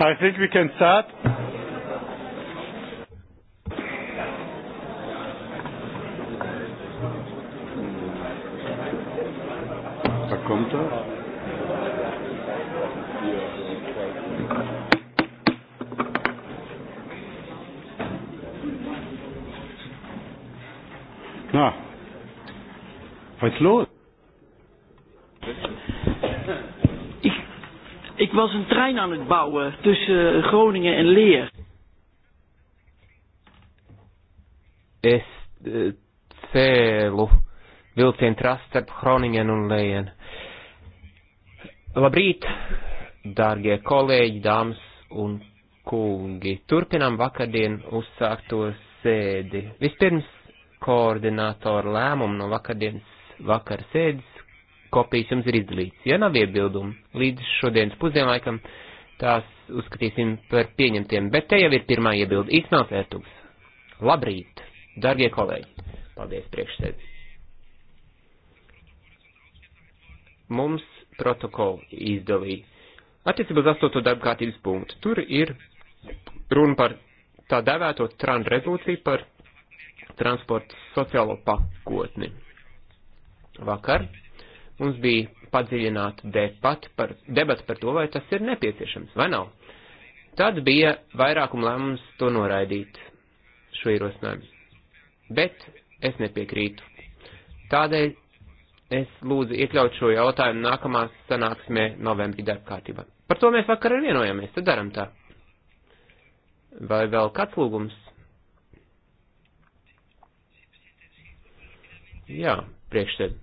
I think we can start. Da kommt er. Na, was ist los? was een trein aan het bouwen tussen eh, Groningen en Leer. Es eh, cēlu vilcienu trasi starp Groningen un Leien. Labrīt, dārgie kolēģi, dāmas un kungi. Turpinām vakardien uzsākto sēdi. Vispirms koordinātoru lēmumu no vakardienas vakara sēdes kopijas jums ir izdalīts. Ja nav iebildumu, līdz šodienas pusdienlaikam, tās uzskatīsim par pieņemtiem. Bet te jau ir pirmā iebilda. Īsmēls Ertugs. Labrīt, darbie kolēģi. Paldies priekšsēdē. Mums protokolu izdalīja. Attiecībā uz 8. darba kārtības punktu. Tur ir runa par tā dēvēto tran rezolūciju par transporta sociālo pakotni. Vakar mums bija padziļinātu debatu par, debatu par to, vai tas ir nepieciešams vai nav. Tad bija vairākuma lēmums to noraidīt šo ierosinājumu. Bet es nepiekrītu. Tādēļ es lūdzu iekļaut šo jautājumu nākamā sanāksmē novembrī darbkārtībā. Par to mēs vakar vienojamies, tad daram tā. Vai vēl kāds lūgums? Jā, priekš sevi.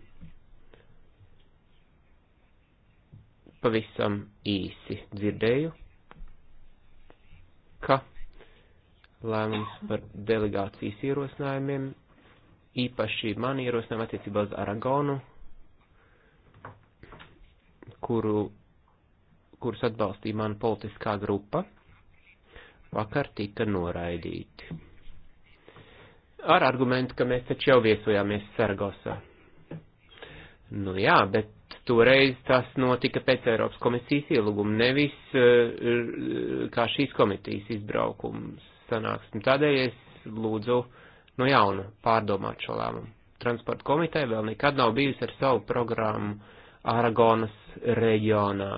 pavisam īsi dzirdēju, ka lēmums par delegācijas ierosinājumiem, īpaši mani ierosinājumu attiecībā uz Aragonu, kuru, kurus atbalstīja mana politiskā grupa, vakar tika noraidīti. Ar argumentu, ka mēs taču jau viesojāmies Sargosā. Nu jā, bet toreiz tas notika pēc Eiropas komisijas ielūguma, nevis eh, kā šīs komitejas izbraukums sanāksim. Tādēļ es lūdzu no jauna pārdomāt šo lēmumu. Transporta komiteja vēl nekad nav bijusi ar savu programmu Aragonas reģionā.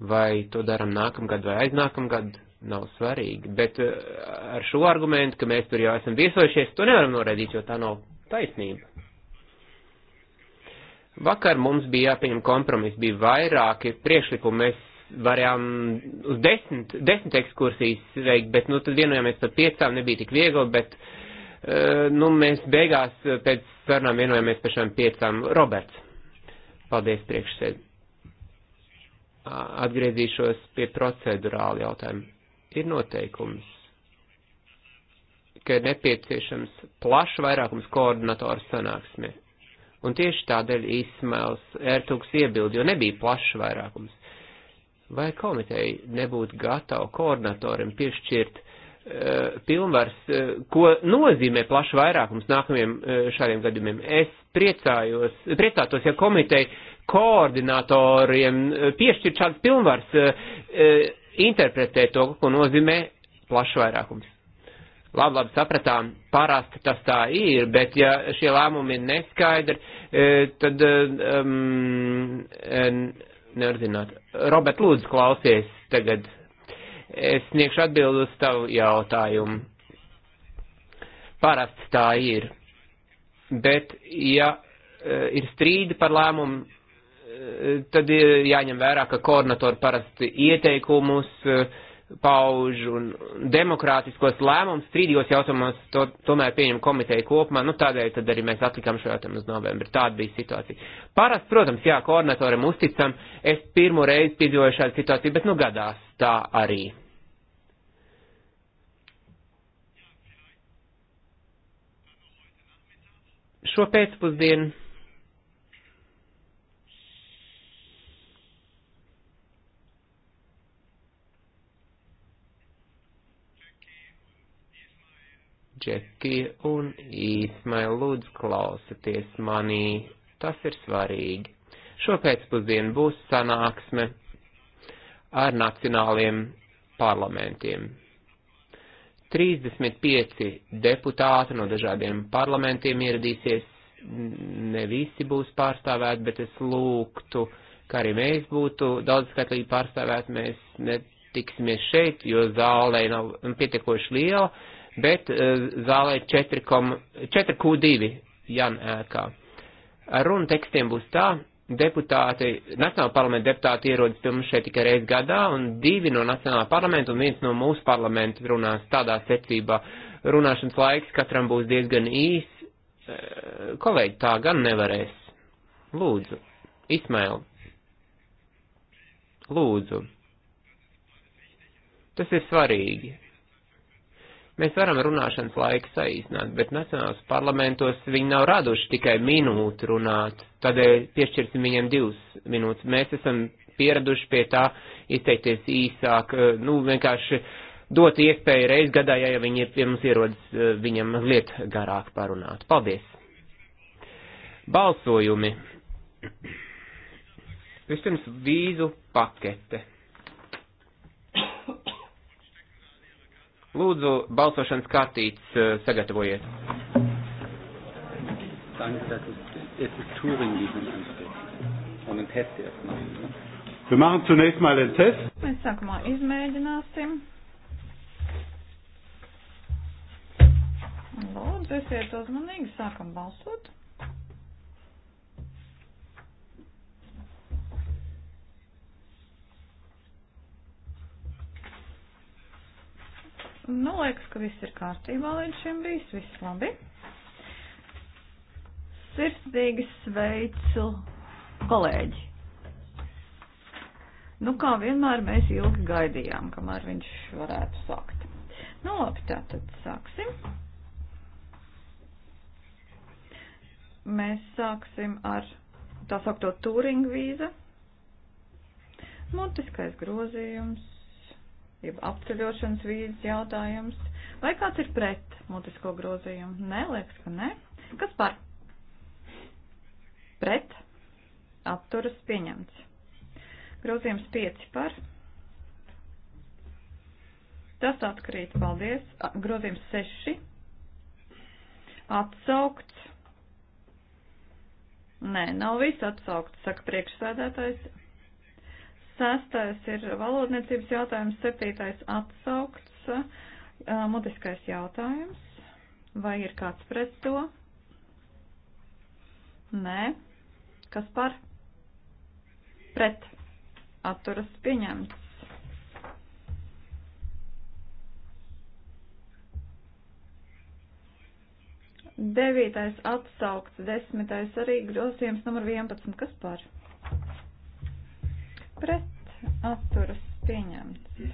Vai to daram nākamgad vai aiznākamgad? nav svarīgi. Bet eh, ar šo argumentu, ka mēs tur jau esam viesojušies, to nevaram noraidīt, jo tā nav taisnība. Vakar mums bija jāpieņem kompromis, bija vairāki priekšlikumi, mēs varējām uz desmit, desmit ekskursijas veikt, bet nu tad vienojāmies par piecām, nebija tik viegli, bet eh, nu mēs beigās pēc sarunām vienojāmies par šām piecām. Roberts, paldies priekšsēd. Atgriezīšos pie procedurāla jautājuma ir noteikums, ka ir nepieciešams plašs vairākums koordinatoru sanāksmē. Un tieši tādēļ Ismails Ertuks iebildi, jo nebija plašs vairākums. Vai komiteja nebūtu gatava koordinatoriem piešķirt uh, pilnvars, uh, ko nozīmē plašs vairākums nākamajiem uh, šādiem gadījumiem? Es priecājos, priecātos, ja komiteja koordinatoriem piešķirt šāds pilnvars. Uh, uh, interpretē to, ko nozīmē plašs vairākums. Labi, labi sapratām, parasti tas tā ir, bet ja šie lēmumi ir neskaidri, e, tad um, nevar zināt. Robert, lūdzu, klausies tagad. Es sniegšu atbildu uz tavu jautājumu. Parasti tā ir. Bet, ja ir strīdi par lēmumu, tad ir e, jāņem vērā, ka koordinatori parasti ieteikumus e, pauž un demokrātiskos lēmumus strīdīgos jautājumos to, tomēr pieņem komiteja kopumā, nu tādēļ tad arī mēs atlikām šo jautājumu uz novembri. Tāda bija situācija. Parasti, protams, jā, koordinatoram uzticam, es pirmo reizi piedzīvoju šādu situāciju, bet nu gadās tā arī. Šo pēcpusdienu Džekija un Īsmai lūdzu klausieties manī, tas ir svarīgi. Šopēcpusdien būs sanāksme ar nacionāliem parlamentiem. 35 deputāti no dažādiem parlamentiem ieradīsies, ne visi būs pārstāvēti, bet es lūgtu, ka arī mēs būtu daudzskatlīgi pārstāvēti, mēs netiksimies šeit, jo zālē nav pietiekoši liela, bet eh, zālē 4,2 Jan ēkā. Eh, Ar runu tekstiem būs tā, deputāti, Nacionāla parlamenta deputāti ierodas pie mums šeit tikai reizi gadā, un divi no Nacionāla parlamenta un viens no mūsu parlamenta runās tādā secībā. Runāšanas laiks katram būs diezgan īs. Eh, kolēģi tā gan nevarēs. Lūdzu, Ismail. Lūdzu. Tas ir svarīgi. Mēs varam runāšanas laiku saīsināt, bet nacionālās parlamentos viņi nav raduši tikai minūti runāt, tādēļ piešķirsim viņiem divas minūtes. Mēs esam pieraduši pie tā izteikties īsāk, eh, nu vienkārši dot iespēju reiz gadā, ja viņi pie mums ierodas, eh, viņam mazliet garāk parunāt. Paldies! Balsojumi. Vispirms vīzu pakete. Lūdzu, balsošanas kartītes eh, sagatavojiet. Mēs sākumā izmēģināsim. Lūdzu, esiet uzmanīgi, sākam balsot. Nu, liekas, ka viss ir kārtībā līdz šim bijis, viss labi. Sirsnīgi sveicu kolēģi. Nu, kā vienmēr mēs ilgi gaidījām, kamēr viņš varētu sākt. Nu, labi, tātad sāksim. Mēs sāksim ar tā saukto Turing vīza. Mutiskais grozījums jeb apceļošanas vīzes jautājums. Vai kāds ir pret mutisko grozījumu? Nē, liekas, ka nē. Kas par? Pret. Apturas pieņemts. Grozījums 5 par. Tas atkrīt, paldies. Grozījums 6. Atsaukts. Nē, nav viss atsaukts, saka priekšsēdētājs. Sestais ir valodniecības jautājums, septītais atsaukts, mutiskais jautājums. Vai ir kāds pret to? Nē. Kas par? Pret. Atturas pieņemts. Devītais atsaukts, desmitais arī grozījums numur 11. Kas par? pret atturas pieņemts.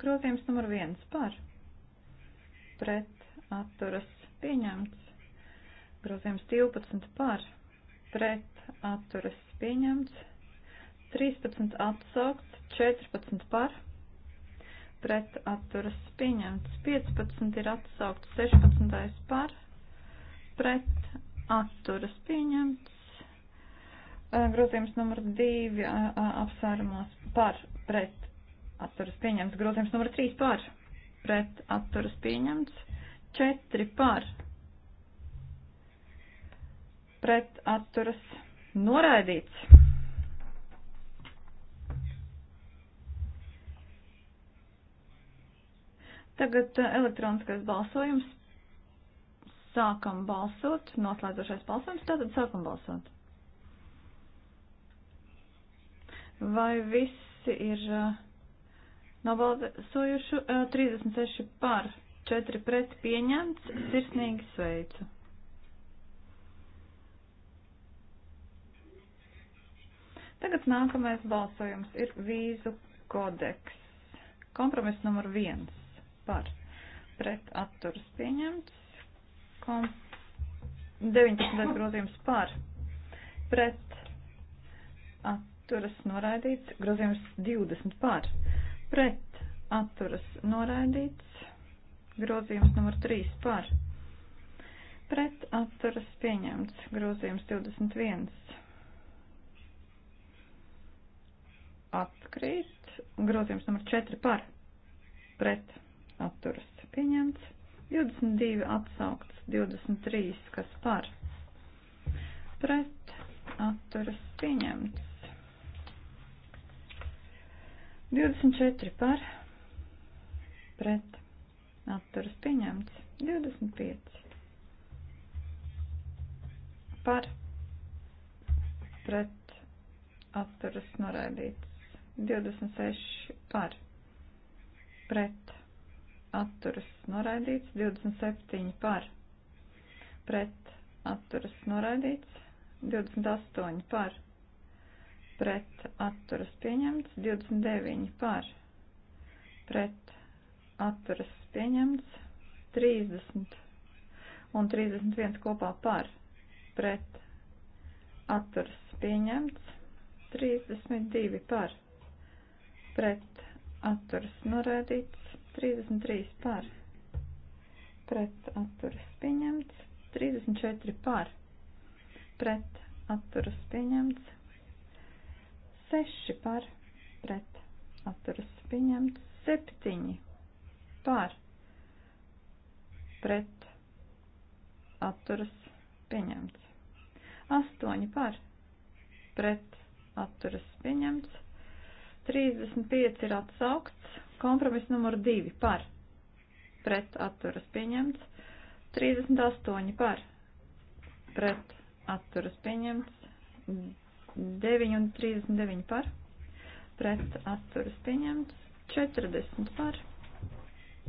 Grozījums numur viens par pret atturas pieņemts. Grozījums 12 par pret atturas pieņemts. 13 atsaukts, 14 par pret atturas pieņemts. 15 ir atsaukts, 16 par pret atturas pieņemts. Grozījums numur divi apsvērumos par pret atturas pieņemts. Grozījums numur trīs par pret atturas pieņemts. Četri par pret atturas noraidīts. Tagad elektroniskais balsojums. Sākam balsot, noslēdzošais balsojums, tātad sākam balsot. Vai visi ir eh, nobalsojuši 36 eh, par, 4 pret pieņemts? Sirsnīgi sveicu! Tagad nākamais balsojums ir vīzu kodeks. Kompromiss numur viens par pret atturas pieņemts. Kom 19. grozījums par pret atturas atturas noraidīts, grozījums 20 par, pret atturas noraidīts, grozījums numur 3 par, pret atturas pieņemts, grozījums 21. Atkrīt, grozījums numur 4 par, pret atturas pieņemts, 22 atsaukts, 23 kas par, pret atturas pieņemts. 24 par pret atturas pieņemts. 25 par pret atturas noraidīts. 26 par pret atturas noraidīts. 27 par pret atturas noraidīts. 28 par pret pret atturas pieņemts, 29 par pret atturas pieņemts, 30 un 31 kopā par pret atturas pieņemts, 32 par pret atturas norādīts, 33 par pret atturas pieņemts, 34 par pret atturas pieņemts, 6 par pret atturas pieņemts 7 par pret atturas pieņemts 8 par pret atturas pieņemts 35 ir atsaukts kompromis numur 2 par pret atturas pieņemts 38 par pret atturas pieņemts 9 un 39 par, pret atturas pieņemts, 40 par,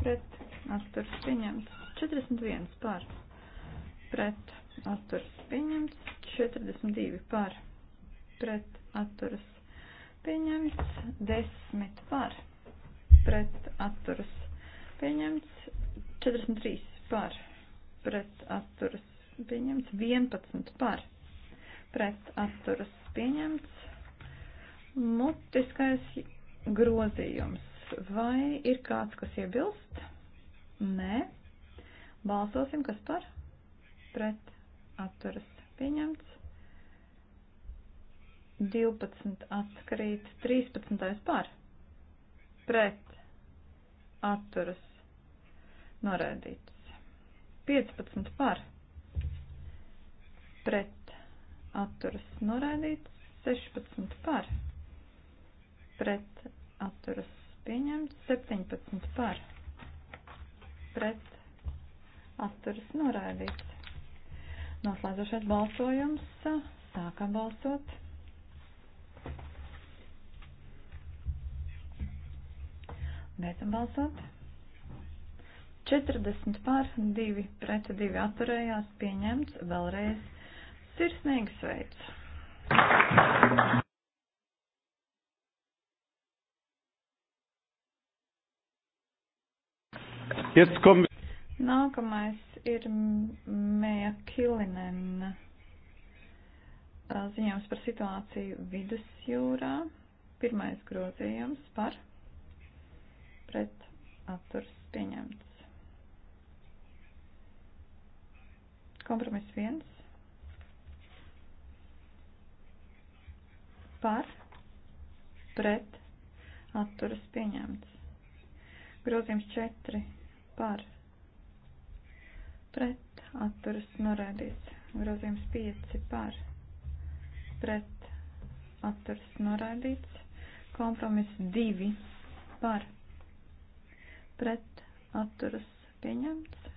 pret atturas pieņemts, 41 par, pret atturas pieņemts, 42 par, pret atturas pieņemts, 10 par, pret atturas pieņemts, 43 par, pret atturas pieņemts, 11 par, pret atturas pieņemts. Mutiskais grozījums. Vai ir kāds, kas iebilst? Nē. Balsosim, kas par? Pret atturas pieņemts. 12 atkrīt, 13 par. Pret atturas noraidīts. 15 par. Pret atturas noraidīts, 16 par, pret atturas pieņemts, 17 par, pret atturas noraidīts. Noslēdzošais balsojums, sākam balsot. Beidzam balsot. 40 pār, 2 pret 2 atturējās, pieņemts, vēlreiz Sirsnīgi sveicu! Jetzt kommen Nākamais ir Mēja Kilinena ziņojums par situāciju vidusjūrā. Pirmais grozījums par pret atturs pieņemts. Kompromiss viens par pret atturas pieņemts. Grozījums 4 par pret atturas norādīts. Grozījums 5 par pret atturas norādīts. Kompromiss 2 par pret atturas pieņemts.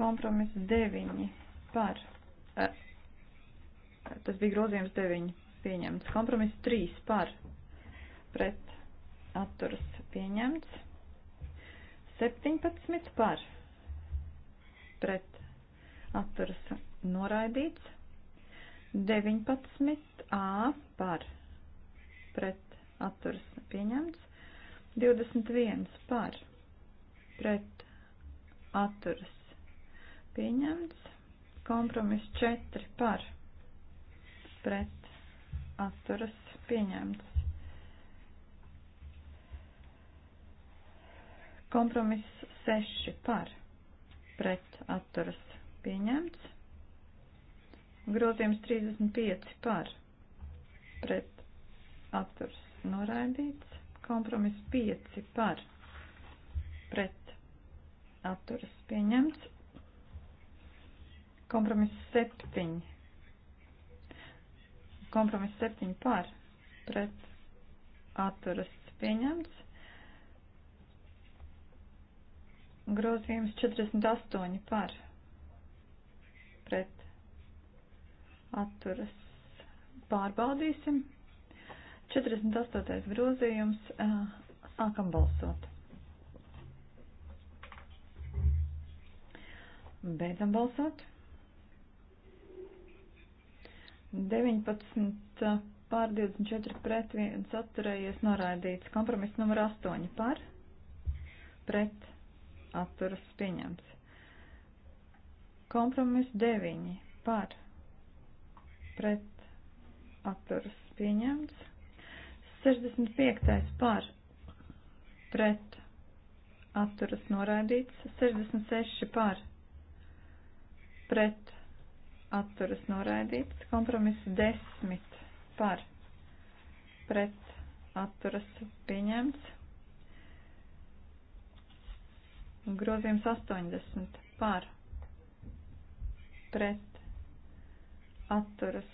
Kompromiss 9 par. Eh, tas bija grozījums 9 pieņemts. Kompromiss 3 par pret atturas pieņemts. 17 par pret atturas noraidīts. 19 A par pret atturas pieņemts. 21 par pret atturas pieņemts. Kompromiss 4 par pret atturas pieņemts. Kompromiss 6 par pret atturas pieņemts. Grozījums 35 par pret atturas noraidīts. Kompromiss 5 par pret atturas pieņemts. Kompromiss 7 Kompromiss 7 par pret atturas pieņemts. Grozījums 48 par pret atturas pārbaudīsim. 48. grozījums. Sākam balsot. Beidzam balsot. 19 eh, pār 24 pret 1 atturējies noraidīts. Kompromiss numur 8 par pret atturas pieņemts. Kompromiss 9 par pret atturas pieņemts. 65. par pret atturas noraidīts. 66 par pret atturas noraidīts. Kompromiss 10 par pret atturas pieņemts. Grozījums 80 par pret atturas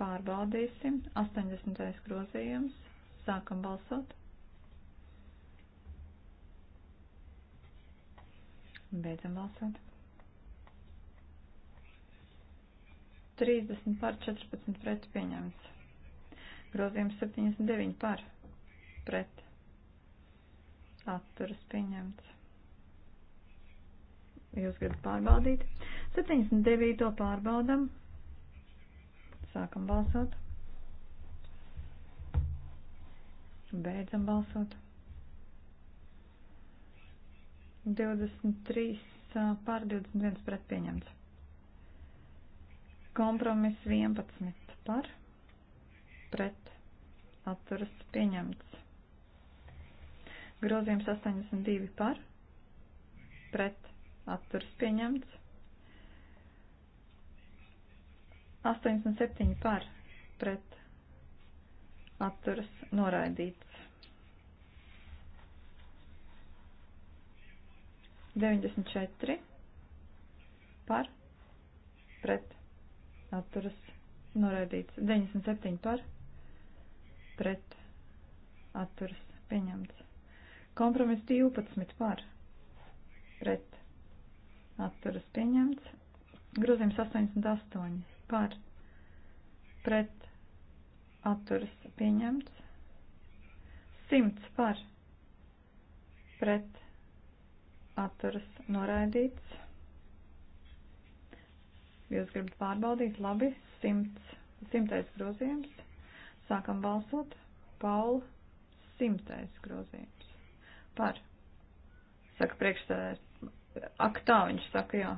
pārbaudīsim. 80. grozījums. Sākam balsot. Beidzam balsot. 30 par 14 pret pieņemts. Grozījums 79 par pret atturas pieņemts. Jūs gribat pārbaudīt? 79. pārbaudam. Sākam balsot. Beidzam balsot. 23 pār 21 pret pieņemts. Kompromiss 11 par pret atturas pieņemts. Grozījums 82 par pret atturas pieņemts. 87 par pret atturas noraidīts. 94 par pret atturas noraidīts. 97 par pret atturas pieņemts. Kompromiss 12 par pret atturas pieņemts. Grozījums 88 par pret atturas pieņemts. 100 par pret atturas noraidīts. Jūs gribat pārbaudīt? Labi, simts, simtais grozījums. Sākam balsot. Paula, simtais grozījums. Par. Saka priekšstādājs. Ak tā, viņš saka, jā.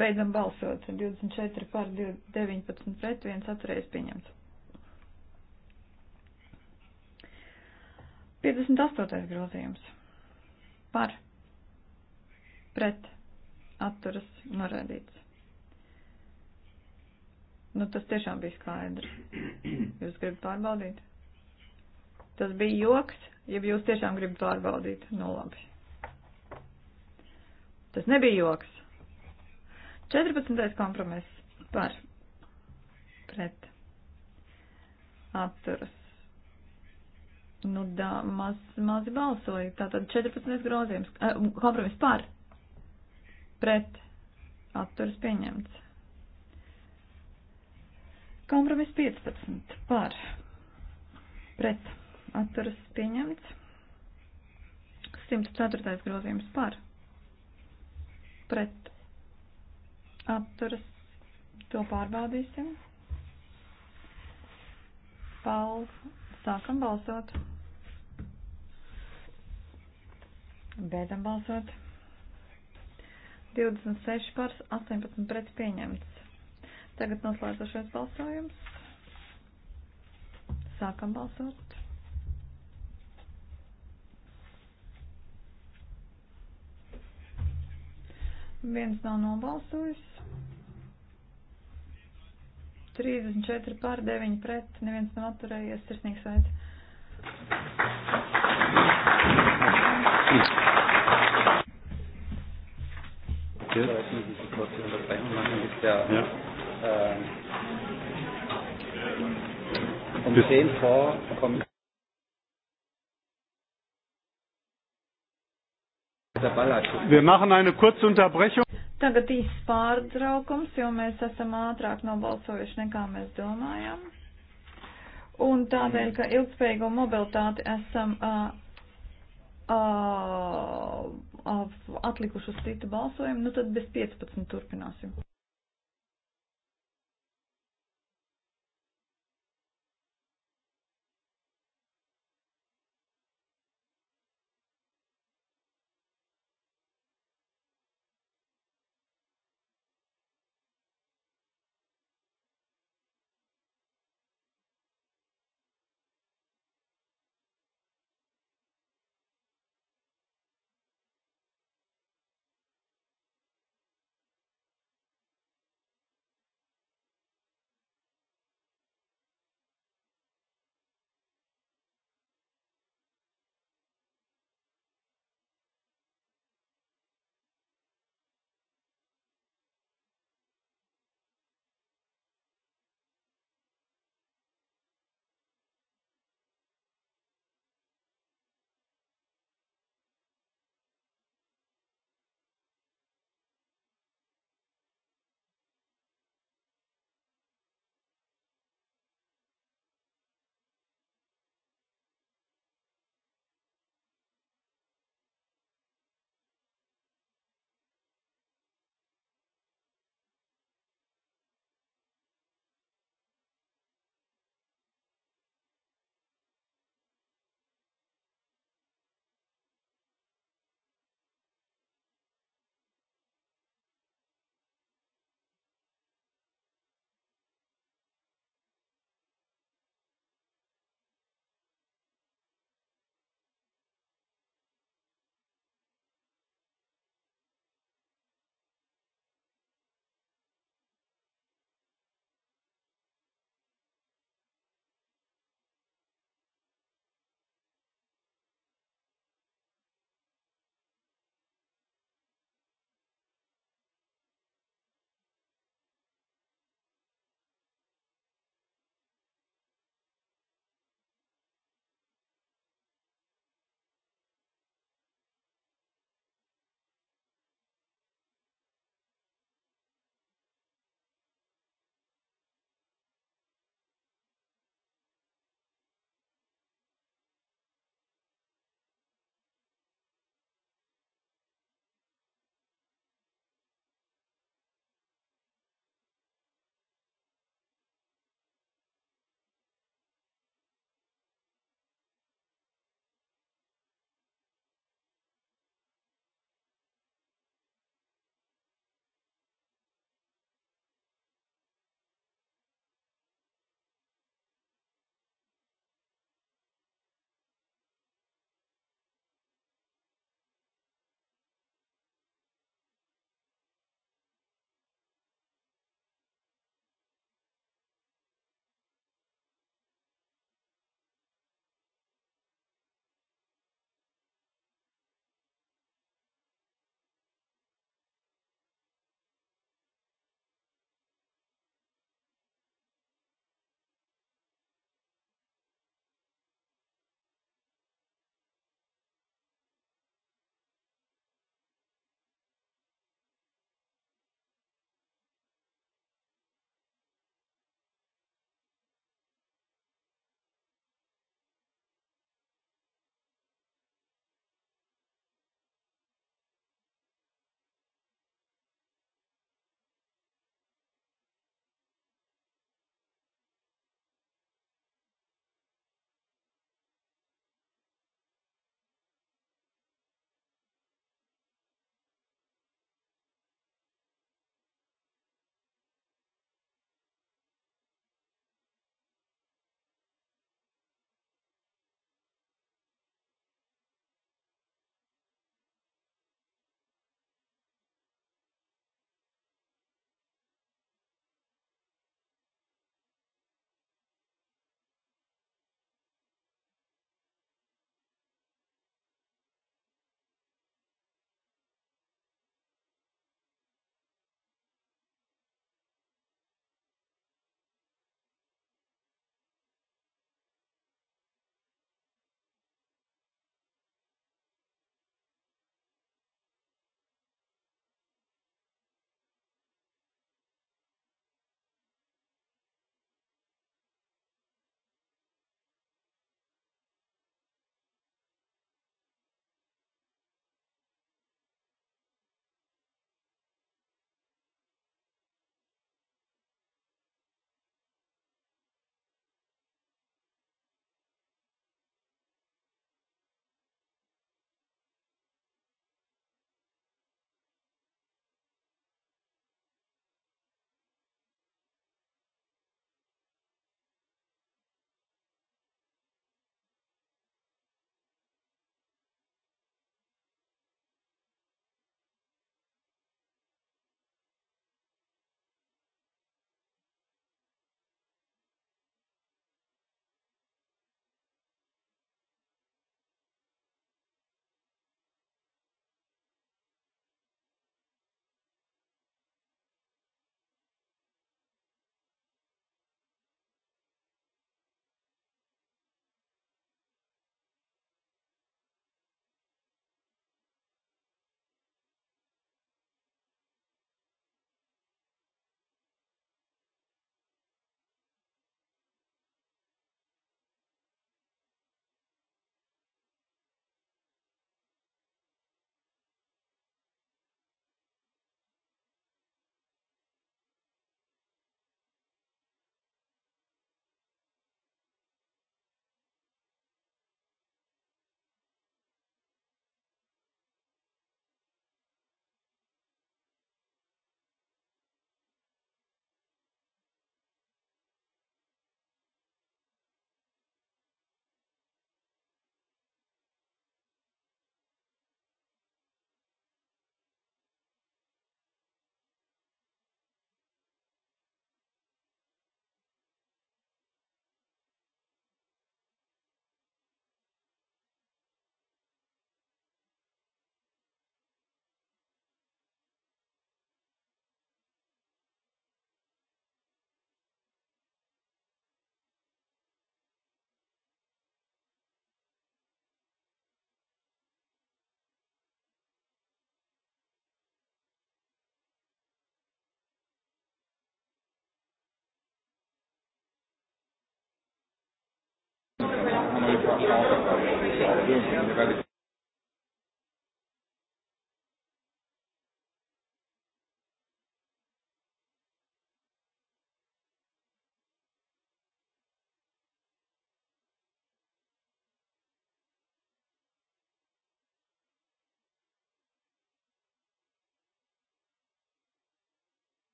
Beidzam balsot. 24 par 19 pret, viens atturējis pieņemts. 58. grozījums. Par. Pret. Atturas norādīts. Nu, tas tiešām bija skaidrs. Jūs gribat pārbaudīt? Tas bija joks, ja jūs tiešām gribat pārbaudīt. Nu, labi. Tas nebija joks. 14. kompromiss par pret atturas. Nu, da, maz, mazi balsoja. Tātad 14. grozījums. Eh, kompromiss par pret atturas pieņemts. Kompromis 15 par pret atturas pieņemts. 104. grozījums par pret atturas. To pārbaudīsim. Pal, sākam balsot. Beidzam balsot. 26 par 18 pret pieņemts. Tagad noslēdzošais balsojums. Sākam balsot. Viens nav nobalsojis. 34 pār 9 pret, neviens nav atturējies, sirsnīgs veids. Ja äh, um 10 vor kommt Wir machen eine kurze Unterbrechung. Tagad īsts pārtraukums, jo mēs esam ātrāk nobalsojuši nekā mēs domājam. Un tādēļ, ka ilgspējīgo mobilitāti esam uh, uh, atlikuši uz citu balsojumu, nu tad bez 15 turpināsim.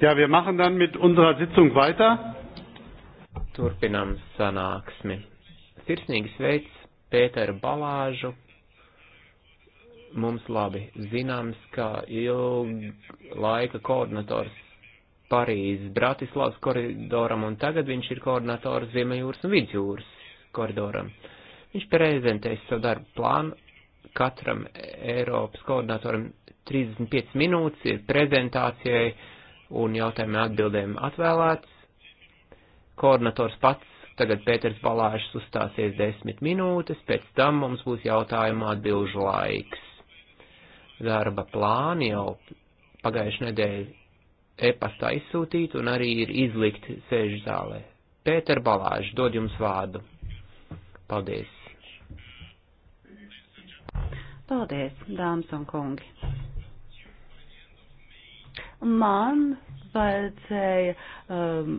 Ja, wir machen dann mit unserer Sitzung weiter. Turpinam sanāksmi. Sirsnīgi sveic Pēteru Balāžu. Mums labi zināms, ka ilga laika koordinators Parīzes Bratislavas koridoram un tagad viņš ir koordinators Ziemejūras un Vidjūras koridoram. Viņš prezentēs savu darbu plānu katram Eiropas koordinatoram 35 minūtes ir prezentācijai un jautājumiem atbildēm atvēlēts. Koordinators pats, tagad Pēters Valāšs uzstāsies desmit minūtes, pēc tam mums būs jautājumu atbilžu laiks. Darba plāni jau pagājuši nedēļu e-pastā izsūtīt un arī ir izlikt sēžu zālē. Pēter Balāžs, dod jums vārdu. Paldies. Paldies, dāmas un kungi man vajadzēja um,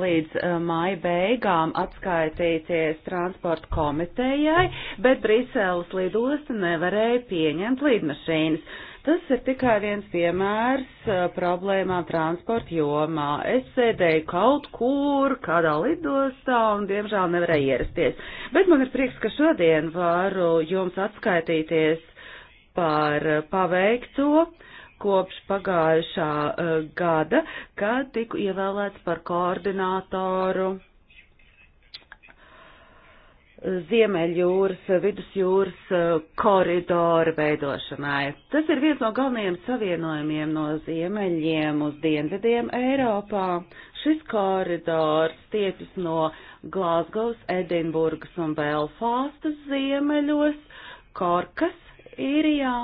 līdz um, māja beigām atskaitīties transporta komitejai, bet Briseles lidosta nevarēja pieņemt lidmašīnas. Tas ir tikai viens piemērs uh, problēmām transporta jomā. Es sēdēju kaut kur, kādā lidostā un diemžēl nevarēju ierasties. Bet man ir prieks, ka šodien varu jums atskaitīties par paveikto. Uh, kopš pagājušā uh, gada, kad tiku ievēlēts par koordinātoru e, Ziemeļjūras, Vidusjūras e, koridora veidošanai. Tas ir viens no galvenajiem savienojumiem no ziemeļiem uz dienvidiem Eiropā. Šis koridors tiecas no Glāzgovas, Edinburgas un Belfāstas ziemeļos, Korkas, Īrijā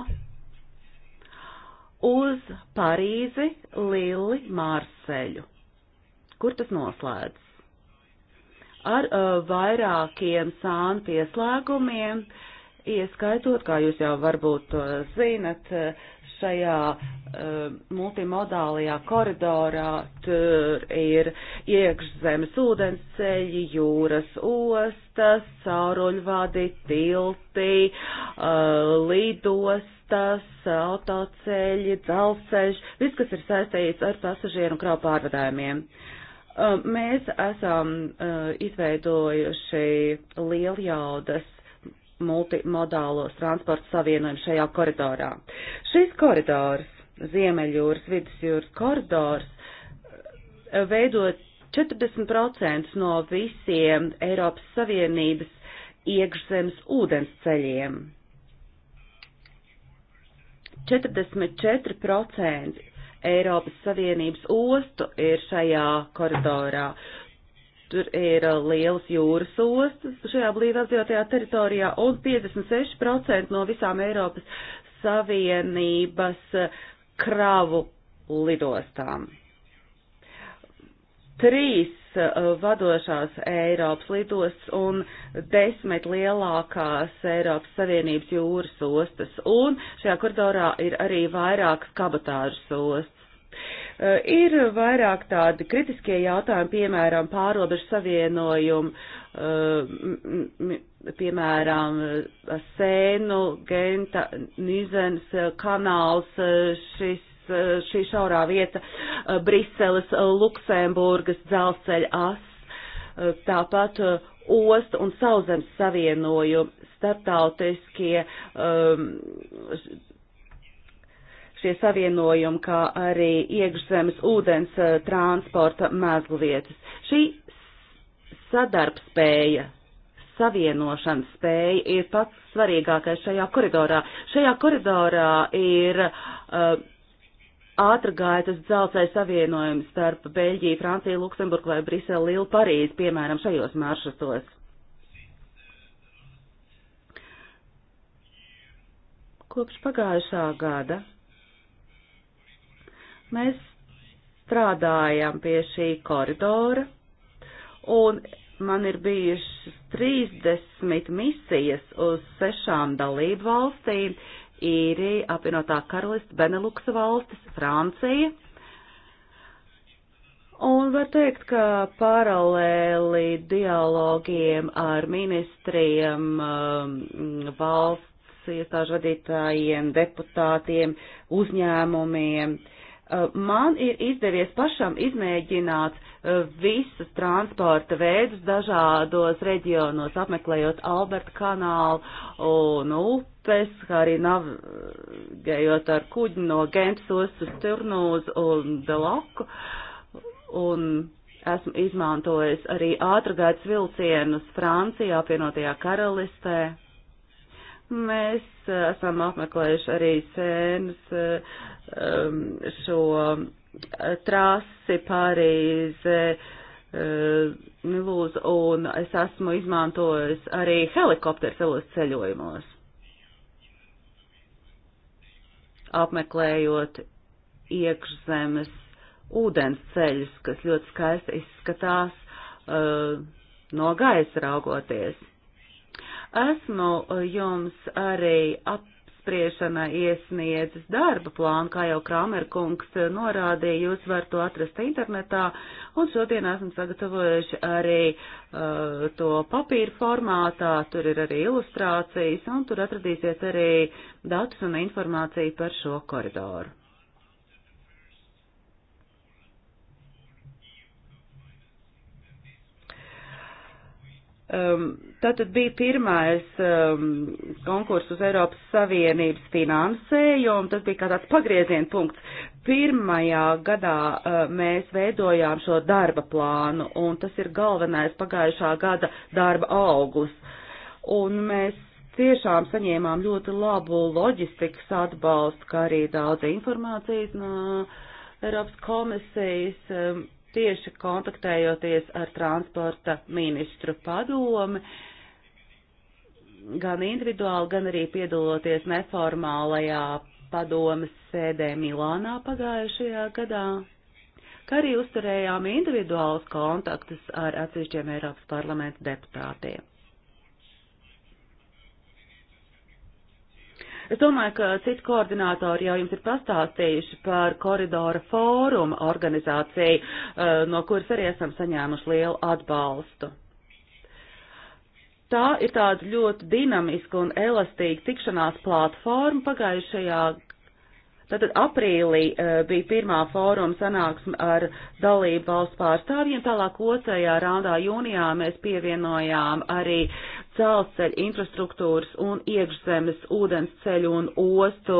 uz Parīzi, Lilli, Mārseļu, kur tas noslēdz. Ar uh, vairākiem sānu pieslēgumiem, ieskaitot, kā jūs jau varbūt uh, zinat, uh, šajā uh, multimodālajā koridorā tur ir iekšzemes ūdensceļi, jūras ostas, sauruļvadi, tilti, uh, eh, lidostas, autoceļi, dzelzceļš, viss, kas ir saistīts ar pasažieru un kravu pārvadājumiem. Uh, mēs esam izveidojuši lielu jaudas multimodālos transporta savienojumu šajā koridorā. Šis koridors, Ziemeļjūras, Vidusjūras koridors, veidot 40% no visiem Eiropas Savienības iekšzemes ūdens ceļiem. 44% Eiropas Savienības ostu ir šajā koridorā, Tur ir uh, lielas jūras ostas šajā blīvi apdzīvotajā teritorijā un 56% no visām Eiropas Savienības uh, kravu lidostām. Trīs uh, vadošās Eiropas lidostas un desmit lielākās Eiropas Savienības jūras ostas. Un šajā koridorā ir arī vairākas kabatāžas ostas. Eh, ir vairāk tādi kritiskie jautājumi, piemēram, pārobežu savienojumu, eh, piemēram, eh, Sēnu, Genta, Nizens kanāls, šis šī šaurā vieta Briseles, Luksemburgas dzelzceļa as, tāpat ostu un sauzemes savienoju starptautiskie um, šie savienojumi, kā arī iekšzemes ūdens eh, transporta mēzluvietas. Šī sadarbspēja, savienošanas spēja ir pats svarīgākais šajā koridorā. Šajā koridorā ir uh, eh, ātrgaitas dzelzceļa savienojums starp Beļģiju, Franciju, Luksemburgu vai Briselu, Lilu, Parīzi, piemēram, šajos maršrutos. Kopš pagājušā gada Mēs strādājam pie šī koridora, un man ir bijušas 30 misijas uz sešām dalību valstīm - Īrija, apvienotā karalista, Beneluksa valstis, Francija. Un var teikt, ka paralēli dialogiem ar ministriem, um, valsts iestāžu vadītājiem, deputātiem, uzņēmumiem, uh, Eh, man ir izdevies pašam izmēģināt eh, visus transporta veidus dažādos reģionos, apmeklējot Alberta kanālu un upes, kā arī navigējot ar kuģi no Gentas nu uz Turnūzu un Delaku. Un esmu izmantojis arī ātrgaitas vilcienus Francijā, apvienotajā karalistē. Mēs eh, esam apmeklējuši arī sēnas. Uh, um, šo uh, trasi Pārīze. Uh, Lūdzu, un es esmu izmantojis arī helikopteru savos ceļojumos, apmeklējot iekšzemes ūdens ceļus, kas ļoti skaisti izskatās uh, no gaisa raugoties. Esmu uh, jums arī ap apspriešana iesniedzis darba plānu, kā jau Kramerkungs eh, norādīja, jūs varat to atrast internetā, un šodien esam sagatavojuši arī uh, to papīru formātā, tur ir arī ilustrācijas, un tur atradīsies arī datus un informāciju par šo koridoru. Um, tātad bija pirmais um, konkurss uz Eiropas Savienības finansējumu, tas bija kā tāds pagrieziena punkts. Pirmajā gadā uh, mēs veidojām šo darba plānu, un tas ir galvenais pagājušā gada darba augurs. Un mēs tiešām saņēmām ļoti labu loģistikas atbalstu, kā arī daudz informācijas no Eiropas komisijas. Um, tieši kontaktējoties ar transporta ministru padomi, gan individuāli, gan arī piedaloties neformālajā padomas sēdē Milānā pagājušajā gadā, kā arī uzturējām individuālus kontaktus ar atsevišķiem Eiropas parlamenta deputātiem. Es domāju, ka citi koordinātori jau jums ir pastāstījuši par koridora fóruma organizāciju, eh, no kuras arī esam saņēmuši lielu atbalstu. Tā ir tāda ļoti dinamiska un elastīga tikšanās platforma pagājušajā Tātad aprīlī uh, bija pirmā fóruma sanāksme ar dalību valsts pārstāvjiem, tālāk otrajā rādā jūnijā mēs pievienojām arī dzelzceļa infrastruktūras un iekšzemes ūdensceļu un ostu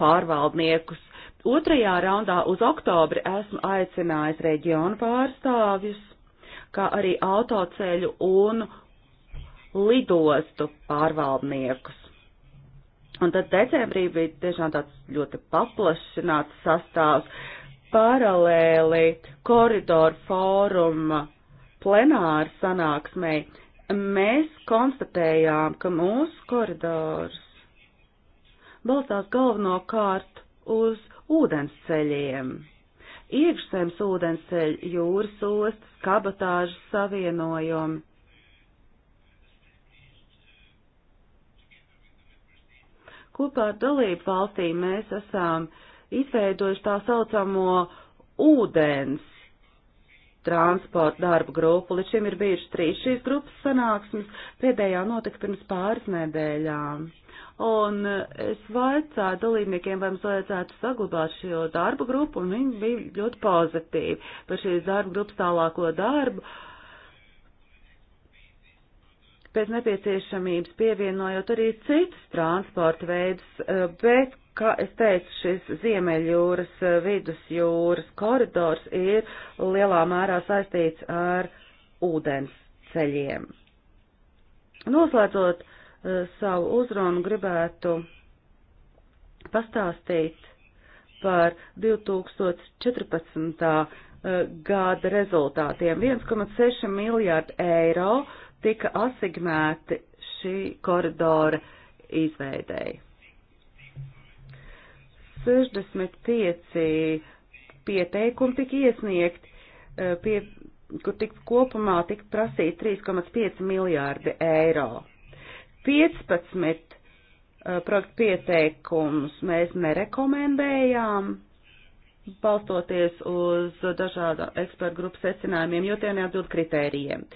pārvaldniekus. Otrajā raundā uz oktobri esmu aicinājis reģionu pārstāvjus, kā arī autoceļu un lidostu pārvaldniekus. Un tad decembrī bija tiešām tāds ļoti paplašināts sastāvs paralēli koridoru fóruma plenāra sanāksmei mēs konstatējām, ka mūsu koridors balstās galvenokārt uz ūdens ceļiem. Iekšzemes ūdens ceļi, jūras ostas, kabatāžas savienojumi. Kopā ar dalību valstīm mēs esam izveidojuši tā saucamo ūdens transporta darba grupu. Līdz šim ir bijušas trīs šīs grupas sanāksmes, pēdējā notika pirms pāris nedēļām. Un es vaicāju dalībniekiem, vai mums vajadzētu saglabāt šo darba grupu, un viņi bija ļoti pozitīvi par šīs darba grupas tālāko darbu. Pēc nepieciešamības pievienojot arī citus transporta veidus, eh, bet kā es teicu, šis Ziemeļjūras eh, vidusjūras koridors ir lielā mērā saistīts ar ūdens ceļiem. Noslēdzot eh, savu uzrunu, gribētu pastāstīt par 2014. Eh, gada rezultātiem. 1,6 miljārdu eiro tika asignēti šī koridora izveidēji. 65 pieteikumi tika iesniegti, eh, pie, kur tik kopumā tika prasīti 3,5 miljārdi eiro. 15 eh, projektu pieteikumus mēs nerekomendējām, balstoties uz dažādu ekspertu grupu secinājumiem, jo tie neatbild kritērijiem.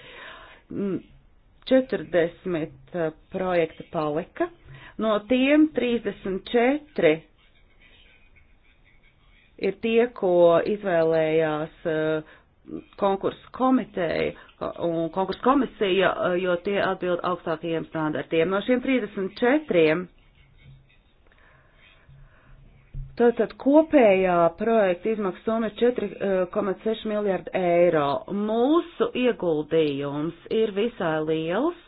40 mm, eh, projekti palika, no tiem 34 ir tie, ko izvēlējās eh, konkursu komiteja un konkursu komisija, eh, jo tie atbild augstākajiem standartiem. No šiem 34 Tātad kopējā projekta izmaksa summa ir 4,6 eh, miljārdi eiro. Mūsu ieguldījums ir visai liels.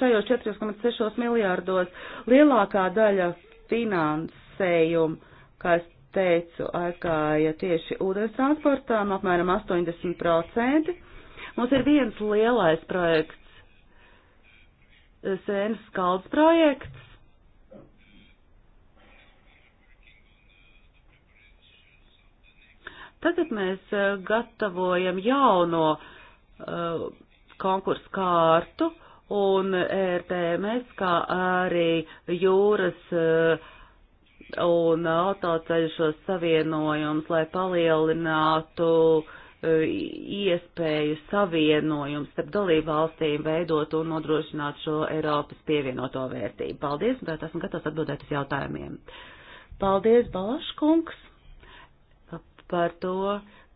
Šajos 4,6 miljārdos lielākā daļa finansējumu, kas teicu, aizgāja tieši ūdens transportām, apmēram 80%. Mums ir viens lielais projekts, Sēnes skalds projekts. Tagad mēs eh, gatavojam jauno uh, konkursu kārtu un ērtēmēs, e kā arī jūras uh, un autoceļu savienojumus, lai palielinātu e, iespēju savienojumu starp dalību valstīm veidot un nodrošināt šo Eiropas pievienoto vērtību. Paldies, bet esmu gatavs atbildēt uz jautājumiem. Paldies, Balaškungs, par to,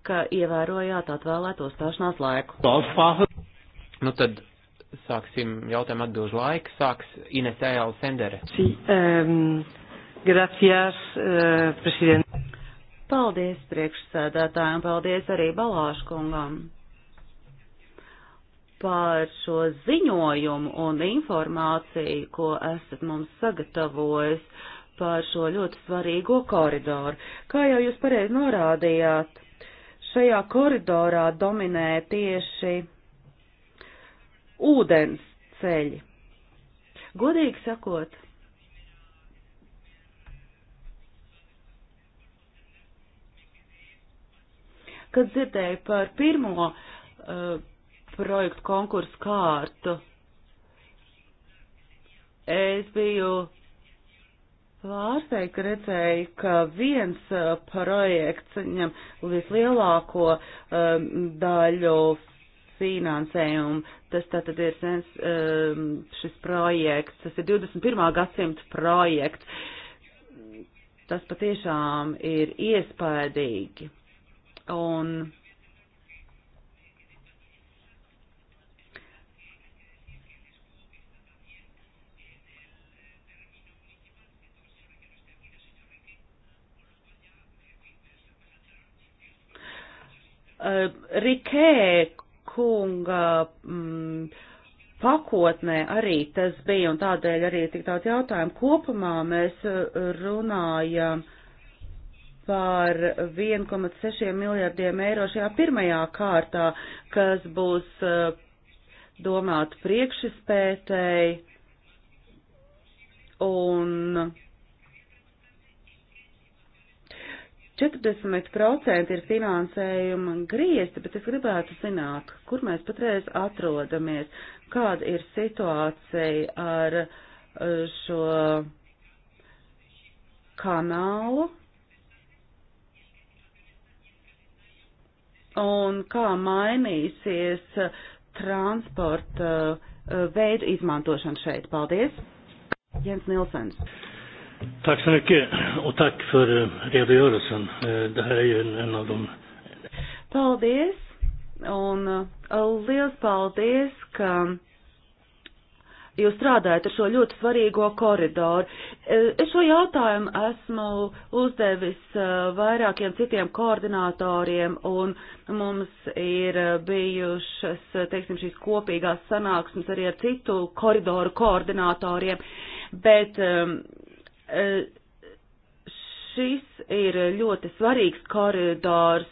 ka ievērojāt atvēlēto stāšanās laiku. Nu tad sāksim jautājumu atbilžu laiku. Sāks Ines Ejala Sendere. Si, um... Gracias, uh, eh, president. Paldies priekšsēdētājiem, paldies arī Balāškungam par šo ziņojumu un informāciju, ko esat mums sagatavojis par šo ļoti svarīgo koridoru. Kā jau jūs pareizi norādījāt, šajā koridorā dominē tieši ūdens ceļi. Godīgi sakot, Kad dzirdēju par pirmo uh, projektu konkursu kārtu, es biju pārsteigta redzēju, ka viens uh, projekts ņem vislielāko um, daļu finansējumu. Tas tātad ir sens, um, šis projekts, tas ir 21. gadsimta projekts. Tas patiešām ir iespaidīgi. Un eh, Rikē kunga mm, pakotnē arī tas bija, un tādēļ arī tik daudz jautājumu. Kopumā mēs eh, runājam par 1,6 miljardiem eiro šajā pirmajā kārtā, kas būs eh, domāt priekšspētēji un 40% ir finansējuma griezti, bet es gribētu zināt, kur mēs patreiz atrodamies, kāda ir situācija ar eh, šo kanālu un kā mainīsies uh, transporta uh, uh, veidu izmantošana šeit. Paldies! Jens Nilsens. Tack så mycket och tack för redogörelsen. Eh, det här är ju en, en av de... Paldies! Un liels paldies, ka jūs strādājat ar šo ļoti svarīgo koridoru. E, es šo jautājumu esmu uzdevis e, vairākiem citiem koordinatoriem, un mums ir bijušas, teiksim, šīs kopīgās sanāksmes arī ar citu koridoru koordinatoriem, bet e, šis ir ļoti svarīgs koridors,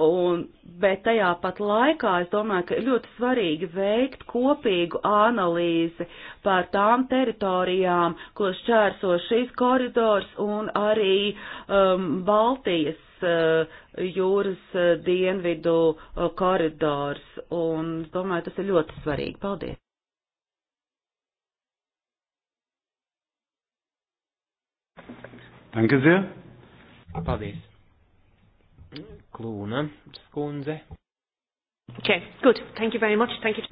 Un, bet tajā pat laikā es domāju, ka ļoti svarīgi veikt kopīgu analīzi par tām teritorijām, ko šķērso šīs koridors un arī um, Baltijas uh, jūras uh, dienvidu uh, koridors. Un es domāju, tas ir ļoti svarīgi. Paldies! Danke sehr. Paldies. Klūna skundze. Okay, good. Thank you very much. Thank you.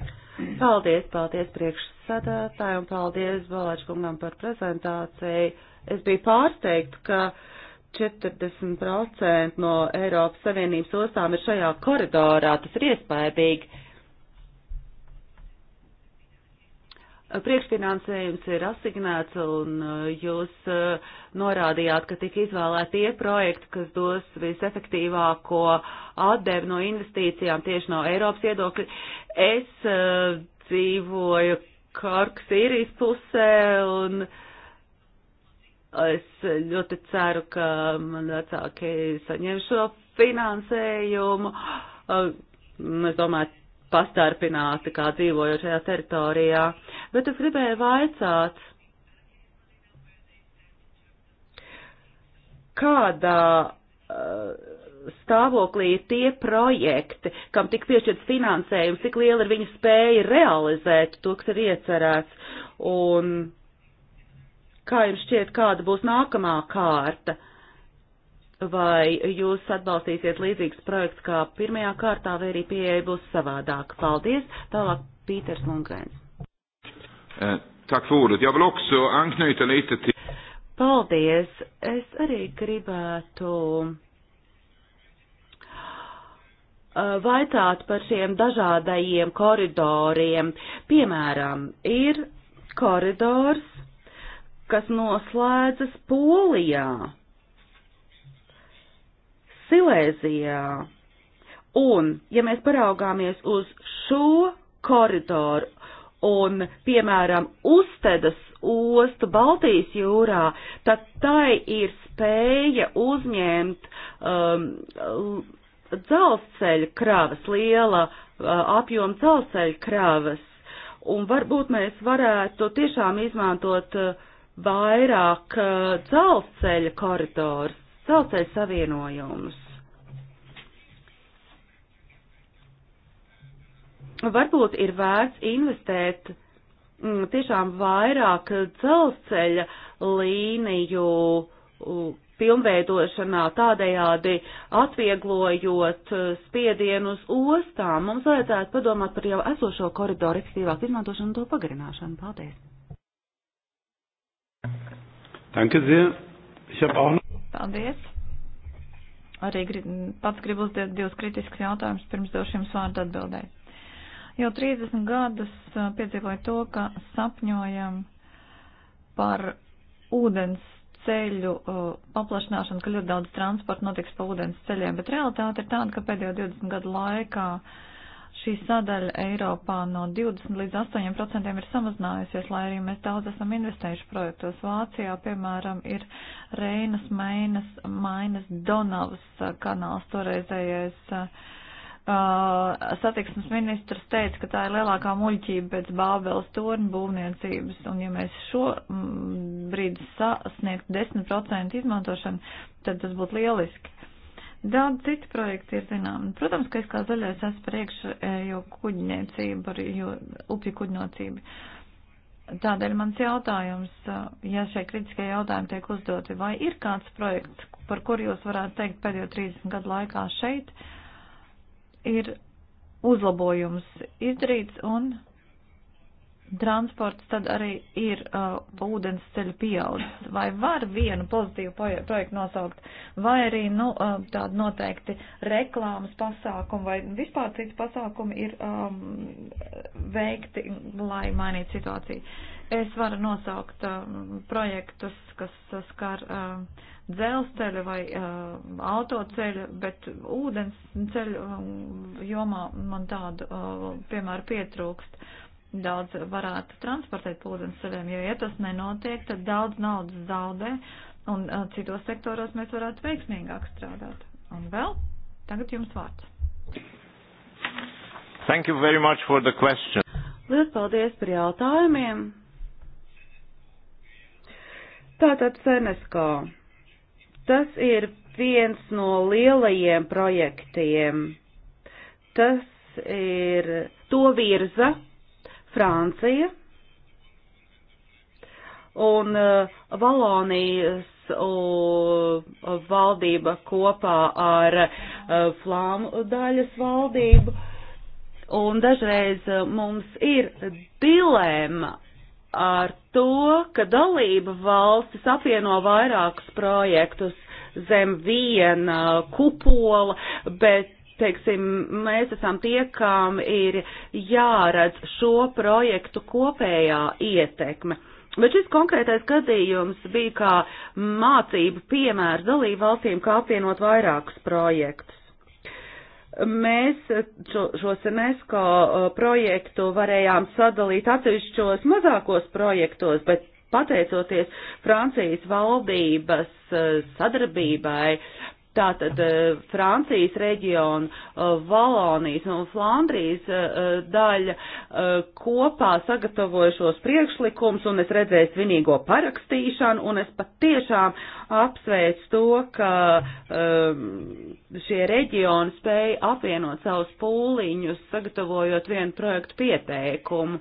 Paldies, paldies priekšsēdētāji un paldies Balāčkungam par prezentāciju. Es biju pārsteigta, ka 40% no Eiropas Savienības ostām ir šajā koridorā. Tas ir iespējīgi. priekšfinansējums ir asignēts un uh, jūs uh, norādījāt, ka tika izvēlēti tie projekti, kas dos visefektīvāko atdevi no investīcijām tieši no Eiropas iedokļa. Es uh, dzīvoju Korkas īrijas pusē un es ļoti ceru, ka man vecāki saņem šo finansējumu. Uh, es domāju, pastarpināti kā dzīvojošajā teritorijā, bet es gribēju vaicāt, kādā uh, stāvoklī ir tie projekti, kam tik piešķirts finansējums, cik liela ir viņa spēja realizēt to, kas ir iecerēts, un kā jums šķiet, kāda būs nākamā kārta. Uh, vai jūs atbalstīsiet līdzīgs projekts kā pirmajā kārtā, vai arī pieeja būs savādāka. Paldies! Tālāk Pīters Lundgrēns. Eh, tak för ordet. Jag vill också anknyta lite till... Paldies! Es arī gribētu eh, vaicāt par šiem dažādajiem koridoriem. Piemēram, ir koridors, kas noslēdzas Polijā Silēzijā. Un, ja mēs paraugāmies uz šo koridoru un, piemēram, uztedas ostu Baltijas jūrā, tad tai ir spēja uzņemt um, dzelzceļa kravas, liela uh, apjoma dzelzceļa kravas. Un varbūt mēs varētu tiešām izmantot uh, vairāk uh, dzelzceļa koridors dzelzceļa savienojumus. Varbūt ir vērts investēt m, mm, tiešām vairāk dzelzceļa līniju mm, pilnveidošanā, tādējādi atvieglojot mm, spiedienu uz ostām. Mums vajadzētu padomāt par jau esošo koridoru efektīvāku izmantošanu un to pagarināšanu. Paldies! Danke sehr. Ich habe auch noch. Paldies. Arī pats gribu uzdot divus kritiskus jautājumus, pirms došu jums vārdu atbildēt. Jau 30 gadus piedzīvoju to, ka sapņojam par ūdens ceļu paplašināšanu, ka ļoti daudz transporta notiks pa ūdens ceļiem, bet realitāte ir tāda, ka pēdējo 20 gadu laikā uh, šī sadaļa Eiropā no 20 līdz 8% ir samazinājusies, lai arī mēs daudz esam investējuši projektos. Vācijā, piemēram, ir Reinas, Mainas, Mainas, Donavas kanāls toreizējais. Uh, satiksmes ministrs teica, ka tā ir lielākā muļķība pēc Bābeles torņa būvniecības, un ja mēs šo mm, brīdi sasniegtu 10% izmantošanu, tad tas būtu lieliski Daudz citu projektu ir zinām. Protams, ka es kā zaļais esmu priekš, e, jo kuģniecība, jo upju kuģnocība. Tādēļ mans jautājums, e, ja šie kritiskie jautājumi tiek uzdoti, vai ir kāds projekts, par kur jūs varētu teikt pēdējo 30 gadu laikā šeit, ir uzlabojums izdarīts un transports, tad arī ir uh, ūdens ceļu pieaudzis. Vai var vienu pozitīvu projektu nosaukt, vai arī nu, uh, tādu noteikti reklāmas pasākumu, vai vispār cits pasākumi ir um, veikti, lai mainītu situāciju. Es varu nosaukt um, projektus, kas skar um, dzelzceļu vai um, autoceļu, bet ūdens ceļu um, jomā man tādu, um, uh, piemēram, pietrūkst. Uh, daudz varētu transportēt ūdeni saviem, jo, ja tas nenotiek, tad daudz naudas zaudē, un uh, citos sektoros mēs varētu veiksmīgāk strādāt. Un vēl, tagad jums vārds. Thank you very much for the question. Lielas paldies par jautājumiem. Tātad Seneskā. Tas ir viens no lielajiem projektiem. Tas ir to virza, Francija un uh, Valonijas uh, valdība kopā ar uh, Flāmu daļas valdību. Un dažreiz mums ir dilēma ar to, ka dalība valstis apvieno vairākus projektus zem viena kupola, bet teiksim, mēs esam tie, kam ir jāredz šo projektu kopējā ietekme. Bet šis konkrētais gadījums bija kā mācību piemērs dalību valstīm, kā apvienot vairākus projektus. Mēs šo, šo UNESCO uh, projektu varējām sadalīt atsevišķos mazākos projektos, bet pateicoties Francijas valdības uh, sadarbībai, Tātad eh, Francijas reģionu, eh, Valonijas un Flandrijas eh, daļa kopā sagatavoja šos priekšlikums, un es redzēju svinīgo parakstīšanu, un es patiešām apsveicu to, ka šie reģioni spēja apvienot savus pūliņus, sagatavojot vienu projektu pieteikumu.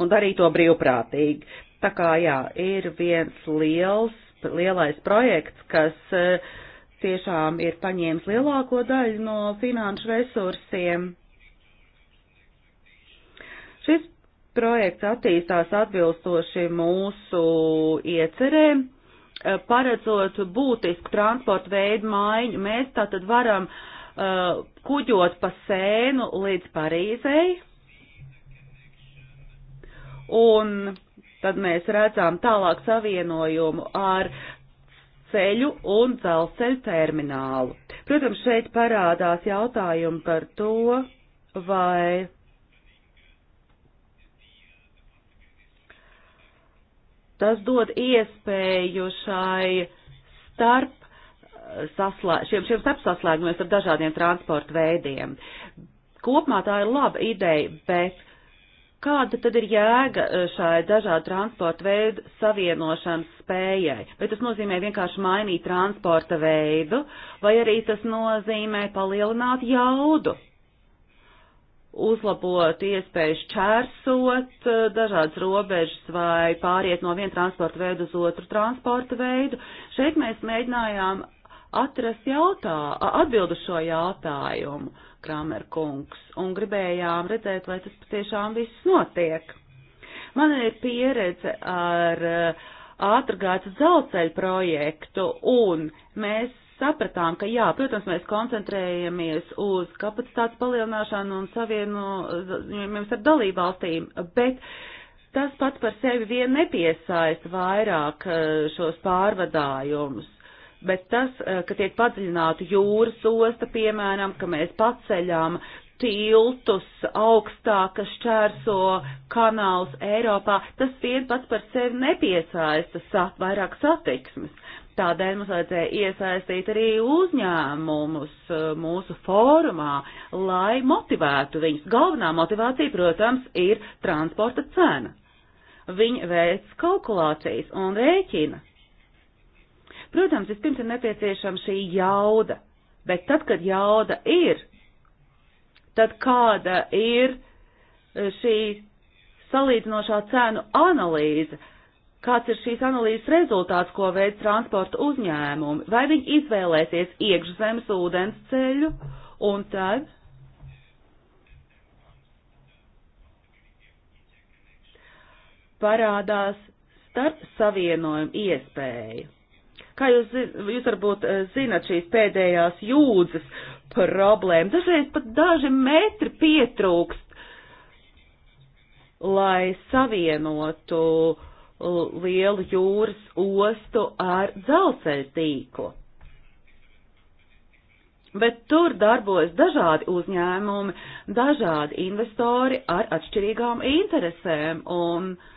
un darīt to brīvprātīgi. Tā kā jā, ir viens liels, lielais projekts, kas eh, tiešām ir paņēmis lielāko daļu no finanšu resursiem. Šis projekts attīstās atbilstoši mūsu iecerēm, eh, paredzot būtisku transportu veidu maiņu. Mēs tātad varam uh, kuģot pa sēnu līdz Parīzei. Un tad mēs redzam tālāk savienojumu ar ceļu un dzelzceļu terminālu. Protams, šeit parādās jautājumi par to, vai tas dod iespēju šai starp saslē, šiem, šiem starp saslēgumiem starp dažādiem transporta veidiem. Kopumā tā ir laba ideja, bet Kāda tad ir jēga e, šai dažādu transporta veidu savienošanas spējai? Vai tas nozīmē vienkārši mainīt transporta veidu, vai arī tas nozīmē palielināt jaudu, uzlabot iespējas čērsot e, dažādas robežas vai pāriet no viena transporta veida uz otru transporta veidu? Šeit mēs mēģinājām atrast jautā, atbildu šo jautājumu. Kramer kungs, un gribējām redzēt, vai tas patiešām viss notiek. Man ir pieredze ar uh, ātrgātas dzelceļu projektu, un mēs sapratām, ka jā, protams, mēs koncentrējamies uz kapacitātes palielināšanu un savienojumiem ar dalībvalstīm, bet tas pats par sevi vien nepiesaista vairāk uh, šos pārvadājumus bet tas, eh, ka tiek padziļināta jūras osta, piemēram, ka mēs paceļām tiltus augstāk, kas šķērso kanāls Eiropā, tas vien pats par sevi nepiesaista sat, vairāk satiksmes. Tādēļ mums vajadzēja iesaistīt arī uzņēmumus eh, mūsu fórumā, lai motivētu viņus. Galvenā motivācija, protams, ir transporta cena. Viņi veic kalkulācijas un rēķina Protams, vispirms ir nepieciešama šī jauda, bet tad, kad jauda ir, tad kāda ir e, šī salīdzinošā cenu analīze, kāds ir šīs analīzes rezultāts, ko veids transporta uzņēmumi, vai viņi izvēlēsies iekšzemes ūdens ceļu un tad. Parādās starp savienojumu iespēju. Kā jūs, jūs varbūt eh, zinat šīs pēdējās jūdzes problēma, dažreiz pat daži metri pietrūkst, lai savienotu lielu jūras ostu ar dzelzceļa tīklu. Bet tur darbojas dažādi uzņēmumi, dažādi investori ar atšķirīgām interesēm, un uh,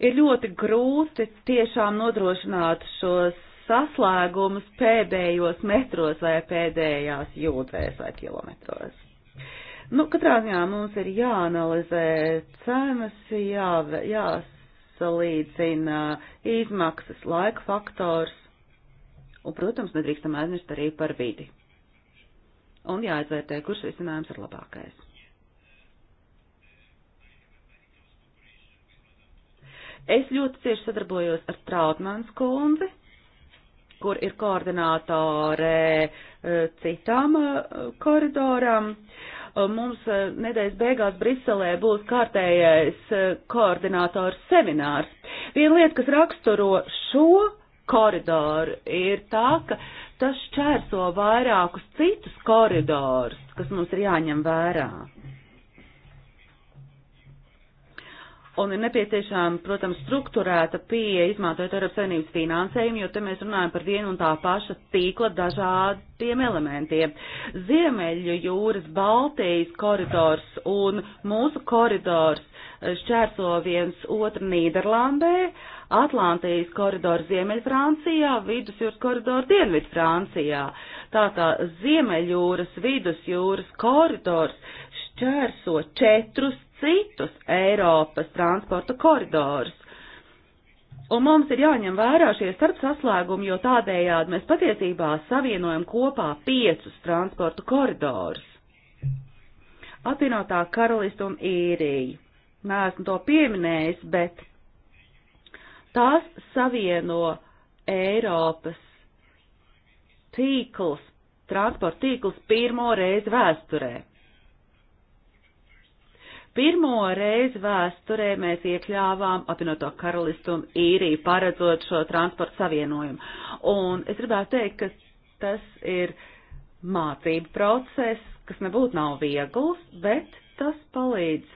ir ļoti grūti tiešām nodrošināt šos saslēgumus pēdējos metros vai pēdējās jūdzēs vai kilometros. Nu, katrā ziņā mums ir jāanalizē cenas, jā, jāsalīdzina izmaksas, laika faktors, un, protams, nedrīkstam aizmirst arī par vidi. Un jāizvērtē, kurš risinājums ir labākais. Es ļoti cieši sadarbojos ar Trautmans kundzi, kur ir koordinātore eh, citām eh, koridoram. Eh, mums nedēļas beigās Briselē būs kārtējais koordinātors seminārs. Viena lieta, kas raksturo šo koridoru, ir tā, ka tas šķērso vairākus citus koridorus, kas mums ir jāņem vērā. un ir nepieciešama, protams, struktūrēta pieeja izmantojot Eiropas Savienības finansējumu, jo te mēs runājam par vienu un tā paša tīkla dažādiem elementiem. Ziemeļu jūras, Baltijas koridors un mūsu koridors eh, šķērso viens otru Nīderlandē, Atlantijas koridoru Ziemeļfrancijā, Vidusjūras koridoru Dienvidfrancijā. Tātā Ziemeļjūras, Vidusjūras koridors šķērso četrus citus Eiropas transporta koridorus. Un mums ir jāņem vērā šie starp saslēgumi, jo tādējādi mēs patiesībā savienojam kopā piecus transportu koridorus. Apvienotā karalista un īrija. Nē, esmu to pieminējis, bet tās savieno Eiropas tīkls, transporta tīkls pirmo reizi vēsturē. Pirmo reizi vēsturē mēs iekļāvām apvienoto karalistu un īriju paredzot šo transportu savienojumu. Un es gribētu teikt, ka tas ir mācību process, kas nebūtu nav viegls, bet tas palīdz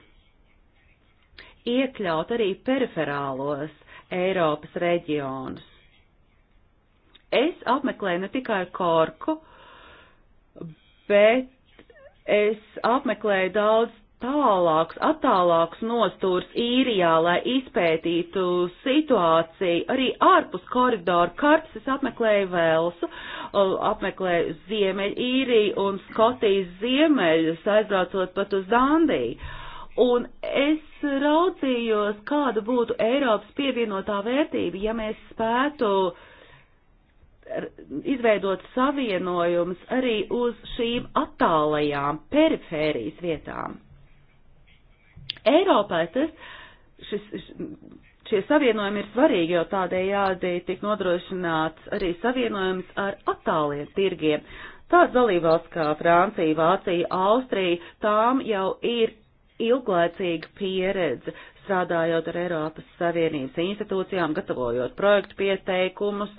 iekļaut arī periferālos Eiropas reģionus. Es apmeklēju ne tikai Korku, bet es apmeklēju daudz tālāks, attālāks nostūrs īrijā, lai izpētītu situāciju. Arī ārpus koridoru kartes es apmeklēju Velsu, apmeklēju Ziemeļīriju un Skotijas ziemeļus, aizbraucot pat uz Dandiju. Un es raucījos, kāda būtu Eiropas pievienotā vērtība, ja mēs spētu izveidot savienojums arī uz šīm attālajām perifērijas vietām. Eiropai tas, šis, šie savienojumi ir svarīgi, jo tādējādi tik nodrošināts arī savienojums ar attāliem tirgiem. Tāds dalībvalsts kā Francija, Vācija, Austrija, tām jau ir ilglaicīga pieredze strādājot ar Eiropas Savienības institūcijām, gatavojot projektu pieteikumus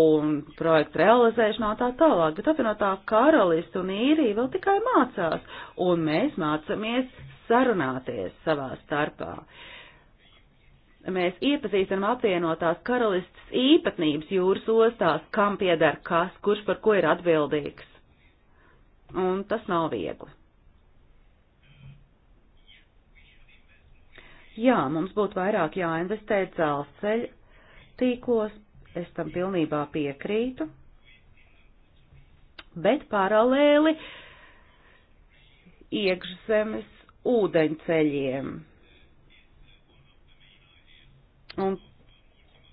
un projektu realizēšanā tā tālāk, bet apvienotā karalista un īrija vēl tikai mācās, un mēs mācamies sarunāties savā starpā. Mēs iepazīstam apvienotās karalistas īpatnības jūras ostās, kam pieder kas, kurš par ko ir atbildīgs. Un tas nav viegli. Jā, mums būtu vairāk jāinvestē dzelzceļa tīklos, es tam pilnībā piekrītu, bet paralēli iekšzemes ūdeņceļiem. Un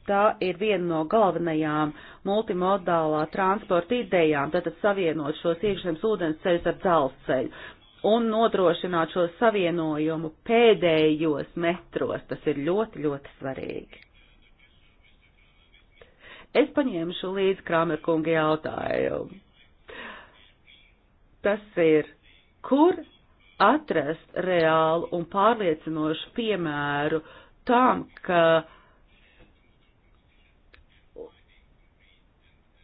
tā ir viena no galvenajām multimodālā transporta idejām, tātad savienot šos iekšzemes ūdensceļus ar dzelzceļu un nodrošināt šo savienojumu pēdējos metros. Tas ir ļoti, ļoti svarīgi. Es paņēmušu līdzi Kramerkunga jautājumu. Tas ir, kur atrast reālu un pārliecinošu piemēru tam, ka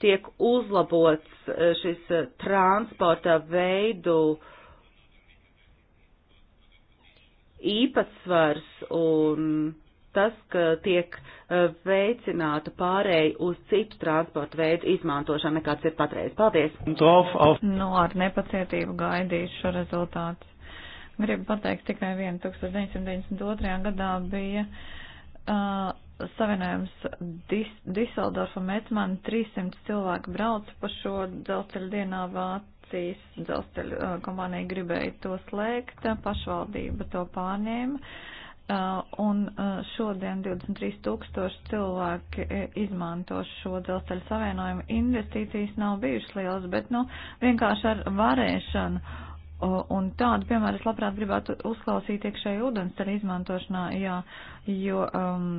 tiek uzlabots e, šis e, transporta veidu īpatsvars un tas, ka tiek e, veicināta pārēja uz citu transporta veidu izmantošanu, nekāds ir patreiz. Paldies! Nu, ar nepacietību gaidīšu šo rezultātu. Gribu pateikt tikai vienu 1992. gadā bija uh, savienojums Dis Diseldorfa Metmana 300 cilvēku brauca pa šo dzelzceļu dienā Vācijas dzelzceļu uh, kompānija gribēja to slēgt, pašvaldība to pārņēma. Uh, un uh, šodien 23 tūkstoši cilvēki uh, izmanto šo dzelzceļu savienojumu. Investīcijas nav bijušas lielas, bet nu, vienkārši ar varēšanu Un tādu, piemēram, es labprāt gribētu uzklausīt iekšēju ūdensceļu izmantošanā, jā, jo um,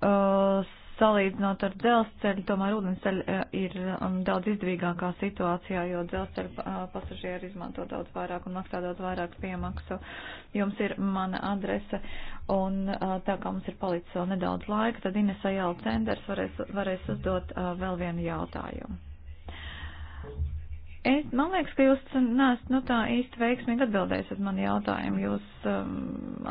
uh, salīdzinot ar dzelzceļu, tomēr ūdensceļa e, ir um, daudz izdevīgākā situācijā, jo dzelzceļa uh, pasažieri izmanto daudz vairāk un maksā daudz vairāk piemaksu. Jums ir mana adrese, un uh, tā kā mums ir palicis vēl nedaudz laika, tad Inesa Jāla Cenders varēs, varēs uzdot uh, vēl vienu jautājumu. Es, man liekas, ka jūs neesat nu, tā īsti veiksmīgi atbildējis uz mani jautājumu. Jūs um,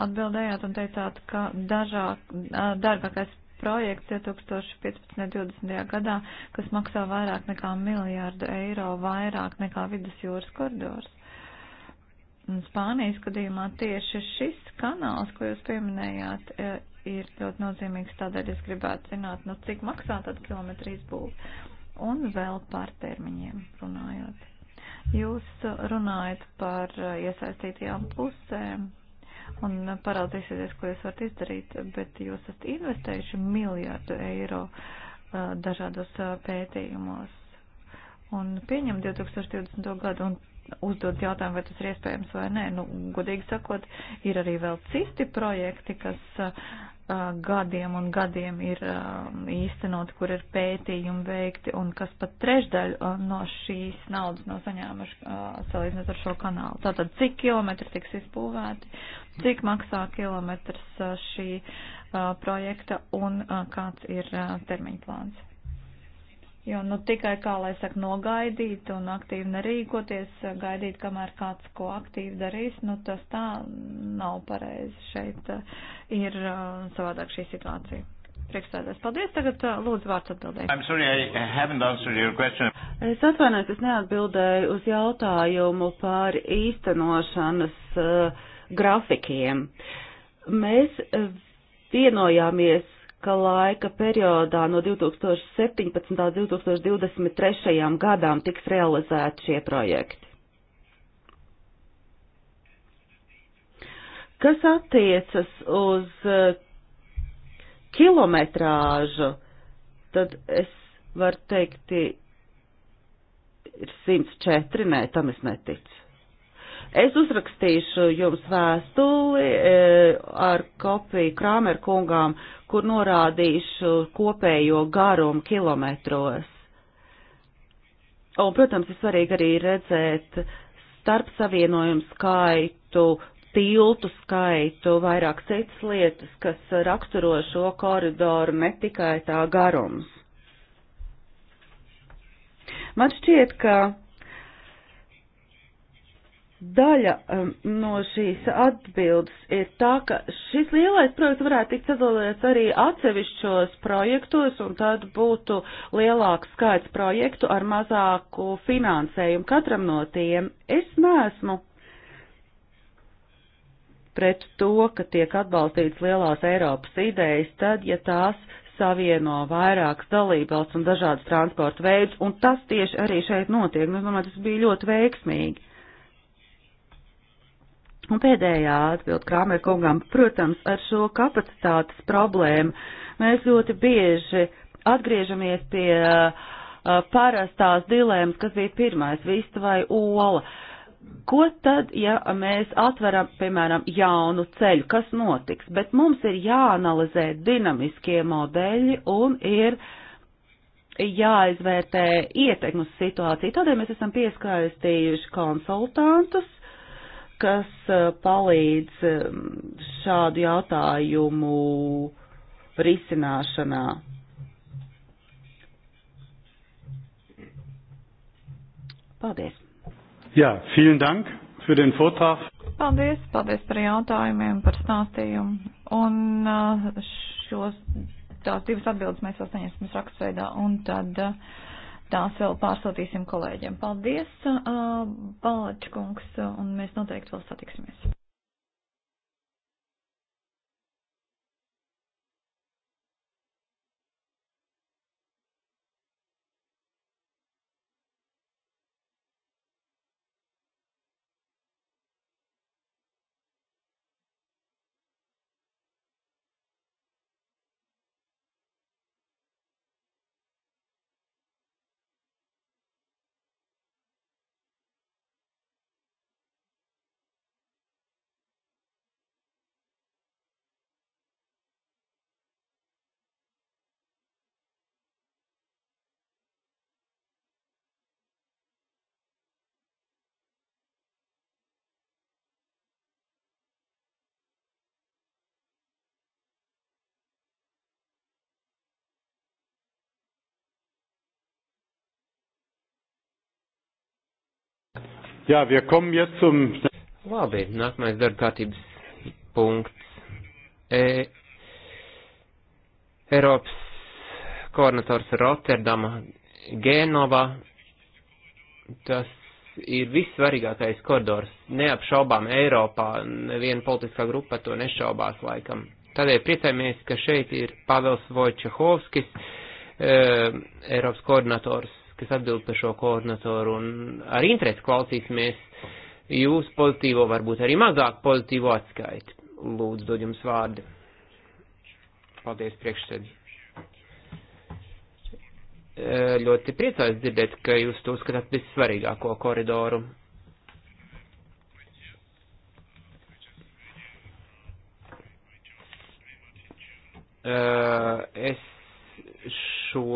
atbildējāt un teicāt, ka dažāk, uh, dārgākais projekts 2015.20. gadā, kas maksā vairāk nekā miljārdu eiro vairāk nekā vidusjūras koridors. Un Spānijas gadījumā tieši šis kanāls, ko jūs pieminējāt, ir ļoti nozīmīgs, tādēļ es gribētu zināt, nu, cik maksā tad kilometri izbūve. Un vēl par termiņiem runājot. Jūs runājat par iesaistītajām pusēm un parādīsieties, ko jūs varat izdarīt, bet jūs esat investējuši miljārdu eiro dažādos pētījumos. Un pieņem 2020. gadu un uzdod jautājumu, vai tas ir iespējams vai nē. Nu, godīgi sakot, ir arī vēl cisti projekti, kas gadiem un gadiem ir īstenot, kur ir pētījumi veikti un kas pat trešdaļu no šīs naudas nav saņēmuši salīdzinot ar šo kanālu. Tātad, cik kilometri tiks izbūvēti, cik maksā kilometrs šī projekta un kāds ir termiņplāns. Jo nu tikai, kā lai saka, nogaidīt un aktīvi nerīkoties, gaidīt, kamēr kāds ko aktīvi darīs, nu tas tā nav pareizi. Šeit eh, ir eh, savādāk šī situācija. Priekšstādājs, paldies. Tagad eh, lūdzu vārds atbildēt. Es atvainojos, es neatbildēju uz jautājumu par īstenošanas uh, grafikiem. Mēs vienojāmies ka laika periodā no 2017. līdz 2023. gadām tiks realizēti šie projekti. Kas attiecas uz eh, kilometrāžu, tad es varu teikt, ir 104, nē, tam es neticu. Es uzrakstīšu jums vēstuli e, ar kopiju Krāmer kungām, kur norādīšu kopējo garumu kilometros. Un, protams, ir svarīgi arī redzēt starp savienojumu skaitu, tiltu skaitu, vairāk citas lietas, kas raksturo šo koridoru, ne tikai tā garums. Man šķiet, ka Daļa um, no šīs atbildes ir tā, ka šis lielais projekts varētu tikt sadalīts arī atsevišķos projektos, un tad būtu lielāks skaits projektu ar mazāku finansējumu katram no tiem. Es neesmu pret to, ka tiek atbalstīts lielās Eiropas idejas, tad, ja tās savieno vairākas dalībvalsts un dažādas transporta veids, un tas tieši arī šeit notiek. Nu, es domāju, tas bija ļoti veiksmīgi. Un pēdējā atbild Krāmer kungam, protams, ar šo kapacitātes problēmu mēs ļoti bieži atgriežamies pie uh, parastās dilēmas, kas bija pirmais, vista vai ola. Ko tad, ja mēs atveram, piemēram, jaunu ceļu, kas notiks? Bet mums ir jāanalizē dinamiskie modeļi un ir jāizvērtē ietekmes situācija. Tādēļ mēs esam pieskaistījuši konsultantus, kas eh, palīdz eh, šādu jautājumu risināšanā. Paldies! Jā, vielen dank für den Vortrag. Paldies, paldies par jautājumiem, par stāstījumu. Un eh, šos, tās divas atbildes mēs sasniegsim rakstveidā. Un tad uh, tās vēl pārsūtīsim kolēģiem. Paldies, uh, Balačkungs, un mēs noteikti vēl satiksimies. Jā, wir kommen jetzt zum. Labi, nākamais darba kārtības punkts. E, Eiropas koordinators Rotterdama Genova. Tas ir vissvarīgākais koridors. Neapšaubām Eiropā, neviena politiskā grupa to nešaubās laikam. Tādēļ priecājamies, ka šeit ir Pavels Vojčehovskis, e, Eiropas koordinators kas atbild par šo koordinatoru un ar interesi klausīsimies jūs pozitīvo, varbūt arī mazāk pozitīvo atskaiti. Lūdzu, dod jums vārdi. Paldies priekšsēdī. Ļoti priecājos dzirdēt, ka jūs to uzskatāt vissvarīgāko koridoru. Es šo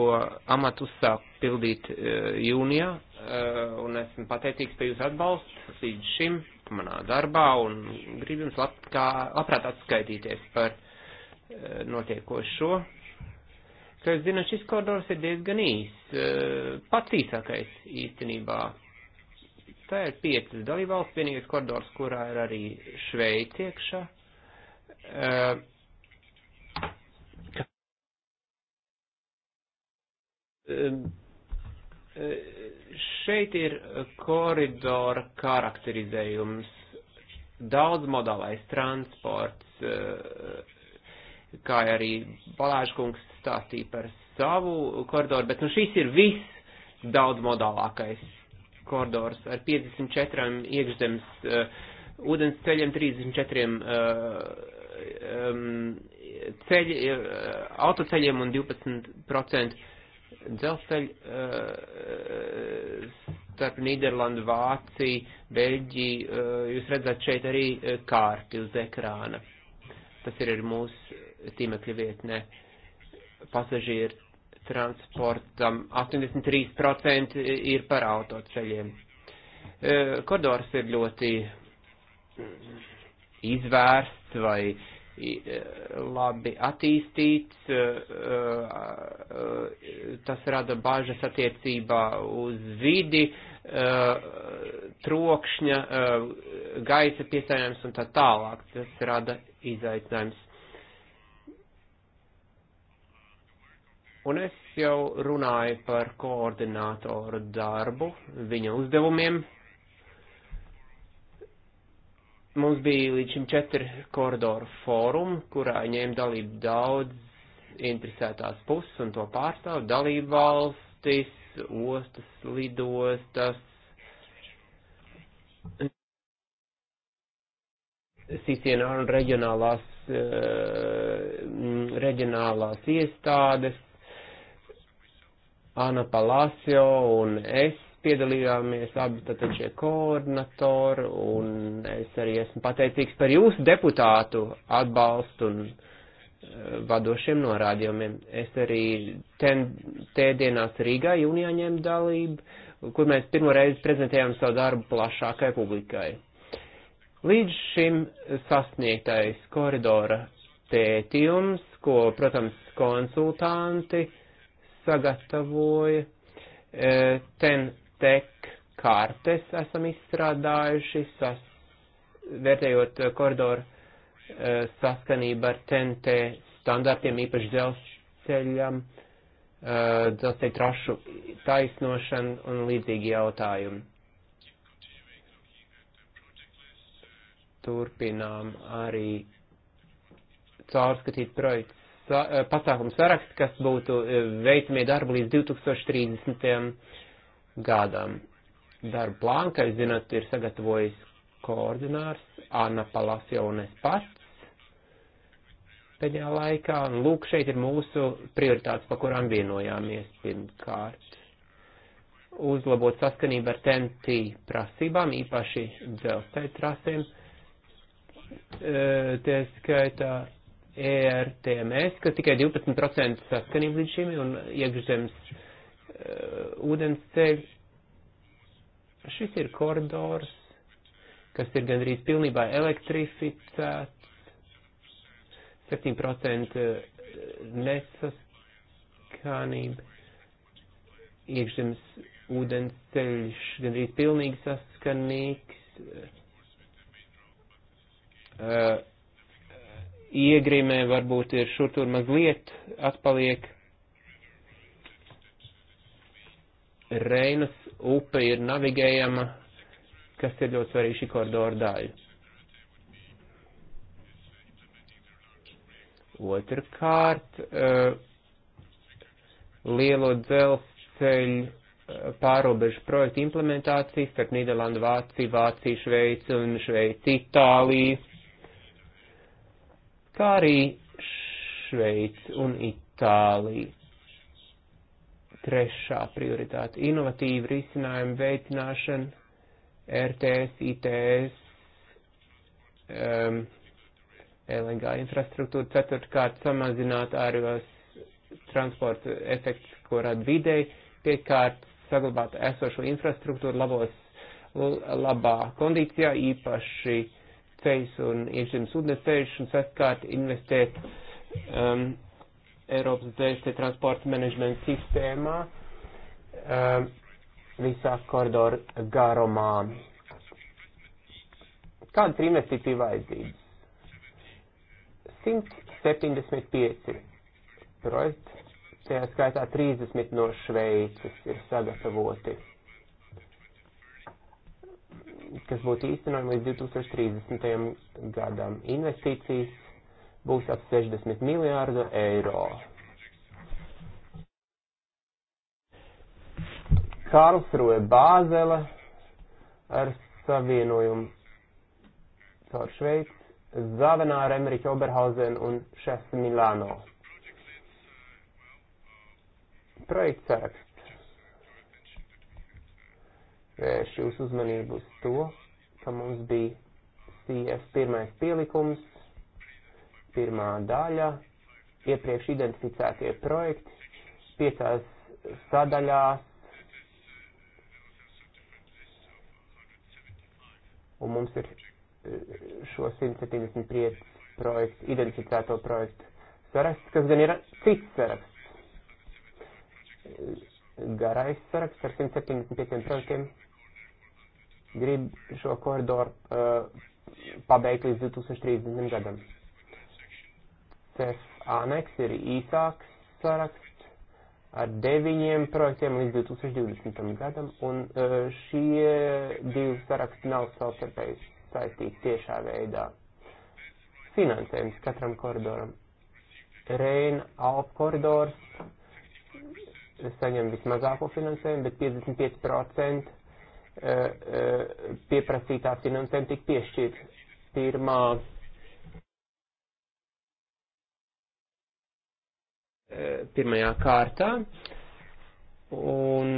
amatu uzsāku pildīt eh, jūnijā, eh, un esmu pateicīgs par jūsu atbalstu līdz šim manā darbā, un gribu jums lab, kā, labprāt atskaitīties par eh, notiekošo. Kā jūs zināt, šis koridors ir diezgan īs, pats īsākais īstenībā. Tā ir piecas dalībvalsts, vienīgais koridors, kurā ir arī Šveici iekšā. Uh, Šeit ir koridora karakterizējums, daudzmodālais transports, eh, kā arī Balāžkungs stāstīja par savu koridoru, bet nu šis ir viss daudzmodālākais koridors ar 54 iekšzemes uh, ūdens ceļiem, 34 uh, um, ceļ, uh, autoceļiem un 12% dzelzceļa eh, starp Nīderlandu, Vāciju, Beļģiju. Eh, jūs redzat šeit arī eh, kārti uz ekrāna. Tas ir mūsu tīmekļa vietnē. Pasažieru transportam 83% ir par autoceļiem. Koridors ir ļoti izvērsts vai uh, E, labi attīstīts, e, e, tas rada bažas attiecībā uz vidi, trokšņa, gaisa piesaņojums un tā tālāk. Tas rada izaicinājums. Un es jau runāju par koordinātoru darbu, viņa uzdevumiem, Mums bija līdz šim četri koridoru fórumi, kurā ņēma dalību daudz interesētās puses un to pārstāv dalību valstis, ostas, lidostas, CCNR un reģionālās, uh, reģionālās iestādes, Ana Palacio un es piedalījāmies abi tātad šie koordinatori, un es arī esmu pateicīgs par jūsu deputātu atbalstu un eh, vadošiem norādījumiem. Es arī ten, tēdienās Rīgā jūnijā ņēmu dalību, kur mēs pirmo reizi prezentējām savu darbu plašākai publikai. Līdz šim sasniegtais koridora pētījums, ko, protams, konsultanti sagatavoja, eh, ten tek kartes esam izstrādājuši, sas, vērtējot koridoru e, saskanību ar TNT standartiem, īpaši dzelzceļam, e, dzelzceļa trašu taisnošanu un līdzīgi jautājumi. Turpinām arī caurskatīt projektu e, pasākumu sarakstu, kas būtu veicamie darbi līdz 2030 gadam. Darba plānu, kā jūs zināt, ir sagatavojis koordinārs Anna Palasio un es pats pēdējā laikā. Un lūk, šeit ir mūsu prioritātes, pa kurām vienojāmies pirmkārt. Uzlabot saskanību ar TNT prasībām, īpaši dzelzceļa trasēm, e, tie skaitā ERTMS, kas tikai 12% saskanību līdz šim un iekšzemes Uh, ūdens ceļš. Šis ir koridors, kas ir gandrīz pilnībā elektrificēts, 7% nesaskanība, iekšzemes ūdens ceļš gandrīz pilnīgi saskanīgs, uh, uh, iegrimē varbūt ir šur tur mazliet atpaliek, Reinas upe ir navigējama, kas ir ļoti svarīgi šī koridora daļa. Otrkārt, eh, lielo dzelzceļu eh, pārobežu projektu implementācijas starp Nīderlandu, Vāciju, Vāciju, Šveici un Šveici, Itāliju, kā arī Šveici un Itāliju. Trešā prioritāte - inovatīva risinājuma veicināšana, RTS, ITS, um, LNG infrastruktūra, ceturtkārt samazināt ārējos transporta efekts, ko rada videi, piekārt saglabāt esošo infrastruktūru labos, labā kondīcijā, īpaši ceļus un iekšzemes ūdens ceļus, un sestkārt investēt um, Eiropas dzelzceļa transporta menedžmenta sistēmā um, visā koridora garumā. Kādas ir investīcija vajadzības? 175 projekti, tajā skaitā 30 no Šveices ir sagatavoti, kas būtu īstenojami līdz 2030. gadam. Investīcijas būs ap 60 miljārdu eiro. Karlsruhe Bāzele ar savienojumu caur Šveici, Zavenāra Emerika Oberhausen un Šefs Milano. Projekts saraksts vērš jūsu uzmanību uz to, ka mums bija CF pirmais pielikums, Pirmā daļa - iepriekš identificētie projekti piecās sadaļās. Un mums ir eh, šo 175 projektu, identificēto projektu saraksts, kas gan ir cits saraksts. Garais saraksts ar 175 projektiem grib šo koridoru uh, pabeigt līdz 2030. gadam. CEF aneks ir īsāks saraksts ar deviņiem projektiem līdz 2020. gadam, un eh, šie divi saraksti nav savstarpēji saistīti tiešā veidā. Finansējums katram koridoram. Reina Alp koridors saņem vismazāko finansējumu, bet 55% eh, eh, pieprasītā finansējuma tika piešķirta pirmā Eh, pirmajā kārtā. Un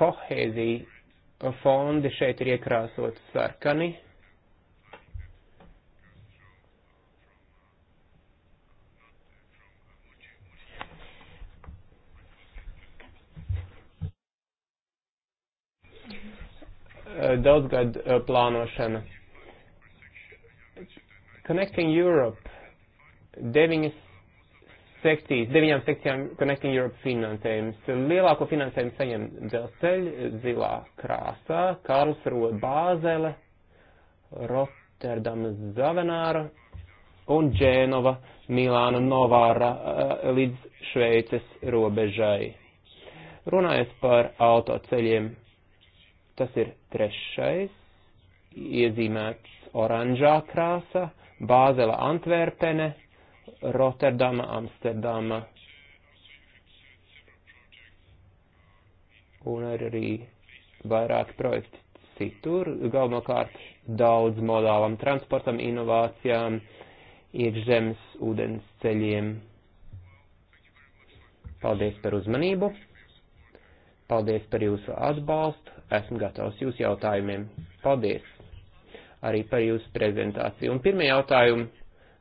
kohēzija fondi šeit ir iekrāsot sarkani. Eh, daudzgad eh, plānošana Connecting Europe deviņas sekcijas, deviņām sekcijām Connecting Europe finansējums. Lielāko finansējumu saņem dzelzceļa, zilā krāsā, Karlsruhe, Bāzele, Rotterdama, Zavenāra un Džēnova, Milāna, Novāra eh, līdz Šveices robežai. Runājot par autoceļiem, tas ir trešais, iezīmēts oranžā krāsā Bāzela Antverpene, Rotterdama Amsterdama. Un ir arī vairāki projekti citur, galvenokārt daudz modālam transportam, inovācijām, iekšzemes ūdens ceļiem. Paldies par uzmanību, paldies par jūsu atbalstu, esmu gatavs jūsu jautājumiem. Paldies! arī par jūsu prezentāciju. Un pirmie jautājumi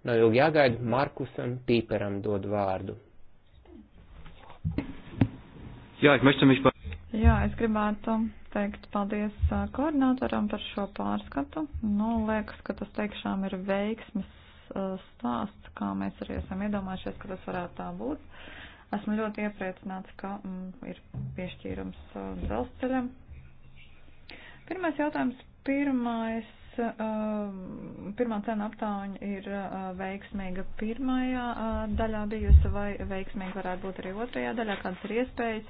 nav ilgi jāgaida. Markusam Pīperam dod vārdu. Jā, es möchte mich par. Jā, es gribētu teikt paldies koordinatoram par šo pārskatu. Nu, liekas, ka tas teikšām ir veiksmes stāsts, kā mēs arī esam iedomājušies, ka tas varētu tā būt. Esmu ļoti iepriecināts, ka mm, ir piešķīrums dzelzceļam. Pirmais jautājums. Pirmais Um, pirmā cena aptauņa ir uh, veiksmīga pirmajā uh, daļā bijusi, vai veiksmīga varētu būt arī otrajā daļā, kādas ir iespējas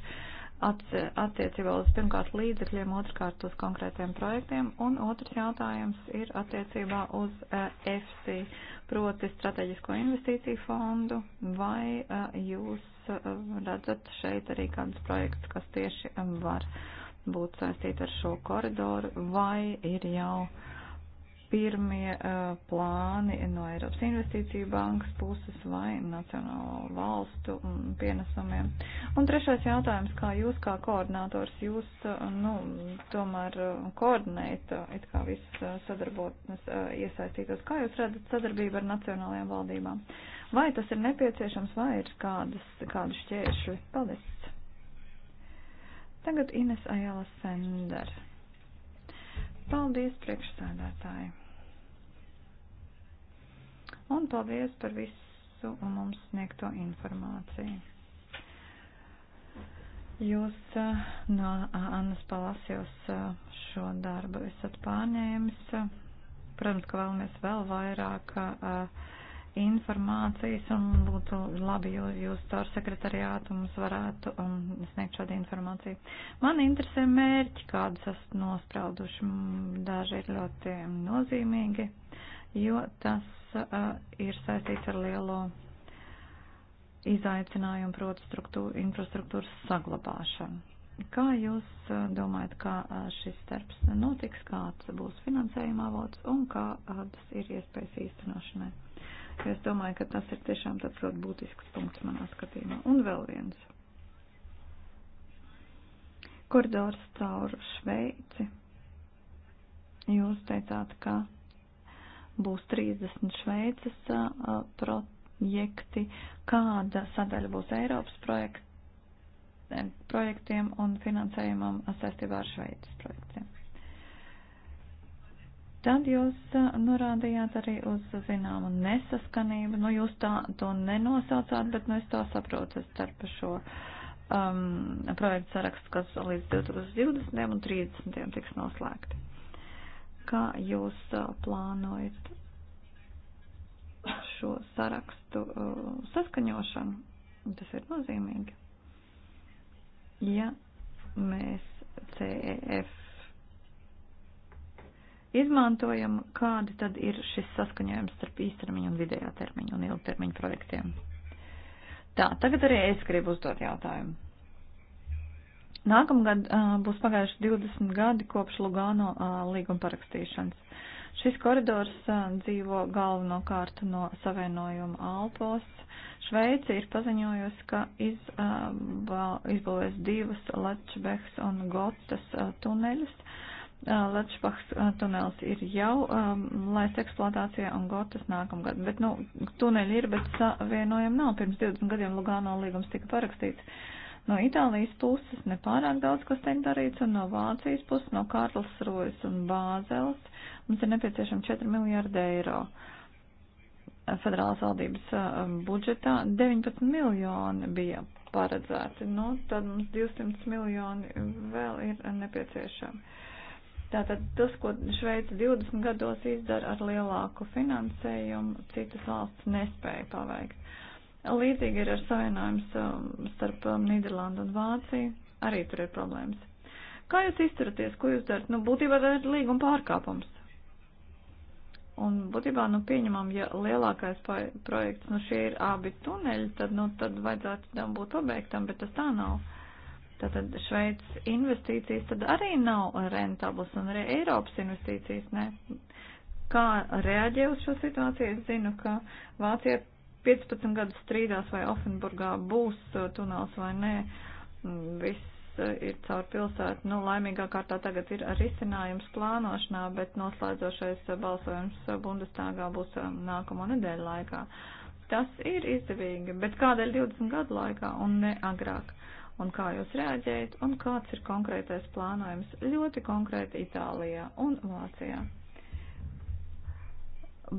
attiecībā uz pirmkārt līdzekļiem, otrkārt uz konkrētiem projektiem, un otrs jautājums ir attiecībā uz EFSI, uh, proti strateģisko investīciju fondu, vai jūs redzat šeit arī kādus projektus, kas tieši um, var būt saistīti ar šo koridoru, vai ir jau uh, pirmie uh, plāni no Eiropas investīciju bankas puses vai nacionālo valstu mm, pienesumiem. Un trešais jautājums, kā jūs kā koordinators, jūs uh, nu, tomēr uh, koordinējat uh, it kā visus uh, sadarbotnes uh, iesaistītos, kā jūs redzat sadarbību ar nacionālajām valdībām? Vai tas ir nepieciešams vai ir kādas, kādas šķēršļi? Paldies! Tagad Ines Ajala Sendera. Paldies, priekšsādātāji! un paldies par visu mums sniegto informāciju. Jūs eh, no Annas Palasjos eh, šo darbu esat pārņēmis. Protams, ka vēlamies vēl vairāk eh, informācijas un būtu labi, ja jūs caur sekretariātu mums varētu um, sniegt šādu informāciju. Man interesē mērķi, kādus esat nosprauduši. Daži ir ļoti nozīmīgi, jo tas ir saistīts ar lielo izaicinājumu, proti, infrastruktūras saglabāšanu. Kā jūs domājat, kā šis darbs notiks, kāds būs finansējuma avots un kādas ir iespējas īstenošanai? Es domāju, ka tas ir tiešām tāds ļoti būtisks punkts manā skatījumā. Un vēl viens. Koridors caur Šveici. Jūs teicāt, ka būs 30 Šveices projekti, kāda sadaļa būs Eiropas projekt, e, projektiem un finansējumam saistībā ar Šveices projektiem. Tad jūs norādījāt arī uz zināmu nesaskanību. Nu, jūs tā to nenosaucāt, bet nu, es to saprotu starp šo um, projektu sarakstu, kas līdz 2020. un 30. tiks noslēgti. Kā jūs plānojat šo sarakstu saskaņošanu? Tas ir nozīmīgi. Ja mēs CEF izmantojam, kādi tad ir šis saskaņojums starp īstermiņu un vidējā termiņu un ilgtermiņu projektiem? Tā, tagad arī es gribu uzdot jautājumu. Nākamgad uh, būs pagājuši 20 gadi kopš Lugano uh, līguma parakstīšanas. Šis koridors uh, dzīvo galvenokārt no savienojuma Alpos. Šveice ir paziņojusi, ka iz, uh, izbūvēs divus Latčbehs un Gotas uh, tuneļus. Uh, Latčbehs uh, tunelis ir jau um, laists eksploatācijā un Gotas nākamgad. Bet, nu, tuneļi ir, bet savienojumi nav. Pirms 20 gadiem Lugano līgums tika parakstīts. Uh, No Itālijas puses nepārāk daudz, kas tiek darīts, un no Vācijas puses, no Kārlis Rojas un Bāzels mums ir nepieciešami 4 miljārdi eiro. Federālās valdības uh, budžetā 19 miljoni bija paredzēti, nu tad mums 200 miljoni vēl ir nepieciešami. Tātad tas, ko Šveica 20 gados izdara ar lielāku finansējumu, citas valsts nespēja paveikt. Līdzīgi ir ar savienojums um, starp um, Nīderlandu un Vāciju. Arī tur ir problēmas. Kā jūs izturaties? Ko jūs darat? Nu, būtībā tā ir līguma pārkāpums. Un būtībā, nu, pieņemam, ja lielākais projekts, nu, šie ir abi tuneļi, tad, nu, tad vajadzētu tam būt pabeigtam, bet tas tā nav. Tātad Šveicis investīcijas tad arī nav rentablas un arī Eiropas investīcijas, ne? Kā reaģē uz šo situāciju? Es zinu, ka Vācija 15 gadus strīdās, vai Offenburgā būs uh, tunels vai nē. Mm, viss uh, ir caur pilsētu. Nu, laimīgā kārtā tagad ir risinājums plānošanā, bet noslēdzošais uh, balsojums Bundestāgā būs nākamo nedēļu laikā. Tas ir izdevīgi, bet kādēļ 20 gadu laikā un ne agrāk? Un kā jūs reaģējat un kāds ir konkrētais plānojums ļoti konkrēti Itālijā un Vācijā?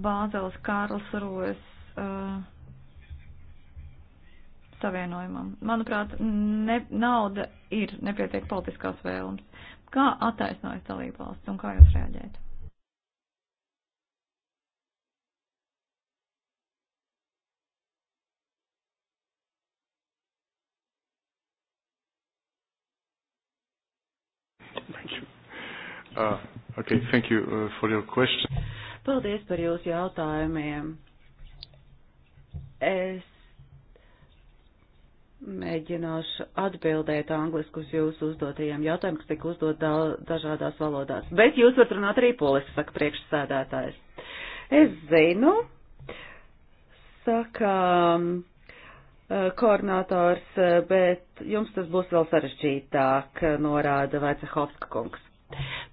Bāzels Kārls Rojas. Uh, savienojumam. Manuprāt, ne, nauda ir nepietiek politiskās vēlums. Kā attaisnojas dalībvalsts un kā jūs reaģējat? Uh, okay, thank you uh, for your question. Paldies par jūsu jautājumiem. Es Mēģināšu atbildēt angliski uz jūsu uzdotajiem jautājumiem, kas tika uzdot da dažādās valodās. Bet jūs varat runāt arī poliski, saka priekšsēdētājs. Es zinu, saka um, uh, koordinators, uh, bet jums tas būs vēl sarežģītāk, uh, norāda Vaicehovska kungs.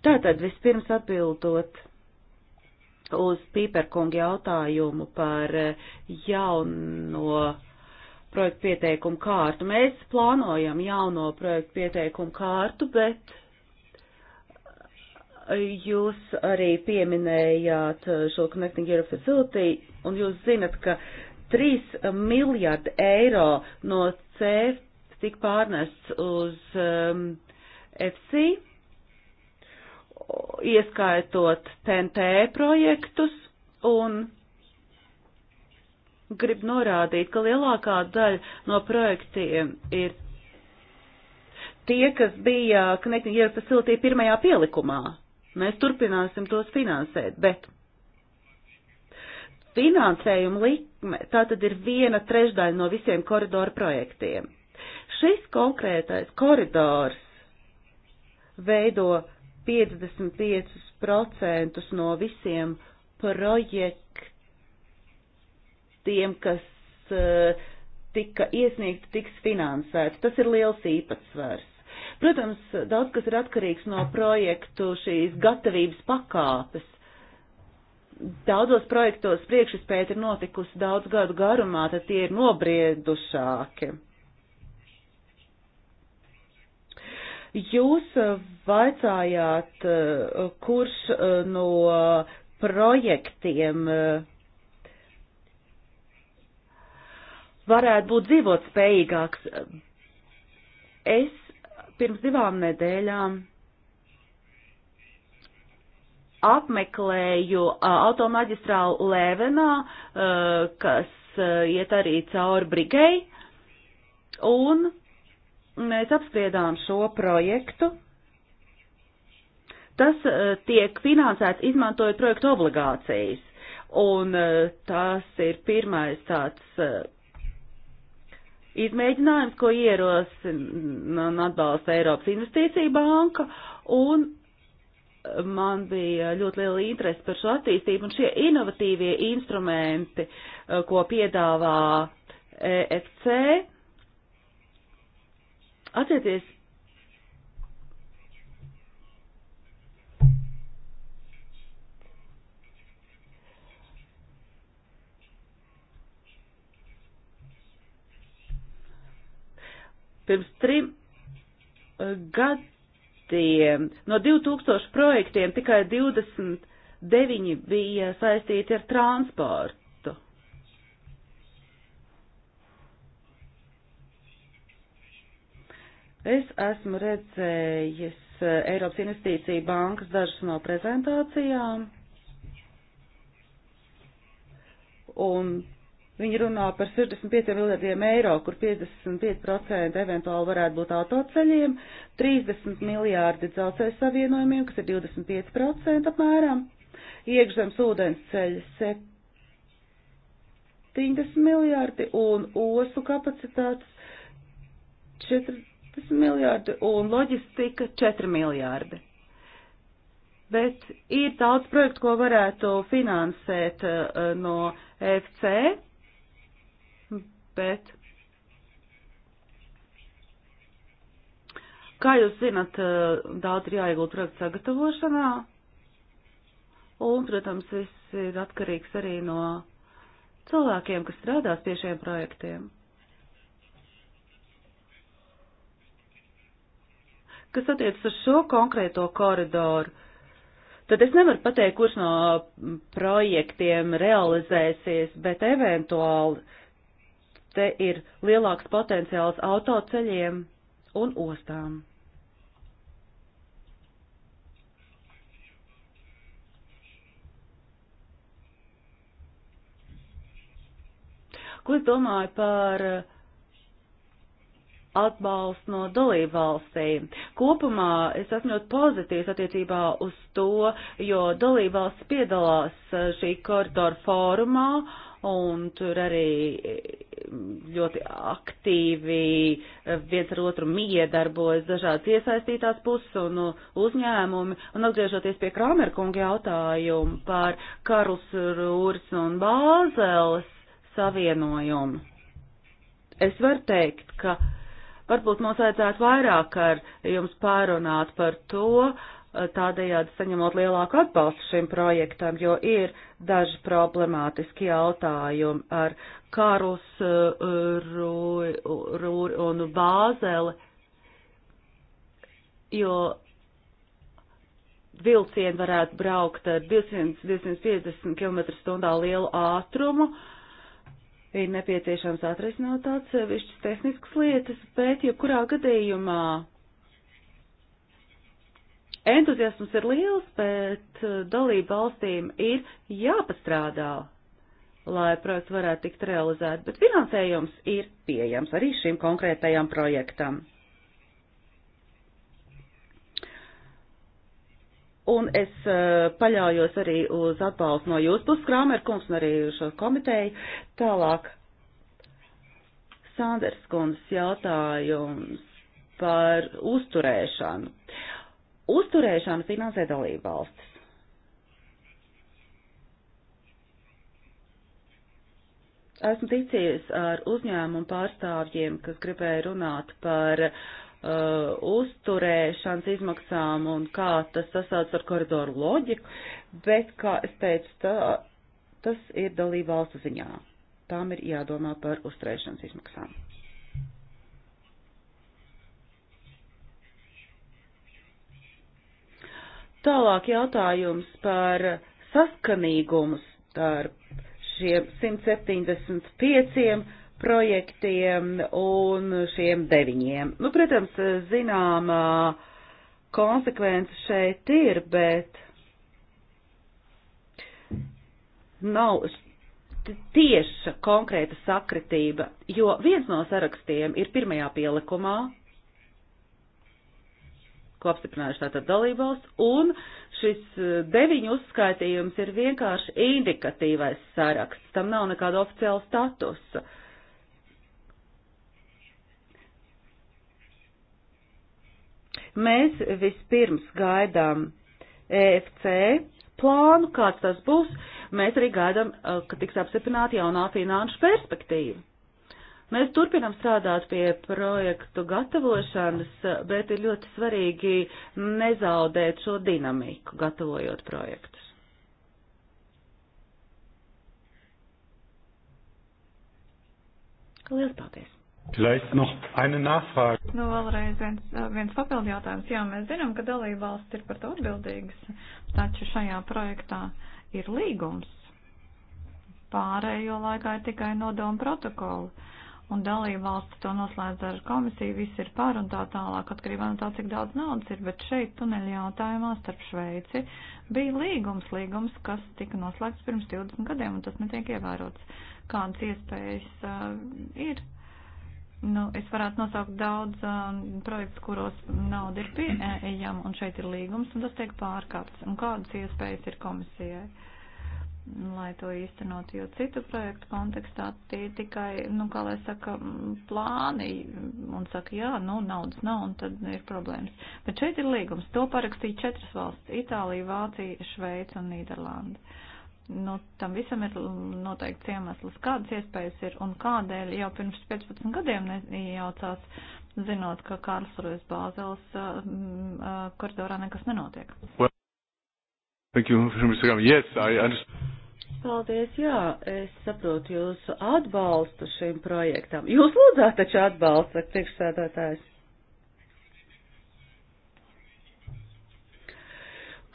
Tātad vispirms atbildot uz Pīperkunga jautājumu par jauno projektu pieteikumu kārtu. Mēs plānojam jauno projektu pieteikumu kārtu, bet jūs arī pieminējāt šo Connecting Europe Facility, un jūs zinat, ka 3 miljardi eiro no CEF tika pārnests uz um, FC, ieskaitot TNT projektus, un grib norādīt, ka lielākā daļa no projektiem ir tie, kas bija Connecting Europe Facility pirmajā pielikumā. Mēs turpināsim tos finansēt, bet finansējuma likme tā tad ir viena trešdaļa no visiem koridoru projektiem. Šis konkrētais koridors veido 55% no visiem projektiem tiem, kas eh, tika iesniegti, tiks finansēti. Tas ir liels īpatsvars. Protams, daudz kas ir atkarīgs no projektu šīs gatavības pakāpes. Daudzos projektos priekšspēja ir notikusi daudz gadu garumā, tad tie ir nobriedušāki. Jūs vaicājāt, eh, kurš eh, no projektiem varētu būt dzīvot spējīgāks. Es pirms divām nedēļām apmeklēju automaģistrālu Lēvenā, kas iet arī cauri Brigei, un mēs apspriedām šo projektu. Tas tiek finansēts izmantojot projektu obligācijas, un tas ir pirmais tāds izmēģinājums, ko ierosina un atbalsta Eiropas Investīcija banka, un man bija ļoti liela interese par šo attīstību, un šie inovatīvie instrumenti, eh, ko piedāvā EFC, atcerieties, Pirms trim eh, gadiem no 2000 projektiem tikai 29 bija saistīti ar transportu. Es esmu redzējis eh, Eiropas Investīcija bankas dažas no prezentācijām, un Viņi runā par 65 miljardiem eiro, kur 55% eventuāli varētu būt autoceļiem, 30 miljārdi dzelzceļa savienojumiem, kas ir 25% apmēram, iekšzemes ūdens ceļa 70 miljārdi un osu kapacitātes 40 miljārdi un loģistika 4 miljārdi bet ir daudz projektu, ko varētu finansēt eh, no FC, bet kā jūs zinat, eh, daudz ir jāiegūt projekta sagatavošanā, un, protams, viss ir atkarīgs arī no cilvēkiem, kas strādās pie šiem projektiem. Kas attiecas uz šo konkrēto koridoru, tad es nevaru pateikt, kurš no projektiem realizēsies, bet eventuāli uh, te ir lielāks potenciāls autoceļiem un ostām. Ko es domāju par atbalstu no dalību valstīm? Kopumā es esmu ļoti pozitīvs attiecībā uz to, jo dalību valsts piedalās šī koridora fórumā un tur arī e, ļoti aktīvi e, viens ar otru miedarbojas dažādas iesaistītās puses un e, uzņēmumi. Un atgriežoties pie Kramerkunga jautājuma par Karlsrūras un Bāzeles savienojumu, es varu teikt, ka varbūt mums vajadzētu vairāk ar jums pārunāt par to, uh, Eh, tādējādi saņemot lielāku atbalstu šim projektam, jo ir daži problemātiski jautājumi ar karus, eh, rūri rū, un bāzeli, jo vilcieni varētu braukt ar 200-250 km stundā lielu ātrumu, ir nepieciešams atrisināt tāds sevišķas tehniskas lietas, bet jebkurā gadījumā Entuziasms ir liels, bet uh, dalību valstīm ir jāpastrādā, lai projekts varētu tikt realizēt, bet finansējums ir pieejams arī šim konkrētajam projektam. Un es uh, paļaujos arī uz atbalstu no jūsu puses, Krāmer kungs, un arī šo komiteju. Tālāk, Sanders kundas jautājums par uzturēšanu uzturēšanu finansē dalību valstis. Esmu ticies ar uzņēmumu pārstāvjiem, kas gribēja runāt par uh, uzturēšanas izmaksām un kā tas sasauc ar koridoru loģiku, bet, kā es teicu, tā, tas ir dalība valstu ziņā. Tām ir jādomā par uzturēšanas izmaksām. Tālāk jautājums par saskanīgumu starp šiem 175 projektiem un šiem deviņiem. Nu, protams, zinām, konsekvences šeit ir, bet nav tieša konkrēta sakritība, jo viens no sarakstiem ir pirmajā pielikumā, ko apstiprinājuši tātad dalībvalsts, un šis e, deviņu uzskaitījums ir vienkārši indikatīvais saraksts, tam nav nekāda oficiāla statusa. Mēs vispirms gaidām EFC plānu, kāds tas būs, mēs arī gaidām, e, ka tiks apstiprināta jaunā finanšu perspektīva. Mēs turpinam strādāt pie projektu gatavošanas, bet ir ļoti svarīgi nezaudēt šo dinamiku, gatavojot projektus. Lielas paldies! Vielleicht noch eine Nachfrage. Nu, vēlreiz viens, viens papildu jautājums. Jā, mēs zinām, ka dalībvalsts ir par to atbildīgas, taču šajā projektā ir līgums. Pārējo laikā ir tikai nodoma protokoli un dalība valsts to noslēdz ar komisiju, viss ir pār un tā tālāk, atkarībā no tā, cik daudz naudas ir, bet šeit tuneļa jautājumā starp Šveici bija līgums, līgums, kas tika noslēgts pirms 20 gadiem, un tas netiek ievērots. Kādas iespējas uh, ir? Nu, es varētu nosaukt daudz uh, um, projektu, kuros nauda ir pieejama, un šeit ir līgums, un tas tiek pārkāpts. Un kādas iespējas ir komisijai? Uh, lai to īstenotu, jo citu projektu kontekstā tie tikai, nu, kā lai saka, plāni un saka, jā, nu, naudas nav un tad ir problēmas. Bet šeit ir līgums. To parakstīja četras valsts - Itālija, Vācija, Šveica un Nīderlanda. Nu, tam visam ir noteikts iemesls, kādas iespējas ir un kādēļ jau pirms 15 gadiem nejaucās, zinot, ka Karlsruhes bāzels uh, mm, uh, koridorā nekas nenotiek. Well, thank you, Mr. Yes, I understand. Paldies, jā, es saprotu jūsu atbalstu šim projektam. Jūs lūdzāt taču atbalstu, saka priekšsēdētājs.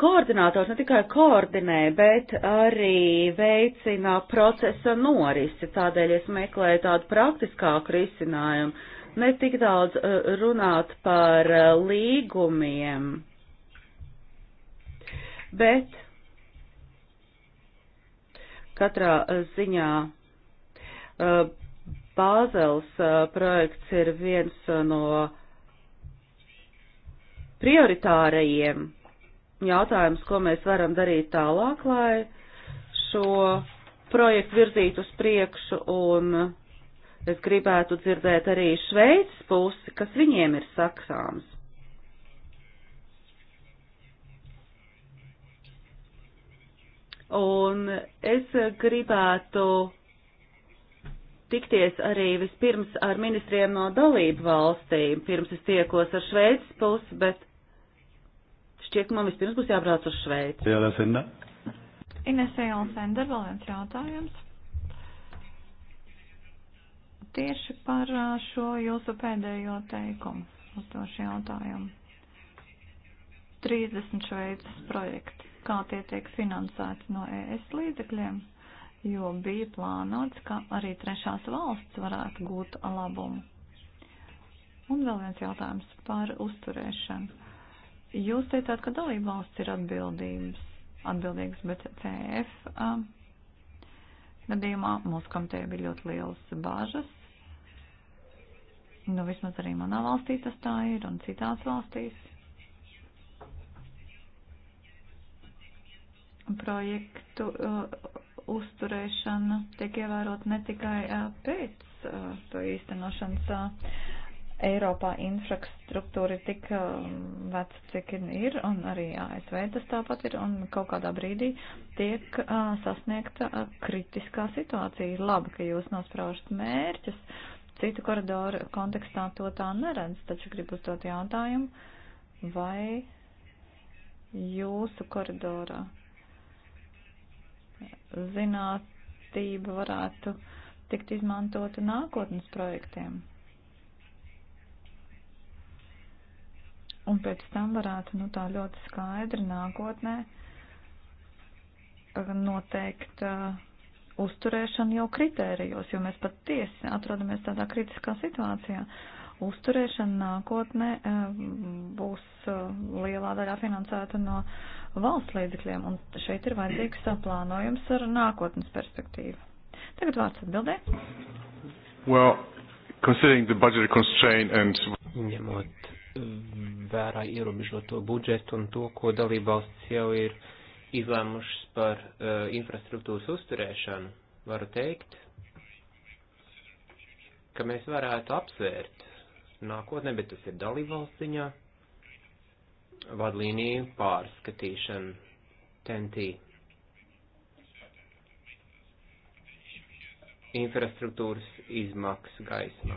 Koordinātors ne tikai koordinē, bet arī veicina procesa norisi, tādēļ es meklēju tādu praktiskāku risinājumu, ne tik daudz uh, runāt par uh, līgumiem, bet Katrā e, ziņā e, Bāzels e, projekts ir viens no prioritārajiem jautājums, ko mēs varam darīt tālāk, lai šo projektu virzītu uz priekšu un es gribētu dzirdēt arī Šveices pusi, kas viņiem ir saksāms. Un es gribētu tikties arī vispirms ar ministriem no dalību valstīm, pirms es tiekos ar Šveices pusi, bet šķiet, man vispirms būs jābrauc uz Šveici. Jā, tas ir ne. Ines Jālsenda, vēl viens jautājums. Tieši par šo jūsu pēdējo teikumu uz to jautājumu. 30 Šveices projekti kā tie tiek finansēti no ES līdzekļiem, jo bija plānots, ka arī trešās valsts varētu gūt labumu. Un vēl viens jautājums par uzturēšanu. Jūs teicāt, ka dalība valsts ir atbildības, atbildīgas, bet CF um, gadījumā mūsu komiteja bija ļoti lielas bāžas. Nu, vismaz arī manā valstī tas tā ir un citās valstīs projektu uh, uzturēšana tiek ievērot ne tikai uh, pēc uh, to īstenošanas. Eiropā infrastruktūra ir tik um, veca, cik ir, un arī ASV tas tāpat ir, un kaut kādā brīdī tiek sasniegta kritiskā situācija. Labi, ka jūs nospraužat mērķus, citu koridoru kontekstā to tā neredz, taču gribu uzdot jautājumu, vai jūsu koridorā zinātība varētu tikt izmantota nākotnes projektiem. Un pēc tam varētu nu, tā ļoti skaidri nākotnē eh, noteikt uh, uzturēšanu jau kritērijos, jo mēs patiesi atrodamies tādā kritiskā situācijā. Uzturēšana nākotnē uh, būs uh, lielā daļā finansēta no uh, valsts līdzekļiem, un šeit ir vajadzīgs plānojums ar nākotnes perspektīvu. Tagad vārds atbildē. Well, considering the budget constraint and... Ņemot vērā ierobežoto budžetu un to, ko dalībvalsts jau ir izlēmušas par uh, infrastruktūras uzturēšanu, varu teikt, ka mēs varētu apsvērt nākotnē, bet tas ir dalībvalsts ziņā. Uh, vadlīniju pārskatīšanu TNT. Infrastruktūras izmaksu gaismā.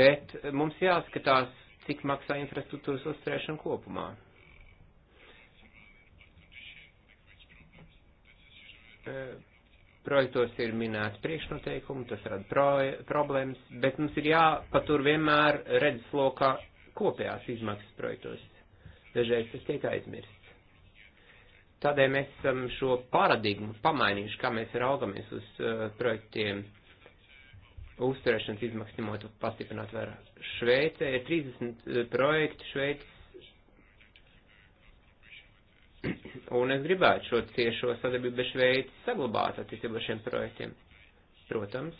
Bet mums jāskatās, cik maksā infrastruktūras uzturēšana kopumā. E, projektos ir minēts priekšnoteikumi, tas rada pro problēmas, bet mums ir jāpatur vienmēr redzeslokā kopējās izmaksas projektos. Dažreiz tas tiek aizmirsts. Tādēļ mēs esam šo paradigmu pamainījuši, kā mēs raugamies uz uh, projektiem uzturēšanas izmaksas ņemot pastiprināt vērā. Šveicē ir 30 projektu Šveicis, un es gribētu šo ciešo sadarbību bez Šveicis saglabāt attiecībā šiem projektiem. Protams,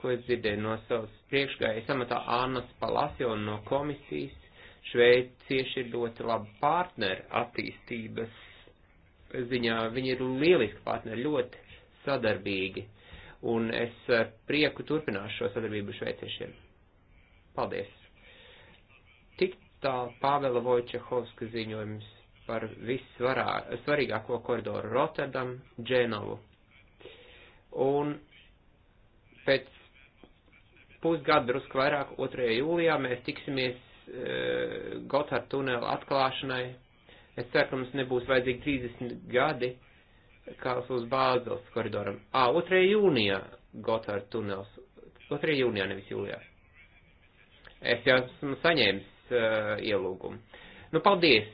ko es dzirdēju no savas priekšgājas amatā Annas Palasio no komisijas. Šveicieši ir ļoti labi partneri attīstības ziņā. Viņi ir lieliski partneri, ļoti sadarbīgi. Un es prieku turpināšu šo sadarbību šveiciešiem. Paldies! Tik tā Pāvela Vojčehovska ziņojums par vissvarīgāko koridoru Rotterdam, Dženovu. Un pēc pusgadu, drusku vairāk, 2. jūlijā mēs tiksimies uh, Gotthard tunela atklāšanai. Es ceru, ka mums nebūs vajadzīgi 30 gadi, kāds uz Bāzels koridoram. Ā, 2. jūnijā Gotthard tunels. 2. jūnijā, nevis jūlijā. Es jau esmu saņēmis uh, ielūgumu. Nu, paldies!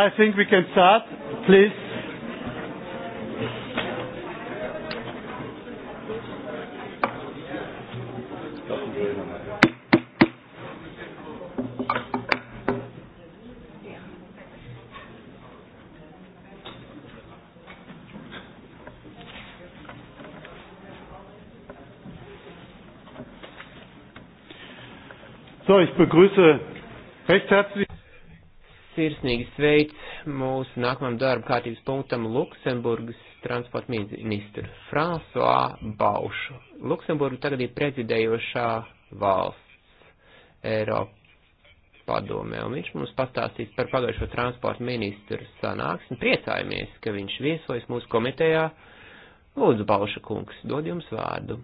I think we can start, please. So, ich begrüße recht herzlich sirsnīgi sveic mūsu nākamam darba kārtības punktam Luksemburgas transporta ministru François Baušu. Luksemburga tagad ir prezidējošā valsts Eiropa padomē, un viņš mums pastāstīs par pagājušo transporta ministru sanāksmi. Priecājamies, ka viņš viesojas mūsu komitejā. Lūdzu, Bauša kungs, dod jums vārdu.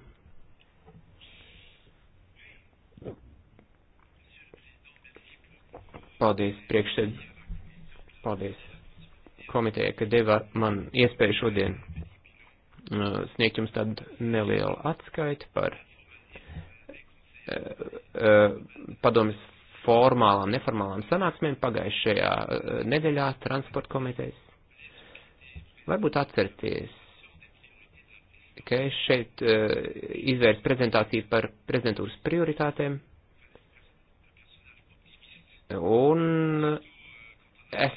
Paldies priekšsēd. Paldies komiteja, ka deva man iespēju šodien uh, sniegt jums tādu nelielu atskaiti par uh, uh, padomjas formālām, neformālām sanāksmēm pagājušajā nedēļā transporta komitejas. Varbūt atcerieties, ka es šeit izvērstu prezentāciju par prezidentūras prioritātēm,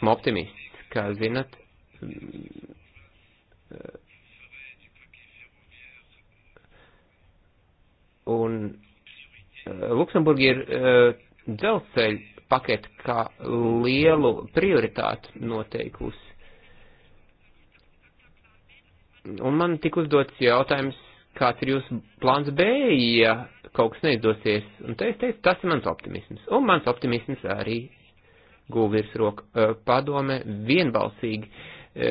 esmu optimists, kā zinat. Un eh, Luksemburga ir eh, dzelzceļa paketi kā lielu prioritāti noteikusi. Un man tik uzdots jautājums, kāds ir jūsu plāns B, ja kaut kas neizdosies. Un te es teicu, tas ir mans optimisms. Un mans optimisms arī Gulvirs roka e, padome vienbalsīgi e,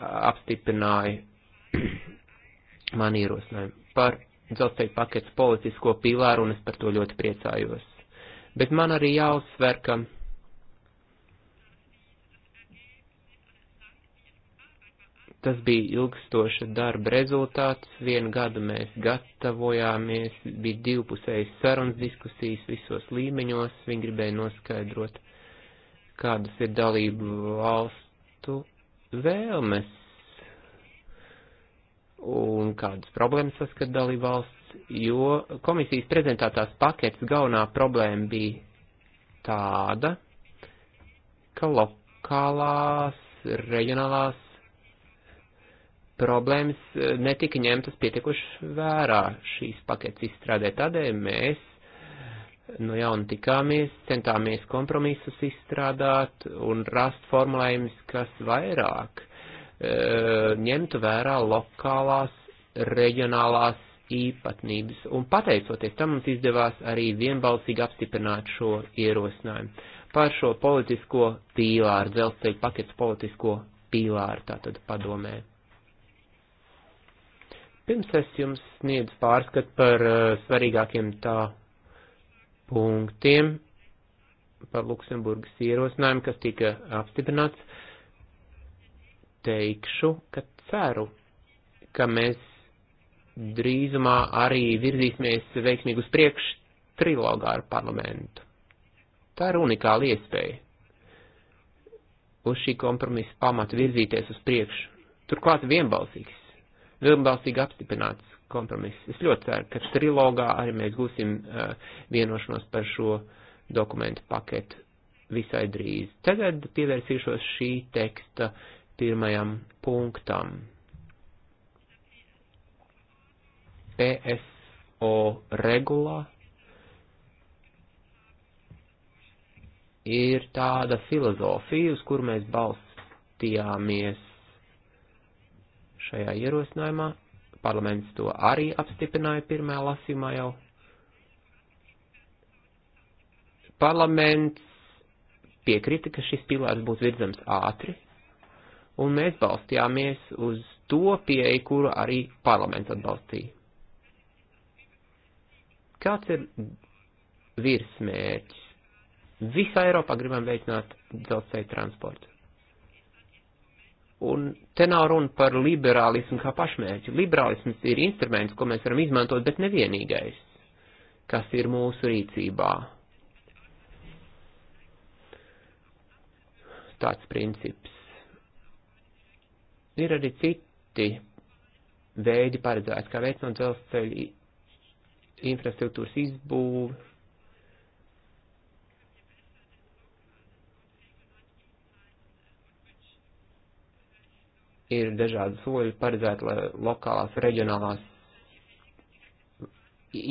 apstiprināja man ierosinājumu par dzelzceļa paketu politisko pīlāru, un es par to ļoti priecājos. Bet man arī jāuzsver, ka tas bija ilgstoša darba rezultāts. Vienu gadu mēs gatavojāmies, bija divpusējas sarunas diskusijas visos līmeņos, viņi gribēja noskaidrot kādas ir dalību valstu vēlmes un kādas problēmas saskat dalību valsts, jo komisijas prezentētās paketes galvenā problēma bija tāda, ka lokālās, reģionālās problēmas eh, netika ņemtas pietiekuši vērā šīs paketes izstrādē. Tādēļ mēs no nu jauna tikāmies, centāmies kompromisus izstrādāt un rast formulējumus, kas vairāk e, ņemtu vērā lokālās, reģionālās īpatnības. Un pateicoties tam mums izdevās arī vienbalsīgi apstiprināt šo ierosinājumu par šo politisko pīlāru, dzelzceļa paketu politisko pīlāru, tātad padomē. Pirms es jums sniedzu pārskatu par uh, svarīgākiem tā punktiem par Luksemburgas ierosinājumu, kas tika apstiprināts, teikšu, ka ceru, ka mēs drīzumā arī virzīsimies veiksmīgi uz priekšu trilogā ar parlamentu. Tā ir unikāla iespēja uz šī kompromisa pamata virzīties uz priekšu. Turklāt vienbalsīgs, vienbalsīgi apstiprināts kompromiss. Es ļoti ceru, ka trilogā arī mēs gūsim uh, vienošanos par šo dokumentu paketu visai drīz. Tagad pievērsīšos šī teksta pirmajam punktam. PSO regulā ir tāda filozofija, uz kuru mēs balstījāmies šajā ierosinājumā, parlaments to arī apstiprināja pirmā lasīmā jau. Parlaments piekrita, ka šis pilārs būs virzams ātri, un mēs balstījāmies uz to pieeju, kuru arī parlaments atbalstīja. Kāds ir virsmērķis? Visā Eiropā gribam veicināt dzelzceļa transportu. Un te nav runa par liberālismu kā pašmērķi. Liberālisms ir instruments, ko mēs varam izmantot, bet nevienīgais, kas ir mūsu rīcībā. Tāds princips. Ir arī citi veidi paredzēts, kā veicinot dzelzceļa infrastruktūras izbūvi, ir dažādi soļi paredzēti, lai lokālās, reģionālās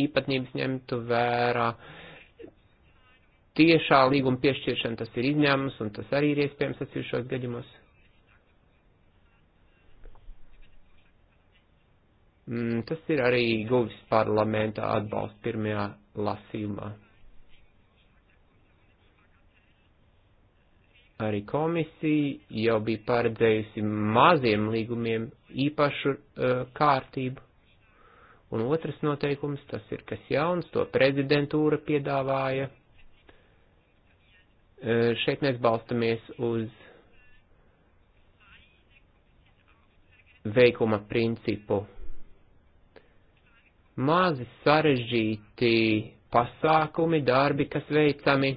īpatnības ņemtu vērā. Tiešā līguma piešķiršana tas ir izņēmums, un tas arī ir iespējams atsevišķos gadījumos. Mm, tas ir arī guvis parlamentā atbalsts pirmajā lasījumā. Arī komisija jau bija paredzējusi maziem līgumiem īpašu uh, kārtību. Un otrs noteikums, tas ir kas jauns, to prezidentūra piedāvāja. Uh, šeit mēs balstamies uz veikuma principu. Mazi sarežģīti pasākumi, darbi, kas veicami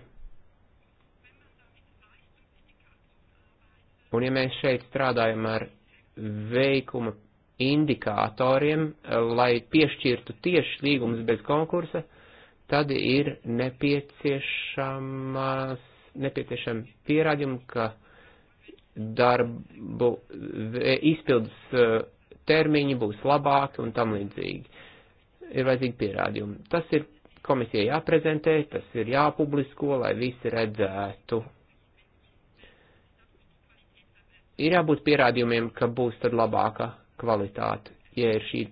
Un ja mēs šeit strādājam ar veikuma indikatoriem, eh, lai piešķirtu tieši līgumus bez konkursa, tad ir nepieciešamas, nepieciešam pierādījumi, ka darbu izpildus eh, termiņi būs labāki un tam līdzīgi. Ir vajadzīgi pierādījumi. Tas ir komisijai jāprezentē, tas ir jāpublisko, lai visi redzētu Ir jābūt pierādījumiem, ka būs tad labāka kvalitāte, ja ir šī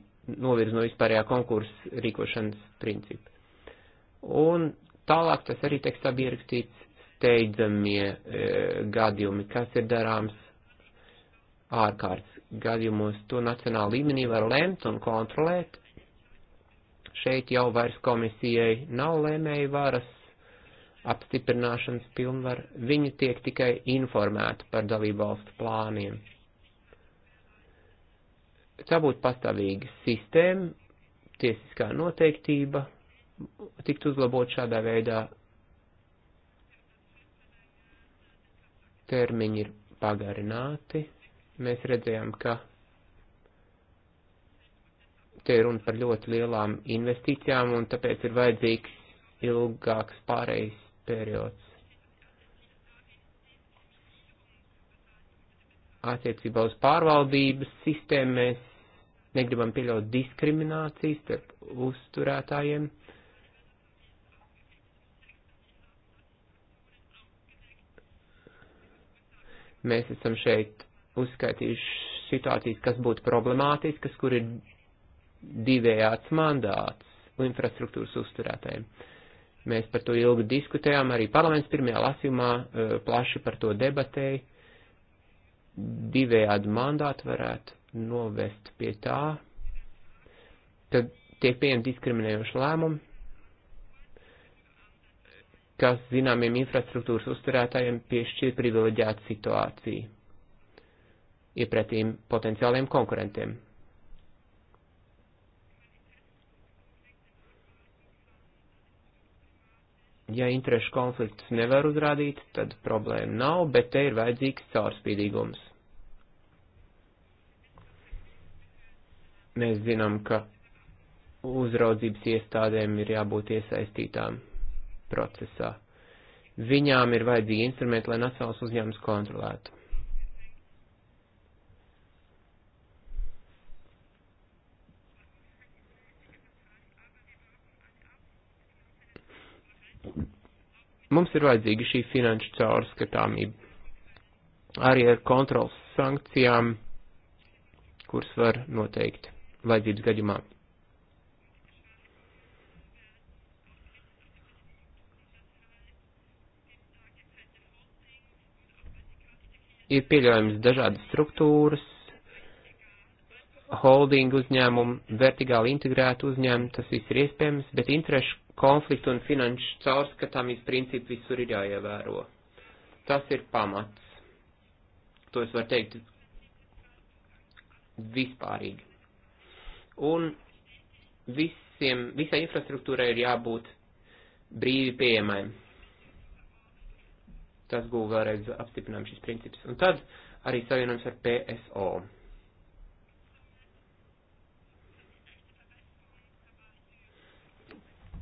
novirz no vispārējā konkursa rīkošanas principa. Un tālāk tas arī tekstā bija rakstīts steidzamie e, gadījumi, kas ir darāms ārkārtas gadījumos. To nacionāla līmenī var lemt un kontrolēt. Šeit jau vairs komisijai nav lēmēju varas, apstiprināšanas pilnvar, viņi tiek tikai informēti par dalību valstu plāniem. Tā būtu pastāvīga sistēma, tiesiskā noteiktība, tikt uzlabot šādā veidā. Termiņi ir pagarināti. Mēs redzējām, ka te ir runa par ļoti lielām investīcijām, un tāpēc ir vajadzīgs ilgāks pārējais periods. Attiecībā uz pārvaldības sistēmu mēs negribam pieļaut diskriminācijas starp uzturētājiem. Mēs esam šeit uzskaitījuši situācijas, kas būtu problemātiskas, kur ir divējāds mandāts infrastruktūras uzturētājiem. Uh, Mēs par to ilgi diskutējām, arī parlaments pirmajā lasījumā e, plaši par to debatēja. Divējādi mandāti varētu novest pie tā, kad tiek pieņemti diskriminējoši lēmumi, kas zināmiem infrastruktūras uzturētājiem piešķir privileģētu situāciju iepretīm potenciāliem konkurentiem. Ja interešu konfliktus nevar uzrādīt, tad problēma nav, bet te ir vajadzīgs caurspīdīgums. Mēs zinām, ka uzraudzības iestādēm ir jābūt iesaistītām procesā. Viņām ir vajadzīgi instrumenti, lai nacionāls uzņēmums kontrolētu. Mums ir vajadzīga šī finanšu caurskatāmība. Arī ar kontrols sankcijām, kuras var noteikt vajadzības gadījumā. ir pieļaujams dažādas struktūras, holding uzņēmumu, vertikāli integrētu uzņēmumu, tas viss ir iespējams, bet interešu konfliktu un finanšu caurskatāmības principu visur ir jāievēro. Tas ir pamats. To es varu teikt vispārīgi. Un visiem, visai infrastruktūrai ir jābūt brīvi pieejamai. Tas guva vēlreiz apstiprinām šis princips. Un tad arī savienojums ar PSO.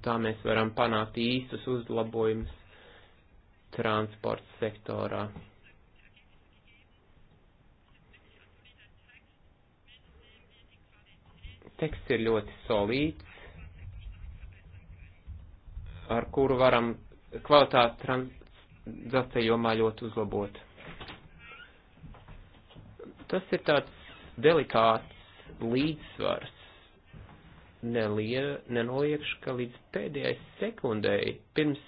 tā mēs varam panākt īstus uzlabojumus transporta sektorā. Teksts ir ļoti solīts, ar kuru varam kvalitāti transporta jomā ļoti uzlabot. Tas ir tāds delikāts līdzsvars nelie, nenoliekšu, ka līdz pēdējai sekundēji pirms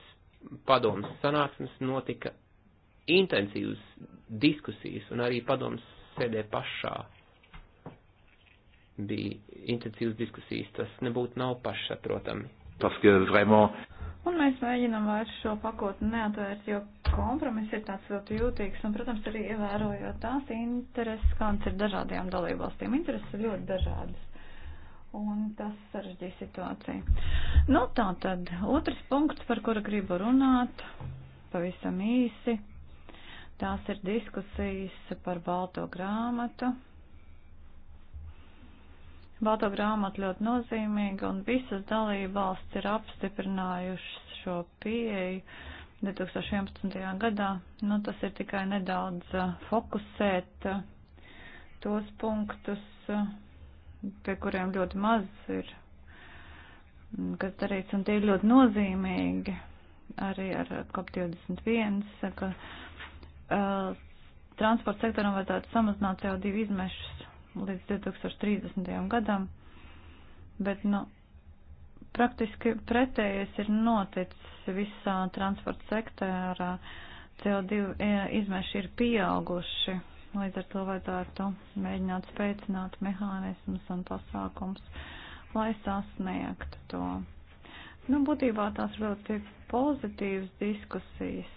padomas sanāksmes notika intensīvas diskusijas un arī padomas sēdē pašā bija intensīvas diskusijas. Tas nebūtu nav pašsaprotami. Parce que vraiment... Un mēs mēģinām vairs šo pakotni neatvērt, jo kompromiss ir tāds ļoti jūtīgs un, protams, arī ievērojot tās intereses, kāds ir dažādajām dalībvalstīm. Intereses ir ļoti dažādas un tas sarežģīja situāciju. Nu, tā tad otrs punkts, par kuru gribu runāt, pavisam īsi, tās ir diskusijas par balto grāmatu. Balto grāmatu ļoti nozīmīga un visas dalība valsts ir apstiprinājušas šo pieeju 2011. gadā. Nu, tas ir tikai nedaudz uh, fokusēt uh, tos punktus, uh, pie kuriem ļoti maz ir, mm, kas darīts, un tie ir ļoti nozīmīgi arī ar COP21, ka uh, transporta sektoram vajadzētu samazināt CO2 izmešus līdz 2030. gadam, bet, nu, praktiski pretējais ir noticis visā transporta sektorā. CO2 izmeši ir pieauguši Līdz ar to vajadzētu mēģināt spēcināt mehānismus un pasākums, lai sasniegtu to. Nu, būtībā tās ļoti pozitīvas diskusijas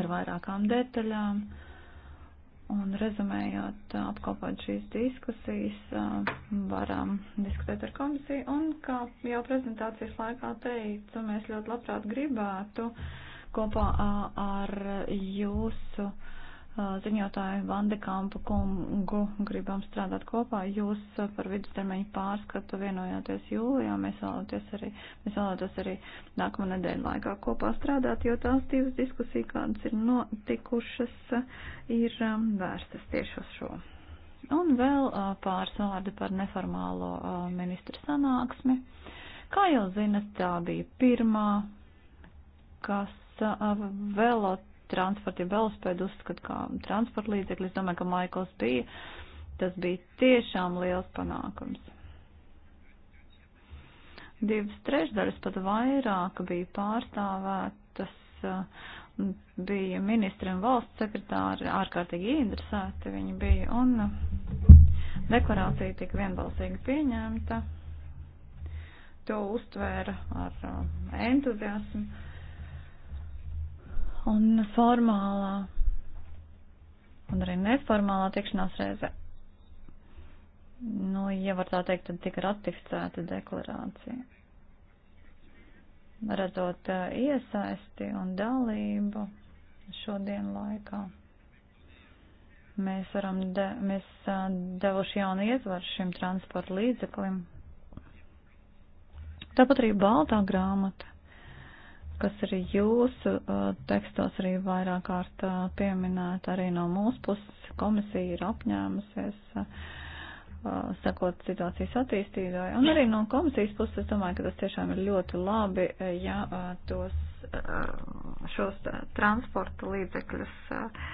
ar vairākām detaļām. Un rezumējot, apkopot šīs diskusijas, varam diskutēt ar komisiju. Un, kā jau prezentācijas laikā teicu, mēs ļoti labprāt gribētu kopā ar jūsu ziņotāju Vandekampu kungu gribam strādāt kopā. Jūs par vidustermiņu pārskatu vienojāties jūlijā, mēs vēlētos arī, mēs vēlētos arī nākamā nedēļa laikā kopā strādāt, jo tās divas diskusijas, kādas ir notikušas, ir vērstas tieši uz šo. Un vēl pāris vārdi par neformālo ministru sanāksmi. Kā jau zinat, tā bija pirmā, kas velot transportu, ja velospēdu uzskat kā transporta līdzekli. Es domāju, ka Maikls bija. Tas bija tiešām liels panākums. Divas trešdaļas pat vairāk bija pārstāvētas, bija ministri un valsts sekretāri ārkārtīgi interesēti viņi bija, un deklarācija tika vienbalsīgi pieņemta. To uztvēra ar uh, entuziasmu Un formālā un arī neformālā tikšanās reize, nu, ja var tā teikt, tad tika ratificēta deklarācija. Redzot iesaisti un dalību šodien laikā, mēs varam, de, mēs devuši jaunu ietvaru šim transporta līdzeklim. Tāpat arī baltā grāmata kas arī jūsu uh, tekstos arī vairāk kārt uh, pieminēta, arī no mūsu puses komisija ir apņēmusies uh, sakot situācijas attīstībai. Un arī no komisijas puses es domāju, ka tas tiešām ir ļoti labi, ja tos šos transporta līdzekļus uh,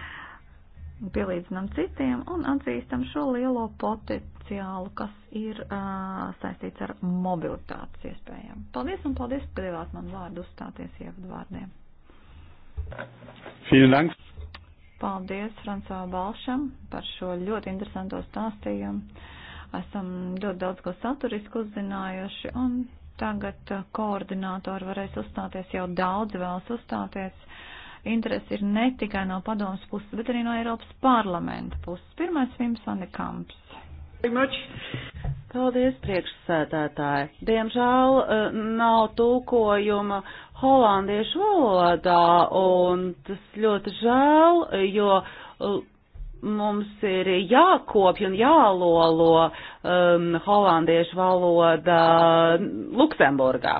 pielīdzinām citiem un atzīstam šo lielo potenciālu, kas ir uh, saistīts ar mobilitātes iespējām. Paldies un paldies, ka devāt man vārdu uzstāties ievadvārdiem. Paldies Francā Balšam par šo ļoti interesanto stāstījumu. Esam ļoti daudz ko saturisku uzzinājuši un tagad koordinātori varēs uzstāties, jau daudz vēlas uzstāties interesi ir ne tikai no padomas puses, bet arī no Eiropas parlamenta puses. Pirmais Vims Vande Kamps. Paldies, priekšsēdētāji. Diemžēl eh, nav tūkojuma holandiešu valodā, un tas ļoti žēl, jo eh, mums ir jākopja un jālolo um, holandiešu valoda Luksemburgā.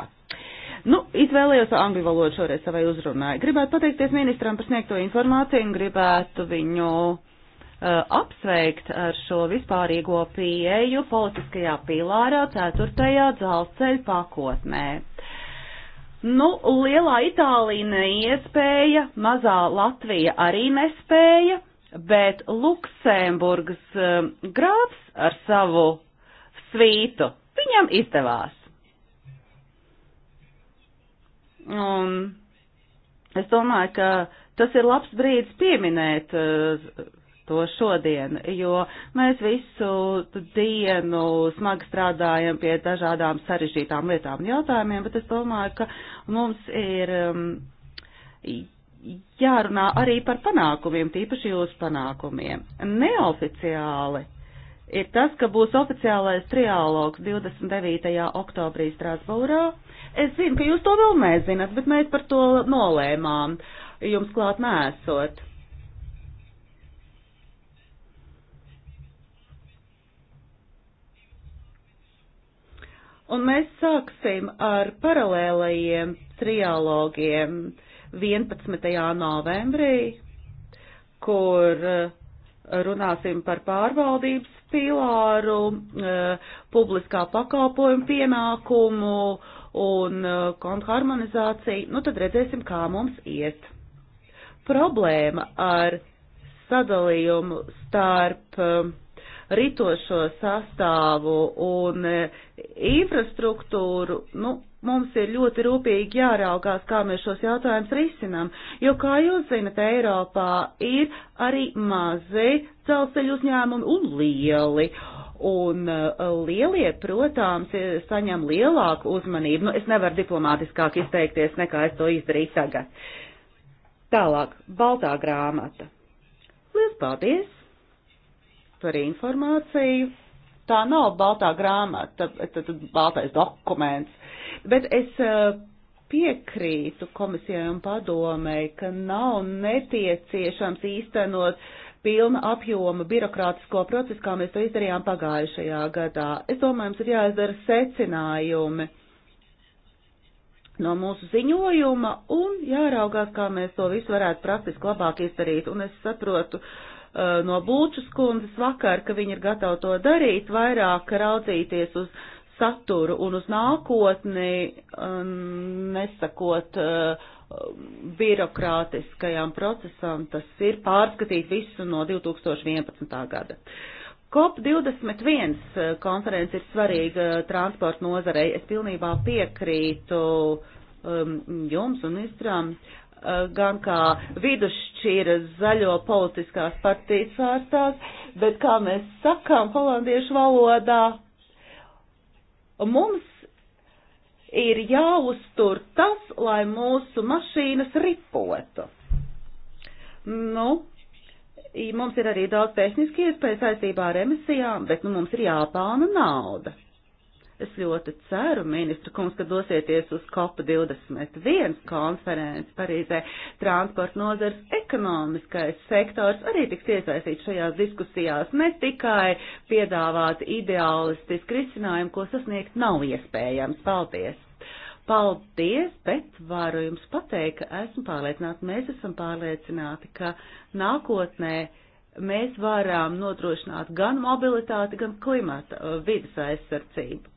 Nu, izvēlējos angļu valodu šoreiz savai uzrunai. Gribētu pateikties ministram par sniegto informāciju un gribētu viņu uh, apsveikt ar šo vispārīgo pieeju politiskajā pilārā ceturtajā dzelzceļa pakotnē. Nu, lielā Itālija neiespēja, mazā Latvija arī nespēja, bet Luksemburgas uh, grāfs ar savu svītu viņam izdevās. Un es domāju, ka tas ir labs brīdis pieminēt eh, to šodien, jo mēs visu dienu smagi strādājam pie dažādām sarežģītām lietām un jautājumiem, bet es domāju, ka mums ir um, jārunā arī par panākumiem, tīpaši jūsu panākumiem. Neoficiāli ir tas, ka būs oficiālais trialogs 29. oktobrī Strasbūrā. Es zinu, ka jūs to vēl nezināt, bet mēs par to nolēmām jums klāt nēsot. Un mēs sāksim ar paralēlajiem trialogiem 11. novembrī, kur eh, runāsim par pārvaldības pilāru, eh, publiskā pakalpojuma pienākumu un eh, kontu harmonizāciju, nu tad redzēsim, kā mums iet. Problēma ar sadalījumu starp eh, ritošo sastāvu un infrastruktūru, nu, mums ir ļoti rūpīgi jāraugās, kā mēs šos jautājumus risinām, jo, kā jūs zinat, Eiropā ir arī mazi celceļu uzņēmumi un lieli. Un uh, lielie, protams, saņem lielāku uzmanību. Nu, es nevaru diplomātiskāk izteikties, nekā es to izdarīju tagad. Tālāk, baltā grāmata. Lielas paldies par informāciju. Tā nav baltā grāmata, tad baltais dokuments. Bet es eh, piekrītu komisijai un padomēji, ka nav nepieciešams īstenot pilna apjoma birokrātisko procesu, kā mēs to izdarījām pagājušajā gadā. Es domāju, mums ir jāizdara secinājumi no mūsu ziņojuma un jāraugās, kā mēs to visu varētu praktiski labāk izdarīt. Un es saprotu uh, no Būčas kundzes vakar, ka viņi ir gatavi to darīt, vairāk raudzīties uz uh, saturu un uz nākotni, um, nesakot uh, birokrātiskajām procesām, tas ir pārskatīt visu no 2011. gada. COP21 uh, konference ir svarīga transporta nozarei. Es pilnībā piekrītu um, jums un ministram, uh, gan kā vidusšķīra zaļo politiskās partijas vārstās, bet kā mēs sakām holandiešu valodā, Mums ir jāuztur tas, lai mūsu mašīnas ripotu. Nu, mums ir arī daudz tehniski iespējas saistībā ar emisijām, bet nu, mums ir jāpāna nauda. Es ļoti ceru, ministra kungs, ka dosieties uz COP21 konferenci Parīzē. Transporta nozars ekonomiskais sektors arī tiks iesaistīts šajās diskusijās, ne tikai piedāvāt ideālistisku risinājumu, ko sasniegt nav iespējams. Paldies! Paldies, bet varu jums pateikt, ka esmu pārliecināta, mēs esam pārliecināti, ka nākotnē mēs varam nodrošināt gan mobilitāti, gan klimata uh, vidas aizsardzību.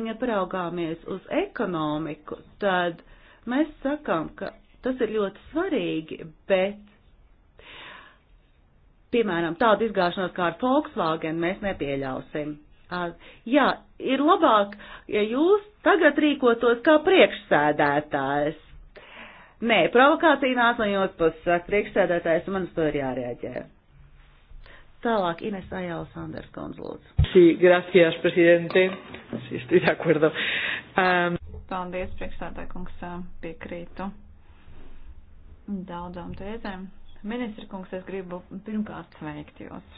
Un ja paraugāmies uz ekonomiku, tad mēs sakām, ka tas ir ļoti svarīgi, bet, piemēram, tādu izgāšanos kā ar Volkswagen mēs nepieļausim. Jā, ir labāk, ja jūs tagad rīkotos kā priekšsēdētājs. Nē, provokācija nāk no jūsu puses, saka priekšsēdētājs, un man uz to ir jārēģē. Tālāk Ines Ajāla Sanders konsults. Sí, gracias, presidente. Sí, estoy de acuerdo. Um... Paldies, priekšstādā kungs, piekrītu daudzām tēzēm. Ministra kungs, es gribu pirmkārt sveikt jūs.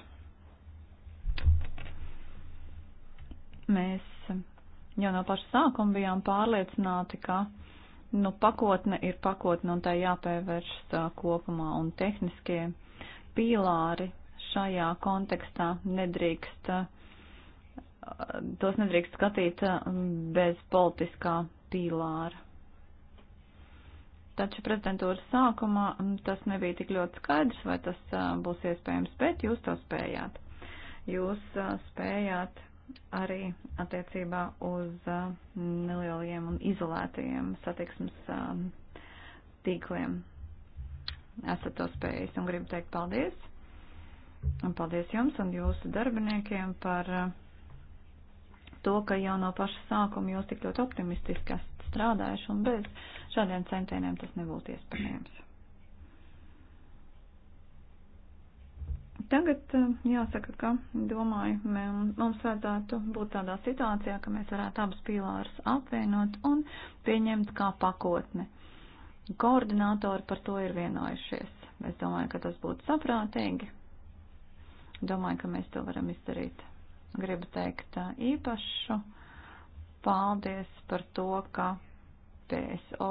Mēs jau no paša sākuma bijām pārliecināti, ka nu, pakotne ir pakotne un tā jāpēvēršas kopumā un tehniskie pīlāri šajā kontekstā nedrīkst, eh, tos nedrīkst skatīt eh, bez politiskā pīlāra. Taču prezidentūras sākumā mm, tas nebija tik ļoti skaidrs, vai tas eh, būs iespējams, bet jūs to spējāt. Jūs spējāt arī attiecībā uz nelieliem un izolētajiem satiksmes tīkliem. Esat to spējis un gribu teikt paldies Un paldies jums un jūsu darbiniekiem par eh, to, ka jau no paša sākuma jūs tik ļoti optimistiski esat strādājuši un bez šādiem centieniem tas nebūtu iespējams. Tagad eh, jāsaka, ka domāju, mums vajadzētu būt tādā situācijā, ka mēs varētu abus pīlārus apvienot un pieņemt kā pakotni. Koordinātori par to ir vienojušies. Es domāju, ka tas būtu saprātīgi. Domāju, ka mēs to varam izdarīt. Gribu teikt īpašu paldies par to, ka PSO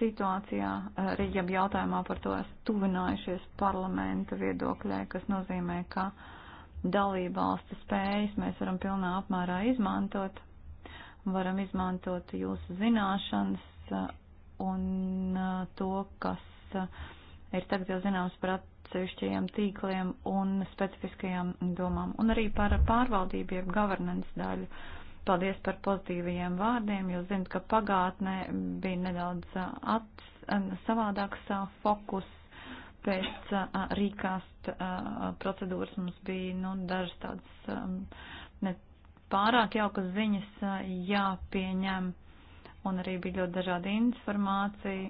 situācijā, arī jau jautājumā par to esmu tuvinājušies parlamenta viedokļai, kas nozīmē, ka dalībvalstu spējas mēs varam pilnā apmērā izmantot, varam izmantot jūsu zināšanas un to, kas ir tagad jau zināms par atsevišķajiem tīkliem un specifiskajām domām, un arī par pārvaldību, jeb governance daļu. Paldies par pozitīvajiem vārdiem. Jūs zinat, ka pagātnē bija nedaudz ats, savādāks fokus pēc rīkāst procedūras. Mums bija nu, dažas tādas ne pārāk jaukas ziņas jāpieņem, un arī bija ļoti dažāda informācija.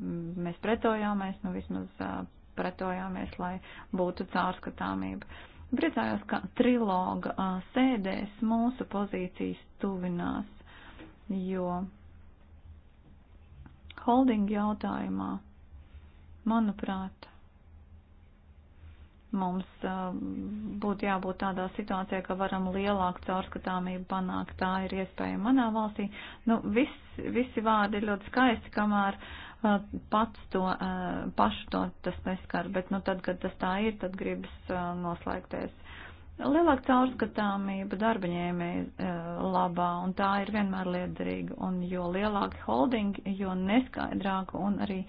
Mēs pretojāmies, nu vismaz pretojāmies, lai būtu caurskatāmība. Priecājos, ka triloga sēdēs mūsu pozīcijas tuvinās, jo holding jautājumā, manuprāt, mums būtu jābūt tādā situācijā, ka varam lielāku caurskatāmību panākt. Tā ir iespēja manā valstī. Nu, vis, visi vārdi ir ļoti skaisti, kamēr uh, Eh, pats to, eh, pašu to tas neskar, bet nu tad, kad tas tā ir, tad gribas eh, noslēgties. Lielāka caurskatāmība darbaņēmēja labā, un tā ir vienmēr liederīga, un jo lielāki holdingi, jo neskaidrāk un arī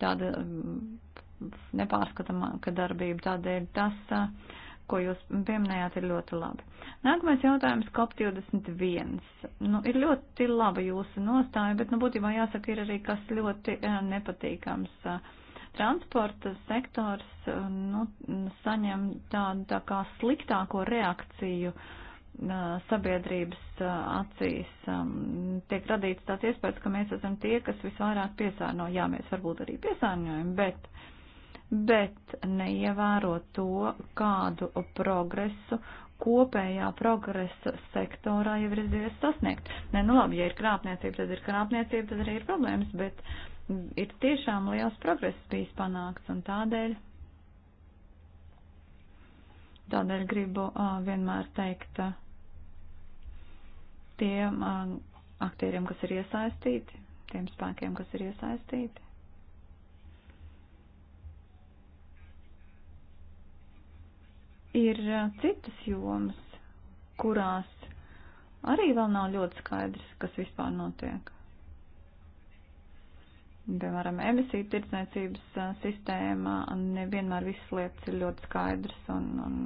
tāda mm, nepārskatāmāka darbība, tādēļ tas uh, ko jūs pieminējāt, ir ļoti labi. Nākamais jautājums - COP21. Nu, ir ļoti laba jūsu nostāja, bet, nu, būtībā jāsaka, ir arī kas ļoti eh, nepatīkams. Transporta sektors, nu, saņem tādu tā kā sliktāko reakciju eh, sabiedrības eh, acīs. Tiek radīts tāds iespējas, ka mēs esam tie, kas visvairāk piesārņo. Jā, mēs varbūt arī piesārņojam, bet. Uh, bet neievēro to, kādu progresu kopējā progresa sektorā jau ir izdevies sasniegt. Nē, nu labi, ja ir krāpniecība, tad ir krāpniecība, tad arī ir problēmas, bet ir tiešām liels progress bijis panākts un tādēļ. Tādēļ gribu uh, vienmēr teikt uh, tiem uh, aktieriem, kas ir iesaistīti, tiem spēkiem, kas ir iesaistīti, Ir citas jomas, kurās arī vēl nav ļoti skaidrs, kas vispār notiek. Piemēram, emisiju tirdzniecības sistēmā nevienmēr viss lietas ir ļoti skaidrs un, un,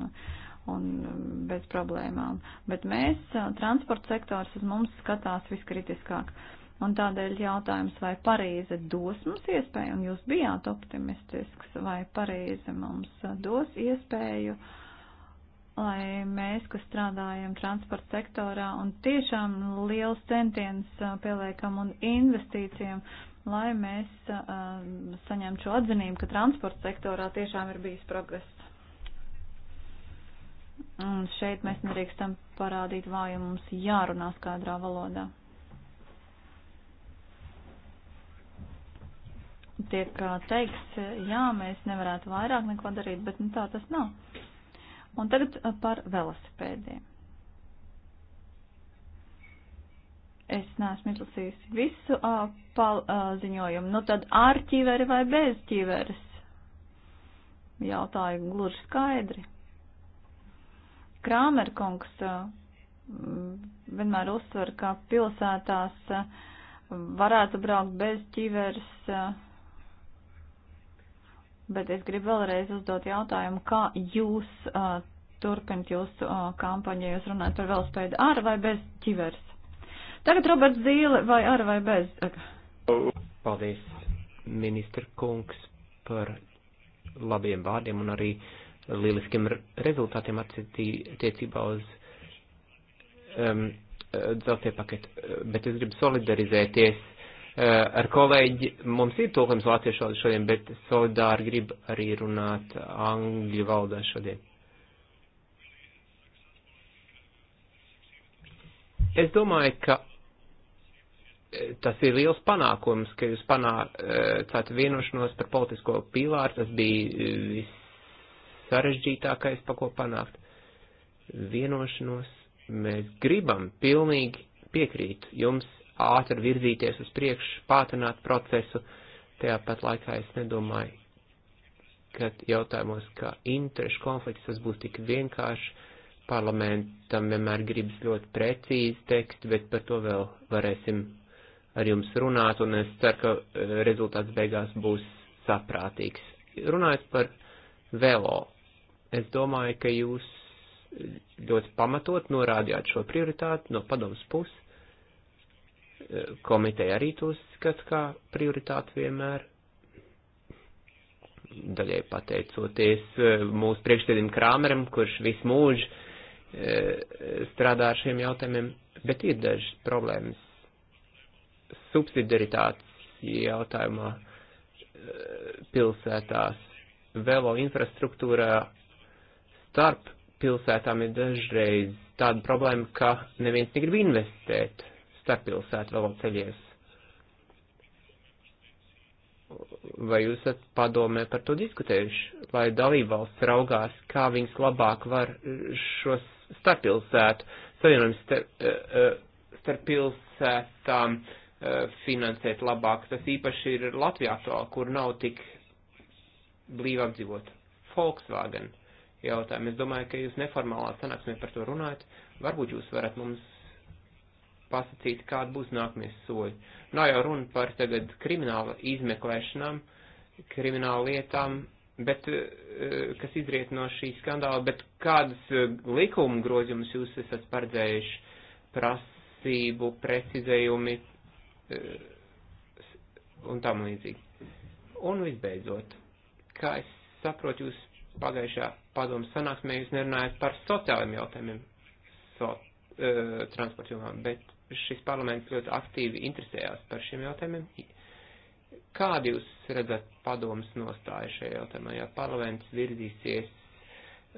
un bez problēmām. Bet mēs, transporta sektors, uz mums skatās viskritiskāk. Un tādēļ jautājums, vai Parīze dos mums iespēju, un jūs bijāt optimistisks, vai Parīze mums dos iespēju uh, lai mēs, kas strādājam transporta sektorā un tiešām liels centiens pieliekam un investīcijiem, lai mēs uh, saņemtu šo atzinību, ka transporta sektorā tiešām ir bijis progress. Un šeit mēs nedrīkstam parādīt vāju, mums jārunā skaidrā valodā. Tiek teikts, jā, mēs nevarētu vairāk neko darīt, bet nu, tā tas nav Un tagad uh, par velosipēdiem. Es neesmu izlasījis visu uh, paziņojumu. Uh, nu tad ar ķiveri vai bez ķiveres? Jautāju gluži skaidri. Krāmerkungs uh, mm, vienmēr uzsver, ka pilsētās uh, varētu braukt bez ķiveres. Uh, Bet es gribu vēlreiz uzdot jautājumu, kā jūs uh, turpināt jūsu uh, kampaņu, ja jūs runājat par velospēdu ar vai bez ķivers? Tagad Roberts Zīle vai ar vai bez? Paldies, ministra kungs, par labiem vārdiem un arī lieliskiem rezultātiem attiecībā uz um, dzeltie paketu. Bet es gribu solidarizēties Eh, ar kolēģi mums ir tulkojums latviešu valodā šodien, bet solidāri grib arī runāt angļu valodā šodien. Es domāju, ka eh, tas ir liels panākums, ka jūs panācāt eh, vienošanos par politisko pīlāru. Tas bija vissarežģītākais, pa ko panākt. Vienošanos mēs gribam, pilnīgi piekrītu jums ātri virzīties uz priekšu, pātrināt procesu. Tajāpat laikā es nedomāju, ka jautājumos, ka interešu konflikts tas būs tik vienkārši. Parlamentam vienmēr gribas ļoti precīzi tekstu, bet par to vēl varēsim ar jums runāt, un es ceru, ka eh, rezultāts beigās būs saprātīgs. Runājot par velo, es domāju, ka jūs eh, ļoti pamatot norādījāt šo prioritāti no padomas puses, komiteja arī to skata kā prioritāti vienmēr. Daļai pateicoties e, mūsu priekšsēdim Krāmeram, kurš visu mūžu e, strādā ar šiem jautājumiem, bet ir dažas problēmas subsidiaritātes jautājumā e, pilsētās, velo infrastruktūrā starp pilsētām ir dažreiz tāda problēma, ka neviens negrib investēt starp pilsētu valodu ceļies. Vai jūs esat padomē par to diskutējuši, lai dalībvalsts raugās, kā viņas labāk var šos starppilsētu savienojumus starp, eh, eh, starp pilsētām eh, finansēt labāk? Tas īpaši ir Latvijā to, kur nav tik blīvi apdzīvot. Volkswagen jautājumu. Es domāju, ka jūs neformālā sanāksmē par to runājat. Varbūt jūs varat mums pasakīt, kāda būs nākamie soļi. Nav nu, jau runa par tagad krimināla izmeklēšanām, krimināla lietām, bet, eh, kas izriet no šī skandāla, bet kādas eh, likuma grozījumus jūs esat paredzējuši, prasību, precizējumi eh, un tam līdzīgi. Un visbeidzot, kā es saprotu, jūs pagājušā padomu sanāksmē jūs nerunājat par sociālajiem jautājumiem, so, e, transporta jomām, bet šis parlaments ļoti aktīvi interesējās par šiem jautājumiem. Kādi jūs redzat padomas nostāju šajā jautājumā, ja parlaments virzīsies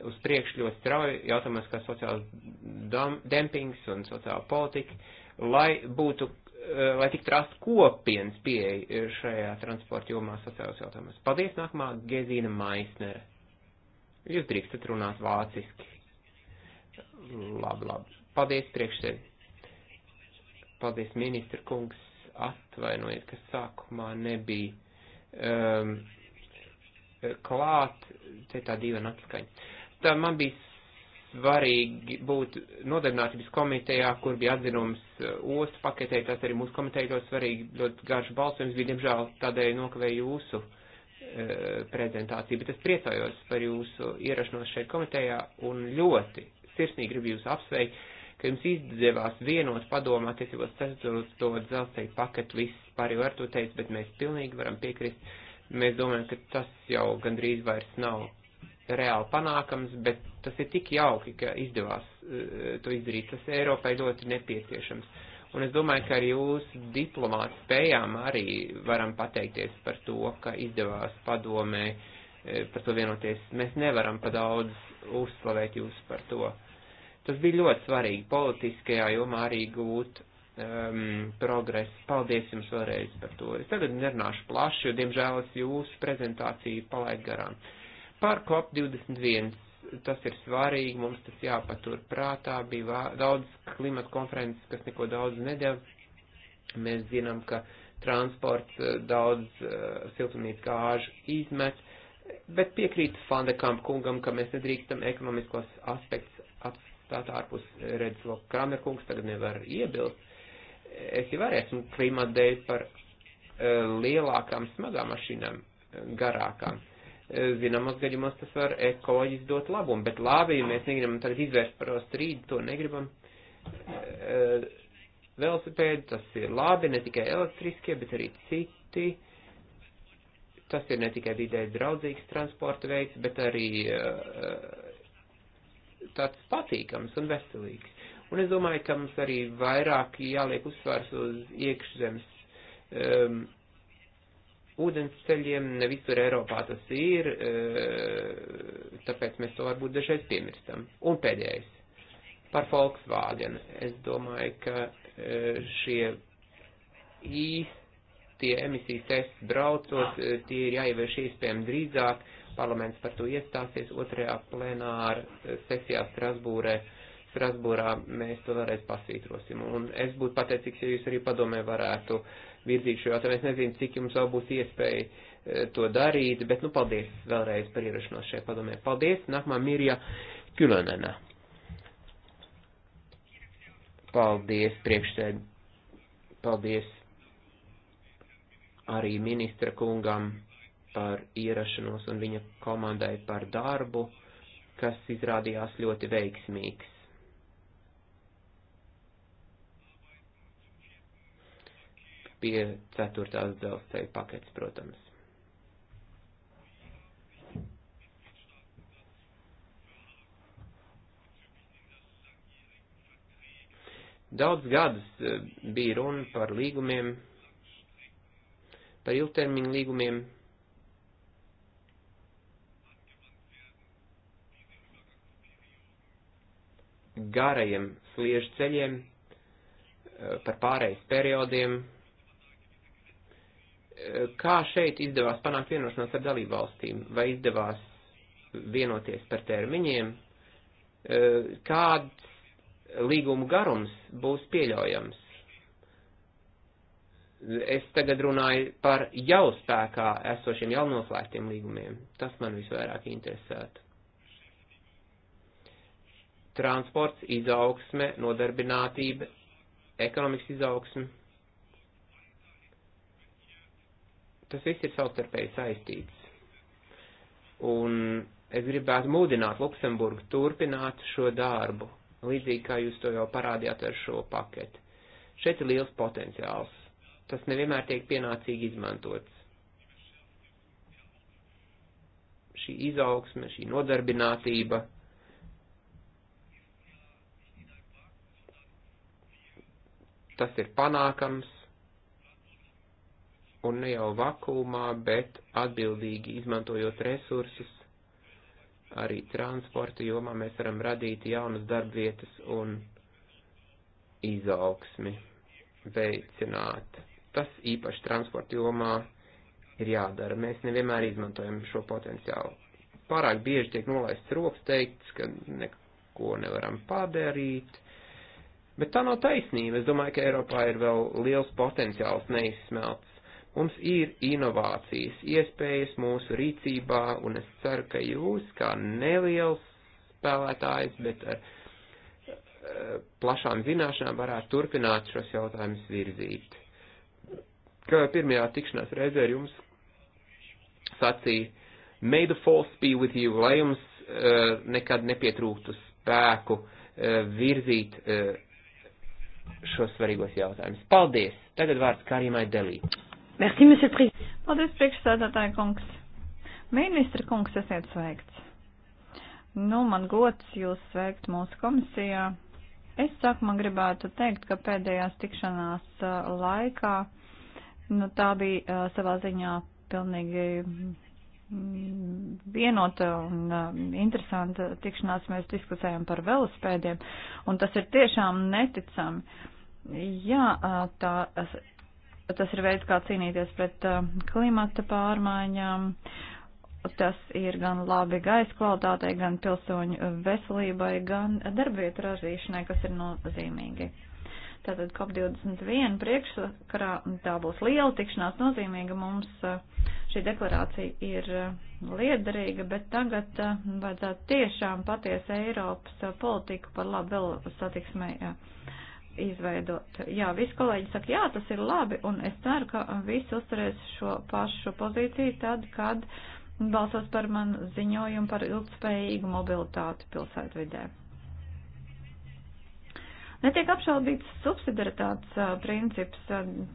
uz priekšu ļoti strauji jautājumos, kā sociāls dempings un sociāla politika, lai būtu, eh, lai tiktu rast kopienas pieeja šajā transporta jomā sociālos jautājumos. Paldies, nākamā Gezīna Maisnere. Jūs drīkstat runāt vāciski. Labi, labi. Paldies priekšsēdētājiem. Paldies, ministra kungs, atvainojiet, ka sākumā nebija um, klāt, te tā dīvaina atskaņa. Tā man bija svarīgi būt nodarbinātības komitejā, kur bija atzinums uh, ostu paketē, tas arī mūsu komiteja ļoti svarīgi, ļoti garš balsojums bija, diemžēl tādēļ nokavēju jūsu uh, prezentāciju, bet es priecājos par jūsu ierašanos šeit komitejā un ļoti sirsnīgi gribu jūs apsveikt ka jums izdevās vienot padomā, tiesībos ceturto to dzelzceļu paketu, viss par jau ar to teica, bet mēs pilnīgi varam piekrist. Mēs domājam, ka tas jau gandrīz vairs nav reāli panākams, bet tas ir tik jauki, ka izdevās uh, to izdarīt. Tas Eiropai ļoti nepieciešams. Un es domāju, ka ar jūsu diplomātu spējām arī varam pateikties par to, ka izdevās padomē eh, par to vienoties. Mēs nevaram pa daudz uzslavēt jūs par to. Tas bija ļoti svarīgi politiskajā jomā arī gūt um, progresu. Paldies jums vēlreiz par to. Es tagad nerunāšu plaši, jo, diemžēl, es jūsu prezentāciju palaid garām. Par COP21. Tas ir svarīgi, mums tas jāpatur prātā. Bija daudz klimata konferences, kas neko daudz nedēv. Mēs zinām, ka transports uh, daudz uh, siltumnīca gāžu izmet, bet piekrīt Fandekamp kungam, ka mēs nedrīkstam ekonomiskos aspektus tāds ārpus eh, redz, lo, Kramerkungs tagad nevar iebilst. Es jau arī esmu klimata dēļ par uh, lielākām smagām mašīnām, eh, garākām. Uh, Zināmos gadījumos tas var ekoloģiski dot labumu, bet labi, ja mēs negribam tagad izvērst par strīdu, to negribam. Uh, Velosipēdi tas ir labi, ne tikai elektriskie, bet arī citi. Tas ir ne tikai vidē draudzīgs transporta veids, bet arī uh, tāds patīkams un veselīgs. Un es domāju, ka mums arī vairāk jāliek uzsvars uz iekšzemes um, ūdens ceļiem, ne visur Eiropā tas ir, uh, tāpēc mēs to varbūt dažreiz piemirstam. Un pēdējais par Volkswagen. Es domāju, ka uh, šie īstie emisijas testi braucot, uh, tie ir jāievieš iespējami drīzāk parlaments par to iestāsies otrajā plenāra sesijā Strasbūrē. Strasbūrā mēs to vēlreiz pasvītrosim. Un es būtu pateicīgs, ja jūs arī padomē varētu virzīt šo jautājumu. Es nezinu, cik jums vēl būs iespēja eh, to darīt, bet nu paldies vēlreiz par ierašanos šajā padomē. Paldies, nākamā Mirja Kylonenā. Paldies, priekšsēd. Paldies arī ministra kungam par ierašanos un viņa komandai par darbu, kas izrādījās ļoti veiksmīgs. Pie ceturtās dzelzceļa paketes, protams. Daudz gadus eh, bija runa par līgumiem, par ilgtermiņu līgumiem, garajiem sliežu ceļiem, eh, par pārejas periodiem. Eh, kā šeit izdevās panākt vienošanos ar dalību valstīm? Vai izdevās vienoties par termiņiem? Eh, kāds līguma garums būs pieļaujams? Es tagad runāju par jau spēkā esošiem jau noslēgtiem līgumiem. Tas man visvairāk interesētu transports, izaugsme, nodarbinātība, ekonomikas izaugsme. Tas viss ir savstarpēji saistīts. Un es gribētu mūdināt Luksemburgu turpināt šo darbu, līdzīgi kā jūs to jau parādījāt ar šo paketi. Šeit ir liels potenciāls. Tas nevienmēr tiek pienācīgi izmantots. Šī izaugsme, šī nodarbinātība tas ir panākams un ne jau vakumā, bet atbildīgi izmantojot resursus, arī transporta jomā mēs varam radīt jaunas darbvietas un izaugsmi veicināt. Tas īpaši transporta jomā ir jādara. Mēs nevienmēr izmantojam šo potenciālu. Pārāk bieži tiek nolaists rokas teikts, ka neko nevaram padarīt Bet tā nav taisnība. Es domāju, ka Eiropā ir vēl liels potenciāls neizsmelts. Mums ir inovācijas, iespējas mūsu rīcībā, un es ceru, ka jūs, kā neliels spēlētājs, bet ar eh, plašām zināšanām, varētu turpināt šos jautājumus virzīt. Kā pirmajā tikšanās reizē ar jums sacīja, may the force be with you, lai jums uh, nekad nepietrūktu spēku uh, virzīt uh, šos svarīgos jautājumus. Paldies! Tagad vārds Karimai Delī. Merci, monsieur Prīs. Paldies, priekšstādātāja kungs. Ministra kungs, esiet sveikts. Nu, man gods jūs sveikt mūsu komisijā. Es sākumā gribētu teikt, ka pēdējās tikšanās uh, laikā, nu, tā bija uh, savā ziņā pilnīgi Mm, vienota un um, interesanta tikšanās mēs diskusējam par velospēdiem, un tas ir tiešām neticami. Jā, tā, tas ir veids, kā cīnīties pret klimata pārmaiņām. Tas ir gan labi gaisa kvalitātei, gan pilsoņu veselībai, gan darbvietu ražīšanai, kas ir nozīmīgi. Tātad COP21 priekšsakarā tā būs liela tikšanās nozīmīga mums. Šī deklarācija ir liederīga, bet tagad vajadzētu tiešām patiesu Eiropas politiku par labu vēl satiksmē izveidot. Jā, visi kolēģi saka, jā, tas ir labi, un es ceru, ka visi uzturēs šo pašu pozīciju tad, kad balsos par manu ziņojumu par ilgspējīgu mobilitāti pilsētvidē. Netiek apšaubīts subsidiaritātes princips,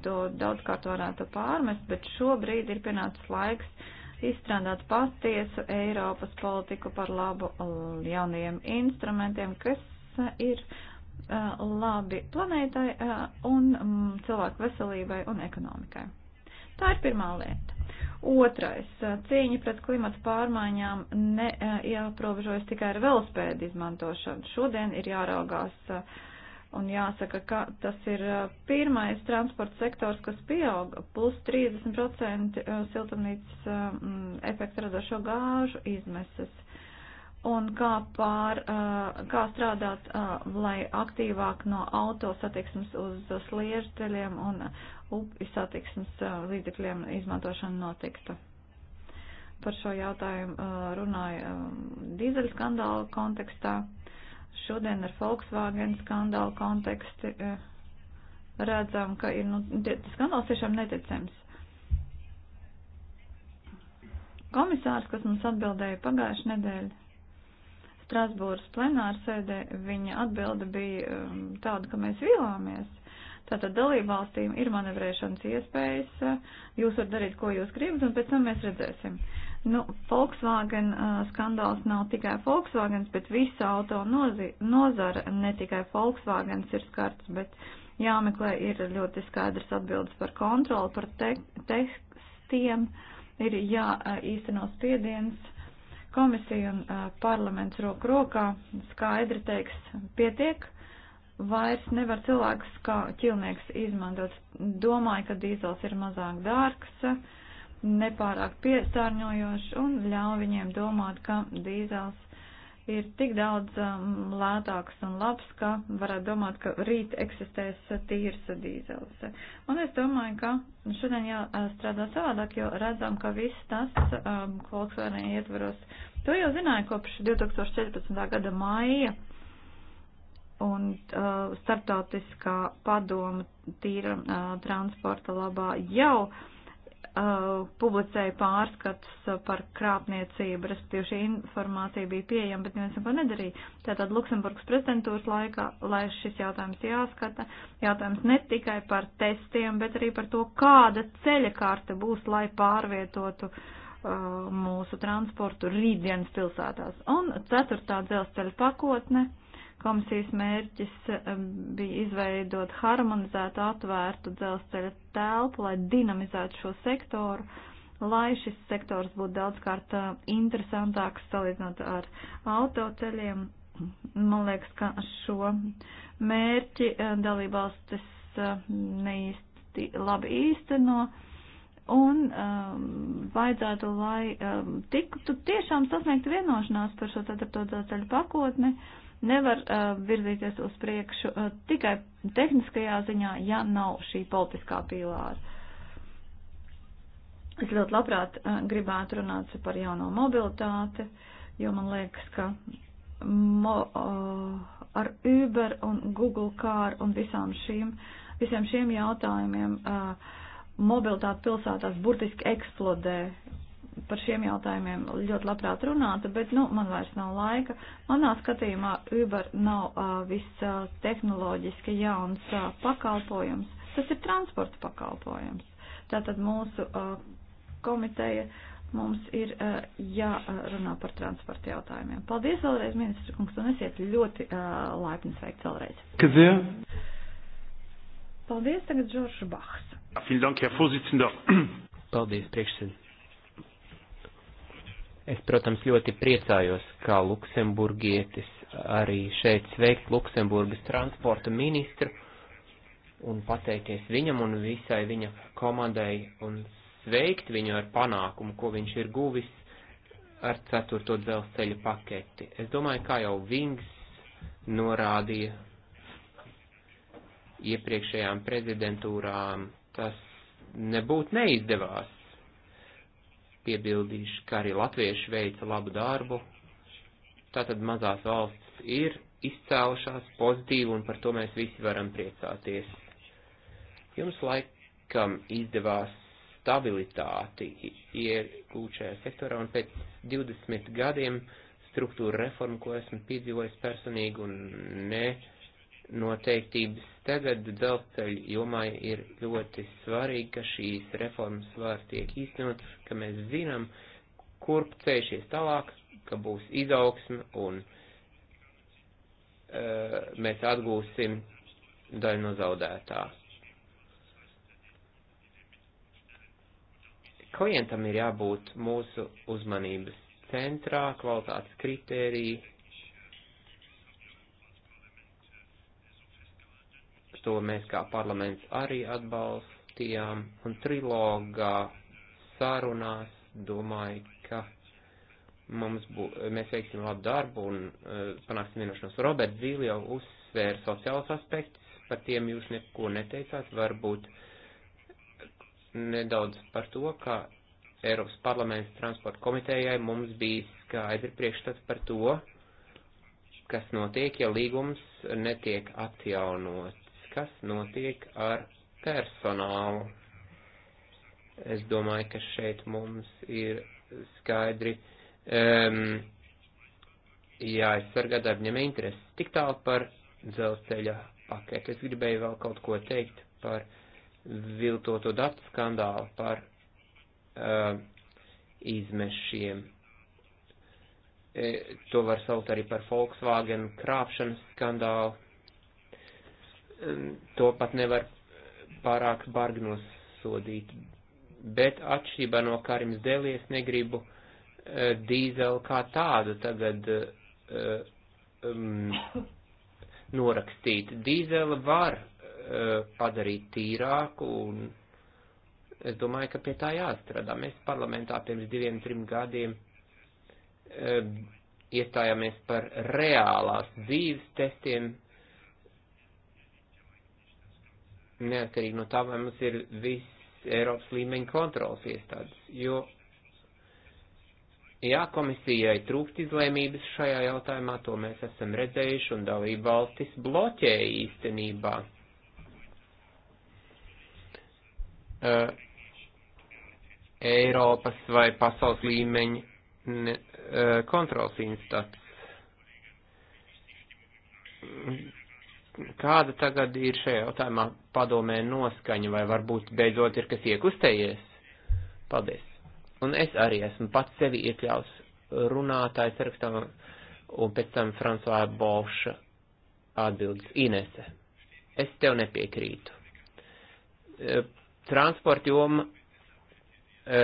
to daudzkārt varētu pārmest, bet šobrīd ir pienācis laiks izstrādāt patiesu Eiropas politiku par labu jaunajiem instrumentiem, kas ir labi planētai un cilvēku veselībai un ekonomikai. Tā ir pirmā lieta. Otrais - cīņa pret klimatu pārmaiņām neaprobežojas tikai ar velospēdu izmantošanu. Šodien ir jāraugās uh, Un jāsaka, ka tas ir pirmais transporta sektors, kas pieauga plus 30% siltumnīcas efekta radošo gāžu izmeses. Un kā, pār, kā strādāt, lai aktīvāk no auto satiksmes uz sliežceļiem un upju satiksmes līdzekļiem izmantošana notiktu. Par šo jautājumu runāja dīzeļu skandāla kontekstā Šodien ar Volkswagen skandālu konteksti eh, redzam, ka ir, nu, skandāls tiešām neticams. Komisārs, kas mums atbildēja pagājušajā nedēļā, Strasbūras plenāra sēdē, viņa atbilde bija um, tāda, ka mēs vilāmies. Tātad dalībvalstīm ir manevrēšanas iespējas, eh, jūs varat darīt, ko jūs gribat, un pēc tam mēs redzēsim. Uh, Nu, Volkswagen uh, skandāls nav tikai Volkswagens, bet visa auto nozara, ne tikai Volkswagens ir skarts, bet jāmeklē ir ļoti skaidrs atbildes par kontroli, par te tekstiem, ir jāīsteno uh, spiediens. Komisija un uh, parlaments roku rokā skaidri teiks, pietiek, vairs nevar cilvēks kā ķilnieks izmantot. Domāju, ka dīzels ir mazāk dārgs. Uh, nepārāk piesārņojošs un ļauj viņiem domāt, ka dīzels ir tik daudz um, lētāks un labs, ka varētu domāt, ka rīt eksistēs tīrs dīzels. Un es domāju, ka šodien jāstrādā savādāk, jo redzam, ka viss tas um, Volkswagen ietvaros. To jau zināju kopš 2014. gada māja un uh, starptautiskā padoma tīra uh, transporta labā jau uh, publicēja pārskats par krāpniecību, respektīvi šī informācija bija pieejama, bet neviens neko nedarīja. Tātad Luksemburgas prezidentūras laikā, lai šis jautājums jāskata, jautājums ne tikai par testiem, bet arī par to, kāda ceļa kārta būs, lai pārvietotu uh, mūsu transportu rītdienas pilsētās. Un ceturtā dzelzceļa pakotne Komisijas mērķis bija izveidot harmonizētu, atvērtu dzelzceļa telpu, lai dinamizētu šo sektoru, lai šis sektors būtu daudzkārt interesantāks salīdzinot ar autoceļiem. Man liekas, ka šo mērķi dalībvalstis neīsti labi īsteno un um, vajadzētu, lai um, tiktu tiešām sasniegt vienošanās par šo ceturto dzelzceļu pakotni. Uh, nevar uh, virzīties uz priekšu uh, tikai tehniskajā ziņā, ja nav šī politiskā pīlāra. Es ļoti labprāt uh, gribētu runāt par jauno mobilitāti, jo man liekas, ka mo, uh, ar Uber un Google Car un visām šīm, visiem šiem jautājumiem uh, mobilitāte pilsētās burtiski eksplodē par šiem jautājumiem ļoti labprāt runātu, bet, nu, man vairs nav laika. Manā skatījumā Uber nav uh, viss uh, tehnoloģiski jauns uh, pakalpojums. Tas ir transporta pakalpojums. Tātad mūsu uh, komiteja mums ir uh, jārunā par transporta jautājumiem. Paldies vēlreiz, ministra kungs, un esiet ļoti uh, laipni sveikt vēlreiz. Kad ir? Paldies, tagad Žoržs Bahs. Vielen Dank, Herr Vorsitzender. Paldies, priekšsēdētāj. Es, protams, ļoti priecājos, kā luksemburgietis arī šeit sveikt Luksemburgas transporta ministru un pateikties viņam un visai viņa komandai un sveikt viņu ar panākumu, ko viņš ir guvis ar ceturto dzelzceļa paketi. Es domāju, kā jau Vings norādīja iepriekšējām prezidentūrām, tas nebūtu neizdevās Piebildīšu, ka arī latvieši veica labu darbu. Tātad mazās valsts ir izcēlušās pozitīvi un par to mēs visi varam priecāties. Jums laikam izdevās stabilitāti iegūt šajā sektorā un pēc 20 gadiem struktūra reforma, ko esmu piedzīvojis personīgi un ne noteiktības. Tagad dzelzceļa jomai ir ļoti svarīgi, ka šīs reformas var tiek īstenotas, ka mēs zinām, kurp ceļšies tālāk, ka būs izaugsme un uh, mēs atgūsim daļu no zaudētā. Klientam ir jābūt mūsu uzmanības centrā, kvalitātes kritērija to mēs kā parlaments arī atbalstījām, un trilogā sarunās domāju, ka mums bū, mēs veiksim labu darbu un uh, panāksim vienošanos. Roberts Zīli jau uzsvēra sociālus aspektus, par tiem jūs neko neteicāt, varbūt nedaudz par to, ka Eiropas parlaments transporta komitejai mums bija skaidri priekšstats par to, kas notiek, ja līgums netiek atjaunots kas notiek ar personālu. Es domāju, ka šeit mums ir skaidri um, jāaizsargā darbņem intereses. Tik tālu par dzelzceļa paketi. Es gribēju vēl kaut ko teikt par viltoto datu skandālu, par um, izmešiem e, to var saukt arī par Volkswagen krāpšanas skandālu. Ehm, to pat nevar pārāk bargi nosodīt. Bet atšķirībā no Karims Dēlī es negribu eh, dīzeli kā tādu tagad um, norakstīt. Dīzeli var uh, padarīt tīrāku un es domāju, ka pie tā jāstrādā. Mēs parlamentā pirms diviem, trim gadiem uh, iestājāmies par reālās dzīves testiem neatkarīgi no tā, vai mums ir viss Eiropas līmeņa kontrolas iestādes, jo, jā, komisijai trūkst izlēmības šajā jautājumā, to mēs esam redzējuši, un dalība valstis bloķē īstenībā. Uh, Eiropas vai pasaules līmeņa ne, uh, kontrols instats. Kāda tagad ir šajā jautājumā padomē noskaņa, vai varbūt beidzot ir kas iekustējies? Paldies. Un es arī esmu pats sevi iekļaus runātājs sarakstā, un pēc tam Fransuā Bolša atbildes Inese. Es tev nepiekrītu. E, transporta joma e,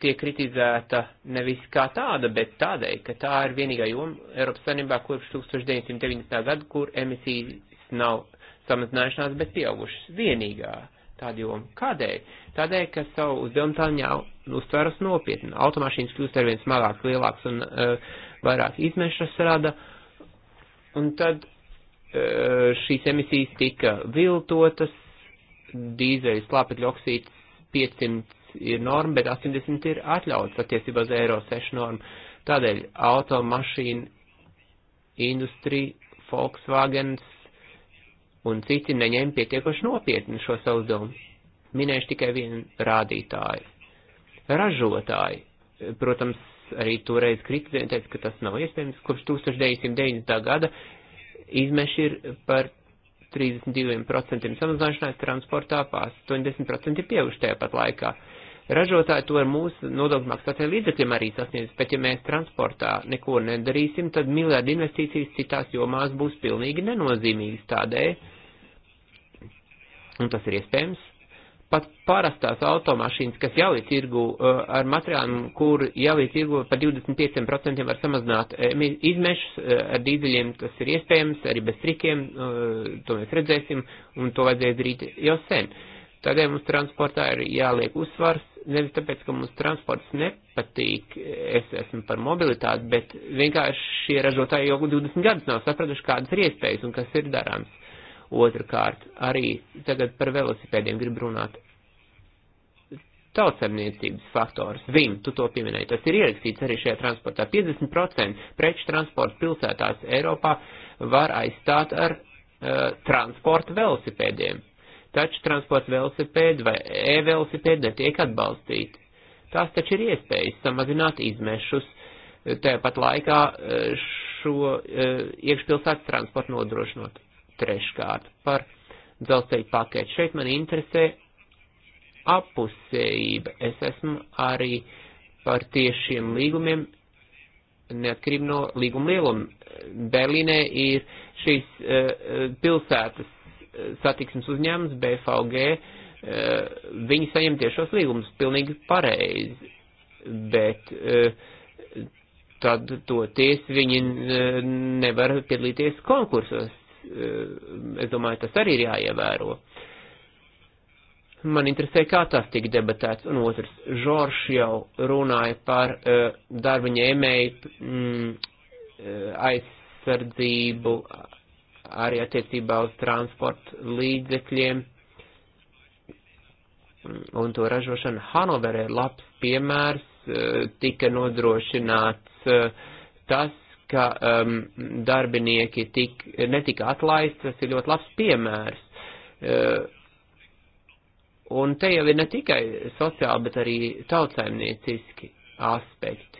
tiek kritizēta nevis kā tāda, bet tādēļ, ka tā ir vienīgā joma Eiropas Savienībā kopš 1990. gada, kur emisijas nav samazinājušās, bet pieaugušas. Vienīgā tāda joma. Kādēļ? Tādēļ, ka savu uzdevumu tā jau uztveras nopietni. Automašīnas kļūst arvien smagāks, lielāks un uh, vairāk izmešas rada. Un tad uh, šīs emisijas tika viltotas, dīzeļu slāpekļu oksīds 500 ir norma, bet 80 ir atļauts attiecībā uz Eiro 6 normu. Tādēļ automašīna industrija, Volkswagens un citi neņem pietiekoši nopietni šo savu domu. Minēšu tikai vienu rādītāju. Ražotāji, protams, arī toreiz kritizēja, teica, ka tas nav iespējams, kopš 1990. gada izmeši ir par 32% samazināšanās transportā, pār 80% pieauguši tajā pat laikā. Uh, Ražotāji to ar mūsu nodokļu maksātāju līdzekļiem arī sasniedz, bet ja mēs transportā neko nedarīsim, tad miljārdu investīcijas citās jomās būs pilnīgi nenozīmīgas tādēļ, un tas ir iespējams, pat parastās automašīnas, kas jau ir tirgu uh, ar materiāliem, kur jau ir tirgu par 25% var samazināt eh, izmešus eh, ar dīzeļiem, tas ir iespējams, arī bez trikiem, uh, to mēs redzēsim, un to vajadzēs darīt jau sen. Uh, Tādēļ mums transportā ir jāliek uzsvars, nevis tāpēc, ka mums transports nepatīk, es esmu par mobilitāti, bet vienkārši šie ražotāji jau 20 gadus nav sapratuši, kādas ir iespējas un kas ir darāms. Otrakārt, arī tagad par velosipēdiem grib runāt. Tautsemniecības faktors, VIM, tu to pieminēji, tas ir ierakstīts arī šajā transportā. 50% preču transports pilsētās Eiropā var aizstāt ar uh, eh, transportu velosipēdiem taču transporta velosipēdi vai e-velosipēdi netiek atbalstīti. Tās taču ir iespējas samazināt izmešus, tāpat laikā eh, šo eh, iekšpilsētas transportu nodrošinot. Treškārt par dzelzceļa paketi. Šeit man interesē apusējība. Es esmu arī par tiešiem līgumiem, neatkarību no līguma lieluma. Berlīnē ir šīs eh, pilsētas satiksmes uzņēmums BVG, eh, viņi saņem tiešos līgumus pilnīgi pareizi, bet eh, tad toties viņi eh, nevar piedalīties konkursos. Es domāju, tas arī ir jāievēro. Man interesē, kā tas tika debatēts, un otrs, Žorš jau runāja par uh, darba ņēmēju mm, aizsardzību, arī attiecībā uz transporta līdzekļiem un to ražošanu. Hanoverē ir labs piemērs, e, tika nodrošināts e, tas, ka um, darbinieki tik, netika atlaists, tas ir ļoti labs piemērs. Uh, un te jau ir ne tikai sociāli, bet arī tautsaimnieciski aspekti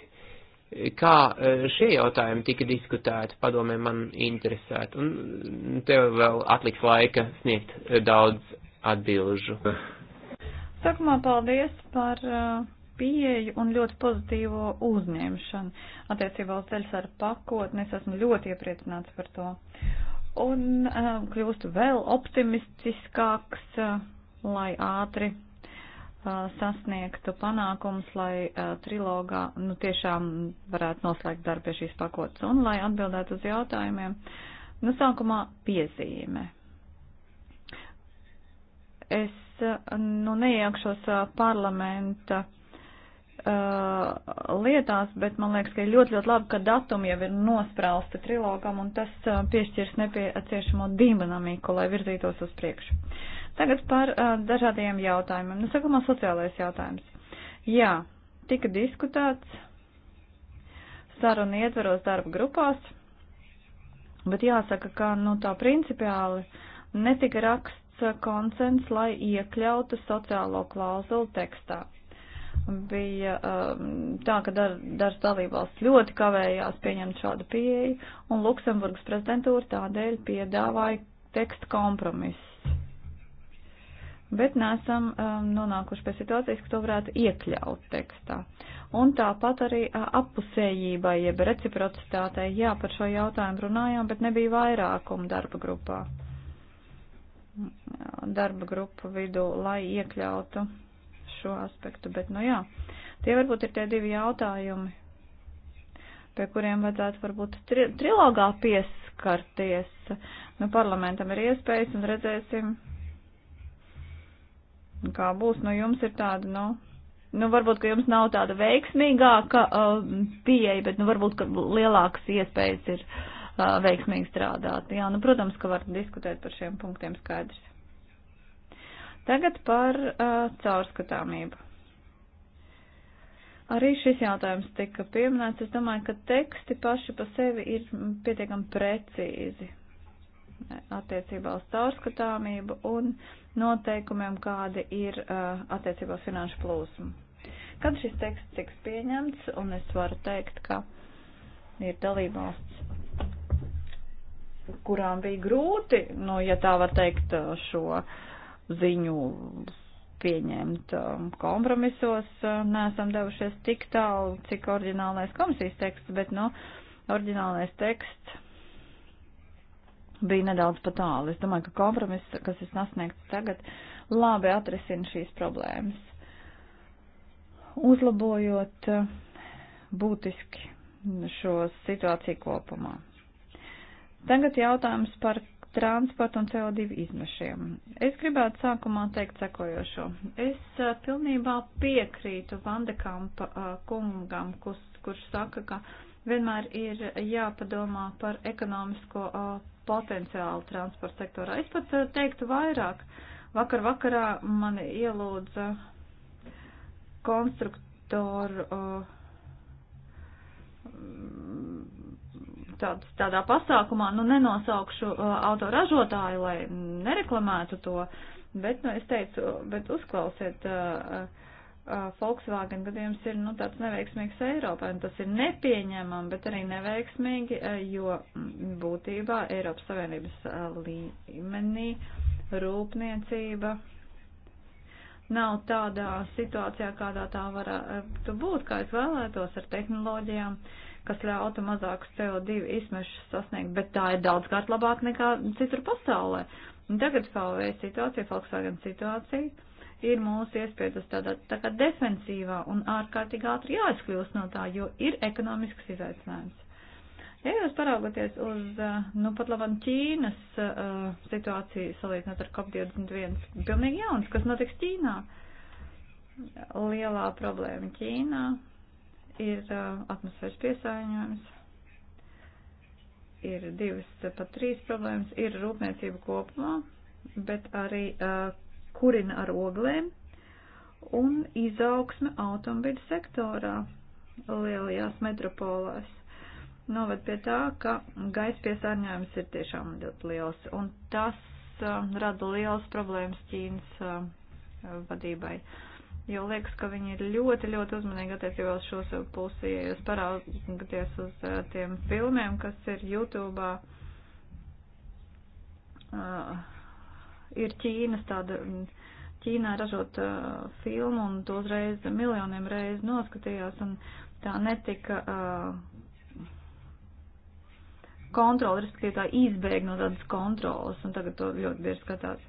kā e, šie jautājumi tika diskutēti, padomē man interesētu. Un tev vēl atliks laika sniegt e, daudz atbilžu. Sākumā paldies par e, pieeju un ļoti pozitīvo uzņemšanu. Attiecībā uz ceļas ar pakotni es esmu ļoti iepriecināts par to. Un uh, kļūstu vēl optimistiskāks, uh, lai ātri sasniegtu panākumus, lai trilogā nu, tiešām varētu noslēgt darbu pie šīs pakotas un lai atbildētu uz jautājumiem. Nu, sākumā piezīme. Es nu, neiejaukšos parlamenta lietās, bet man liekas, ka ir ļoti, ļoti labi, ka datumi jau ir nosprausti trilogam un tas piešķirs nepieciešamo dinamiku, lai virzītos uz priekšu. Uh, Tagad par uh, dažādiem jautājumiem. Nu, sākumā sociālais jautājums. Jā, tika diskutēts sarunu ietveros darba grupās, bet jāsaka, ka nu, tā principiāli netika raksts konsens, lai iekļautu sociālo klauzulu tekstā bija um, tā, ka dar, dažas dalībvalsts ļoti kavējās pieņemt šādu pieeju, un Luksemburgas prezidentūra tādēļ piedāvāja tekstu kompromisu bet nesam um, nonākuši pie situācijas, ka to varētu iekļaut tekstā. Un tāpat arī uh, appusējībai, jeb reciprocitātei, jā, par šo jautājumu runājām, bet nebija vairākumu darba grupā, darba grupu vidu, lai iekļautu šo aspektu, bet nu jā, tie varbūt ir tie divi jautājumi, pie kuriem vajadzētu varbūt tri trilogā pieskarties. Nu, parlamentam ir iespējas un redzēsim, Kā būs, nu jums ir tāda, nu, nu varbūt, ka jums nav tāda veiksmīgāka uh, pieeja, bet nu varbūt, ka lielākas iespējas ir uh, veiksmīgi strādāt. Jā, nu, protams, ka var diskutēt par šiem punktiem skaidrs. Tagad par uh, caurskatāmību. Arī šis jautājums tika pieminēts. Es domāju, ka teksti paši pa sevi ir mm, pietiekami precīzi e, attiecībā uz caurskatāmību un uh, noteikumiem, kādi ir uh, attiecībā uz finanšu plūsmu. Kad šis teksts tiks pieņemts, un es varu teikt, ka ir dalībvalsts, kurām bija grūti, nu, ja tā var teikt, uh, šo ziņu pieņemt um, kompromisos, uh, neesam devušies tik tālu, cik oriģinālais komisijas teksts, bet, nu, oriģinālais teksts bija nedaudz pat tālu. Es domāju, ka kompromiss, kas ir sasniegts tagad, labi atrisina šīs problēmas. Uzlabojot eh, būtiski šo situāciju kopumā. Tagad jautājums par transportu un CO2 izmešiem. Es gribētu sākumā teikt sekojošo. Es eh, pilnībā piekrītu Vandekampa eh, kungam, kurš, kurš saka, ka vienmēr ir jāpadomā par ekonomisko potenciālu transporta sektorā. Es pat eh, teiktu vairāk. Vakar vakarā mani ielūdza konstruktoru eh, tād, tādā pasākumā, nu nenosaukšu eh, autoražotāju, lai nereklamētu to, bet, nu, es teicu, bet uzklausiet. Uh, Volkswagen gadījums ir nu, tāds neveiksmīgs Eiropai, un tas ir nepieņemami, bet arī neveiksmīgi, jo būtībā Eiropas Savienības līmenī rūpniecība nav tādā situācijā, kādā tā varētu būt, kā es vēlētos ar tehnoloģijām, kas ļautu mazākus CO2 izmešus sasniegt, bet tā ir daudzkārt labāk nekā citur pasaulē. Un tagad VW situācija, Volkswagen situācija ir mūsu iespēja tas tādā tā kā defensīvā un ārkārtīgi ātri jāizkļūst no tā, jo ir ekonomisks izaicinājums. Ja jūs paraugoties uz, eh, nu, pat labam Ķīnas uh, situāciju salīdzinot ar COP21, pilnīgi jauns, kas notiks Ķīnā. Lielā problēma Ķīnā ir uh, atmosfēras piesārņojums, ir divas pat trīs problēmas, ir rūpniecība kopumā, bet arī uh, kurina ar oglēm un izaugsme automobiļu sektorā lielajās metropolās noved pie tā, ka gaisa piesārņojums ir tiešām ļoti liels, un tas uh, rada lielas problēmas Ķīnas uh, vadībai. Jo liekas, ka viņi ir ļoti, ļoti uzmanīgi attiecībā uz šo savu pusi. Ja jūs paraugaties uz uh, tiem filmiem, kas ir YouTube, uh, ir Ķīnas tāda. Mm, Ķīnā ražot uh, filmu un to uzreiz miljoniem reizi noskatījās un tā netika uh, kontrola, respektīvi tā izbēg no tādas kontrolas un tagad to ļoti bieži skatās.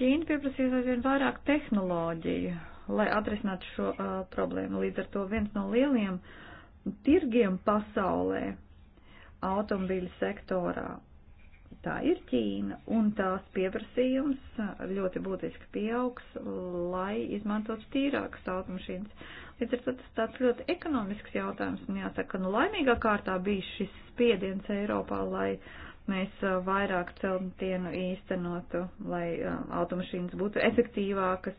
Ķīna pieprasīs aizvien vairāk tehnoloģiju, lai atrisinātu šo uh, problēmu. Līdz ar to viens no lieliem tirgiem pasaulē automobīļu sektorā tā ir Ķīna, un tās pieprasījums ļoti būtiski pieaugs, lai izmantotu tīrākas automašīnas. Līdz ar to tas tāds ļoti ekonomisks jautājums, un jāsaka, nu laimīgā kārtā bija šis spiediens Eiropā, lai mēs vairāk celtnienu īstenotu, lai automašīnas būtu efektīvākas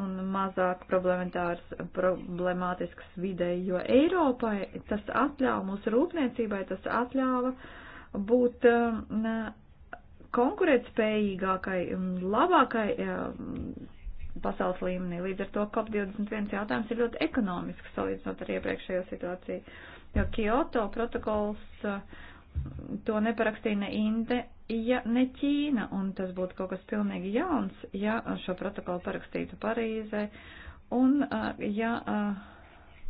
un mazāk problemātiskas videi, jo Eiropai tas atļāva, mūsu rūpniecībai tas atļāva būt um, konkurētspējīgākai, labākai um, pasaules līmenī. Līdz ar to COP21 jautājums ir ļoti ekonomisks salīdzinot ar iepriekšējo situāciju, jo Kyoto protokols uh, to neparakstīja ne Inde, ja ne Ķīna, un tas būtu kaut kas pilnīgi jauns, ja šo protokolu parakstītu Parīzē, un uh, ja uh,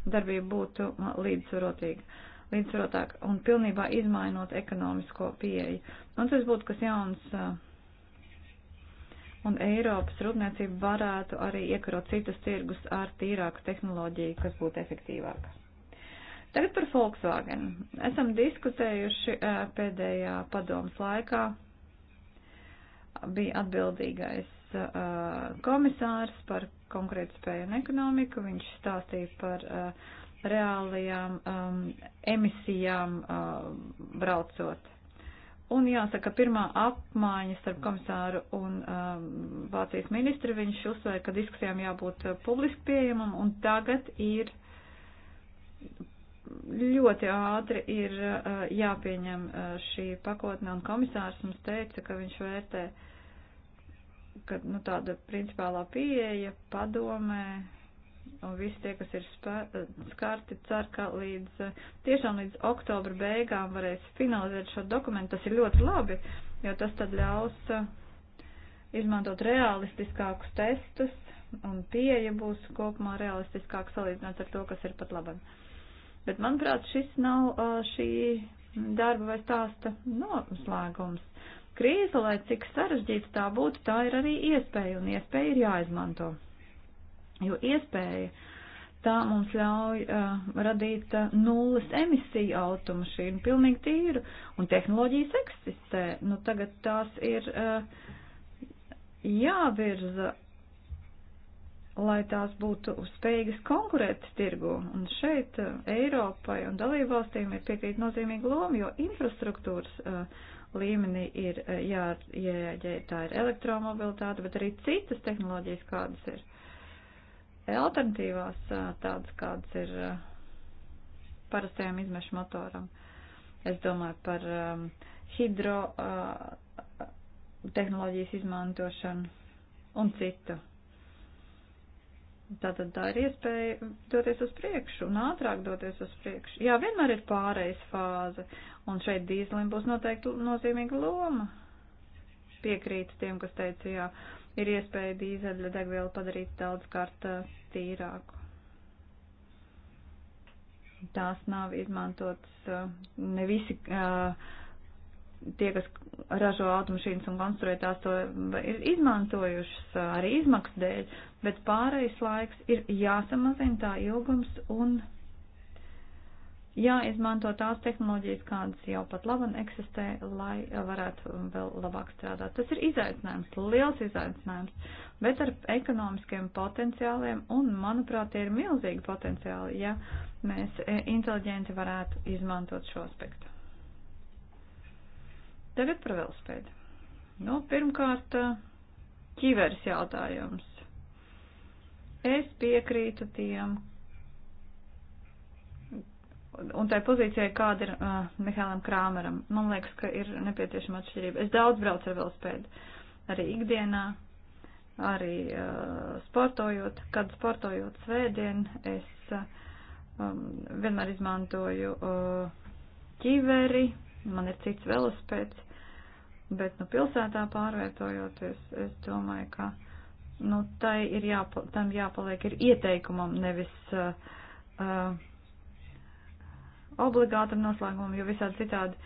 darbība būtu līdzsvarotīga līdzsvarotāk un pilnībā izmainot ekonomisko pieeju. Un tas būtu kas jauns. Un Eiropas rūpniecība varētu arī iekarot citus tirgus ar tīrāku tehnoloģiju, kas būtu efektīvāka. Tagad par Volkswagen. Esam diskutējuši pēdējā padomas laikā. Bija atbildīgais komisārs par konkrētu spēju un ekonomiku. Viņš stāstīja par uh, reālajām um, emisijām um, braucot. Un jāsaka, pirmā apmaiņa starp komisāru un um, Vācijas ministru viņš uzsvēra, ka diskusijām jābūt uh, publiski pieejamam, un tagad ir ļoti ātri ir uh, jāpieņem uh, šī pakotne, un komisārs mums teica, ka viņš vērtē, ka nu, tāda principālā pieeja padomē un visi tie, kas ir spē, skarti, cer, ka līdz, eh, tiešām līdz oktobra beigām varēs finalizēt šo dokumentu. Tas ir ļoti labi, jo tas tad ļaus eh, izmantot realistiskākus testus un pieeja būs kopumā realistiskāk salīdzināt ar to, kas ir pat labam. Bet, manuprāt, šis nav eh, šī darba vai stāsta noslēgums. Krīze, lai cik sarežģīta tā būtu, tā ir arī iespēja, un iespēja ir jāizmanto. Jo iespēja tā mums ļauj uh, radīt uh, nulles emisiju automašīnu, pilnīgi tīru, un tehnoloģijas eksistē. Nu, tagad tās ir uh, jāvirza, lai tās būtu spējīgas konkurēt tirgu. Un šeit uh, Eiropai un dalībvalstīm ir piekrīt nozīmīga loma, jo infrastruktūras uh, līmenī ir uh, jā, jā, jā, tā ir elektromobilitāte, bet arī citas tehnoloģijas, kādas ir alternatīvās, tādas kādas ir parastajam izmešu motoram. Es domāju par um, hidro uh, tehnoloģijas izmantošanu un citu. Tātad tā ir iespēja doties uz priekšu un ātrāk doties uz priekšu. Jā, vienmēr ir pārējais fāze, un šeit dīzelim būs noteikti nozīmīga loma. Piekrītu tiem, kas teica, jā, ir iespēja dīzeļa degvielu padarīt daudz kārt tīrāku. Tās nav izmantotas ne visi tie, kas ražo automašīnas un konstruē tās, to ir izmantojušas arī izmaksu dēļ, bet pārējais laiks ir jāsamazina tā ilgums un jāizmanto tās tehnoloģijas, kādas jau pat laban eksistē, lai varētu vēl labāk strādāt. Tas ir izaicinājums, liels izaicinājums, bet ar ekonomiskiem potenciāliem un, manuprāt, tie ir milzīgi potenciāli, ja mēs e, inteliģenti varētu izmantot šo aspektu. Tagad par velospēdu. Nu, pirmkārt, e, ķiveres jautājums. Es piekrītu tiem, un tai pozīcijai, kāda ir uh, Mihēlam Krāmeram. Man liekas, ka ir nepieciešama atšķirība. Es daudz braucu ar velospēdu, arī ikdienā, arī uh, sportojot. Kad sportojot svētdien, es uh, um, vienmēr izmantoju uh, ķiveri, man ir cits velospēds, bet nu pilsētā pārvietojoties, es domāju, ka nu, tai ir jāpa, tam jāpaliek ir ieteikumam, nevis. Uh, uh, obligātam noslēgumam, jo visādi citādi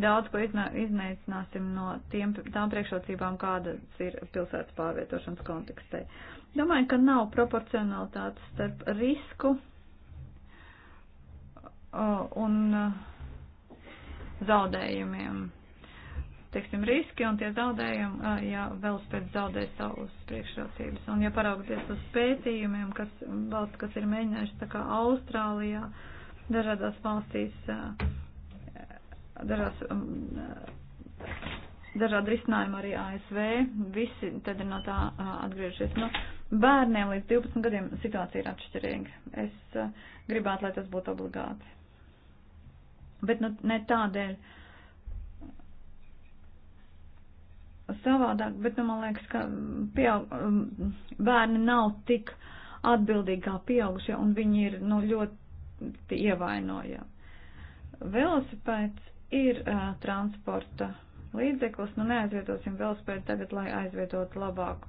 daudz ko iznaicināsim no tiem, tām priekšrocībām, kādas ir pilsētas pārvietošanas kontekstē. Domāju, ka nav proporcionalitātes starp risku un e, zaudējumiem. Teiksim, riski un tie zaudējumi, e, ja vēlas pēc zaudēt savus priekšrocības. Un ja paraugoties uz pētījumiem, kas valsts, kas ir mēģinājuši tā kā Austrālijā, uh, dažādās valstīs, dažās, dažādi risinājumi arī ASV, visi tad ir no tā atgriežies. Nu, bērniem līdz 12 gadiem situācija ir atšķirīga. Es gribētu, lai tas būtu obligāti. Bet nu, ne tādēļ. Savādāk, bet nu, man liekas, ka pieaug, bērni nav tik atbildīgi kā pieaugušie, un viņi ir nu, ļoti ievainojam. Velosipēds ir uh, transporta līdzeklis, nu neaizvietosim velosipēdu tagad, lai aizvietotu labāku,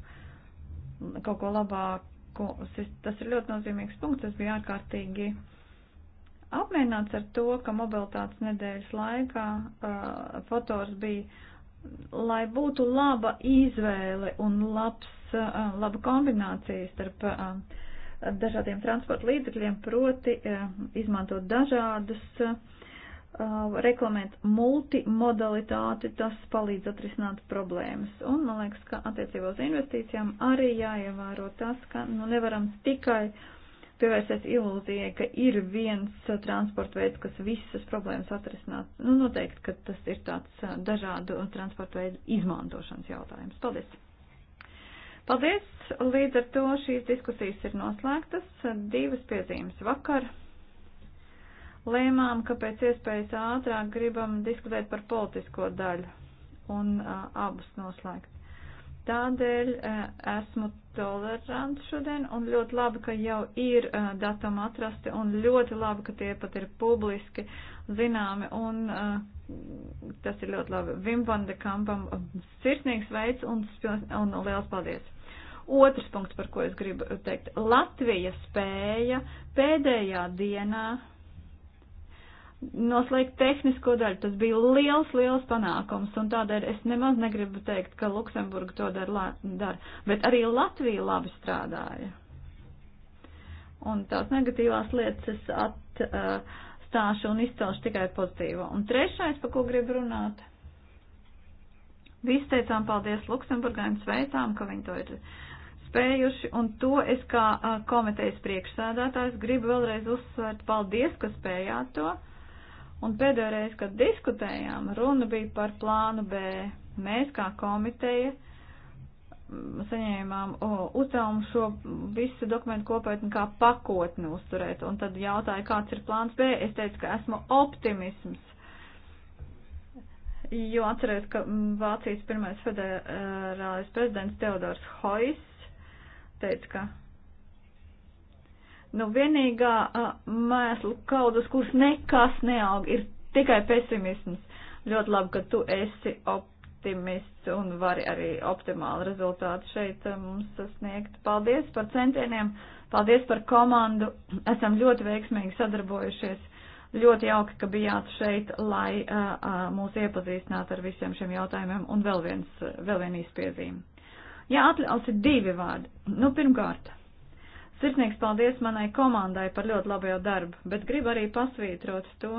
kaut ko labāku. Tas ir ļoti nozīmīgs punkts, es biju ārkārtīgi apmierināts ar to, ka mobilitātes nedēļas laikā uh, fotors bija, lai būtu laba izvēle un labs, uh, laba kombinācija starp uh, dažādiem transporta līdzekļiem, proti eh, izmantot dažādus, eh, reklamēt multimodalitāti, tas palīdz atrisināt problēmas. Un man liekas, ka attiecībā uz investīcijām arī jāievēro tas, ka nu, nevaram tikai pievērsties ilūzijai, ka ir viens eh, transporta veids, kas visas problēmas atrisinās. Nu, noteikti, ka tas ir tāds dažādu transporta veidu izmantošanas jautājums. Paldies! Paldies! Līdz ar to šīs diskusijas ir noslēgtas. Divas piezīmes vakar. Lēmām, ka pēc iespējas ātrāk gribam diskutēt par politisko daļu un uh, abus noslēgt. Tādēļ esmu tolerants šodien un ļoti labi, ka jau ir datumi atrasti un ļoti labi, ka tie pat ir publiski zināmi un tas ir ļoti labi. Vim van de Kampam sirsnīgs veids un, un liels paldies! Otrs punkts, par ko es gribu teikt. Latvija spēja pēdējā dienā noslēgt tehnisko daļu. Tas bija liels, liels panākums, un tādēļ es nemaz negribu teikt, ka Luksemburga to dara, dar, bet arī Latvija labi strādāja. Un tās negatīvās lietas es atstāšu uh, un izcelšu tikai pozitīvo. Un trešais, pa ko gribu runāt. Visi teicām paldies Luksemburgai un sveicām, ka viņi to ir spējuši, un to es kā komitejas priekšsēdētājs gribu vēlreiz uzsvērt. Paldies, ka spējāt to. Un pēdējo reizi, kad diskutējām, runa bija par plānu B. Mēs kā komiteja saņēmām uzdevumu šo visu dokumentu kopētni kā pakotni uzturēt, un tad jautāja, kāds ir plāns B. Es teicu, ka esmu optimisms. Jo atceros, ka Vācijas pirmais federālais prezidents Teodors Hojs jāteic, ka nu, vienīgā mēslu kaudas, kuras nekas neaug, ir tikai pesimisms. Ļoti labi, ka tu esi optimists un vari arī optimāli rezultātu šeit mums sasniegt. Paldies par centieniem, paldies par komandu. Esam ļoti veiksmīgi sadarbojušies. Ļoti jauki, ka bijāt šeit, lai uh, uh, mūs iepazīstinātu ar visiem šiem jautājumiem. Un vēl viens, vēl viena izpiezīme. Jā, atļausi divi vārdi. Nu, pirmkārt, sirsnīgs paldies manai komandai par ļoti labajo darbu, bet gribu arī pasvītrot to,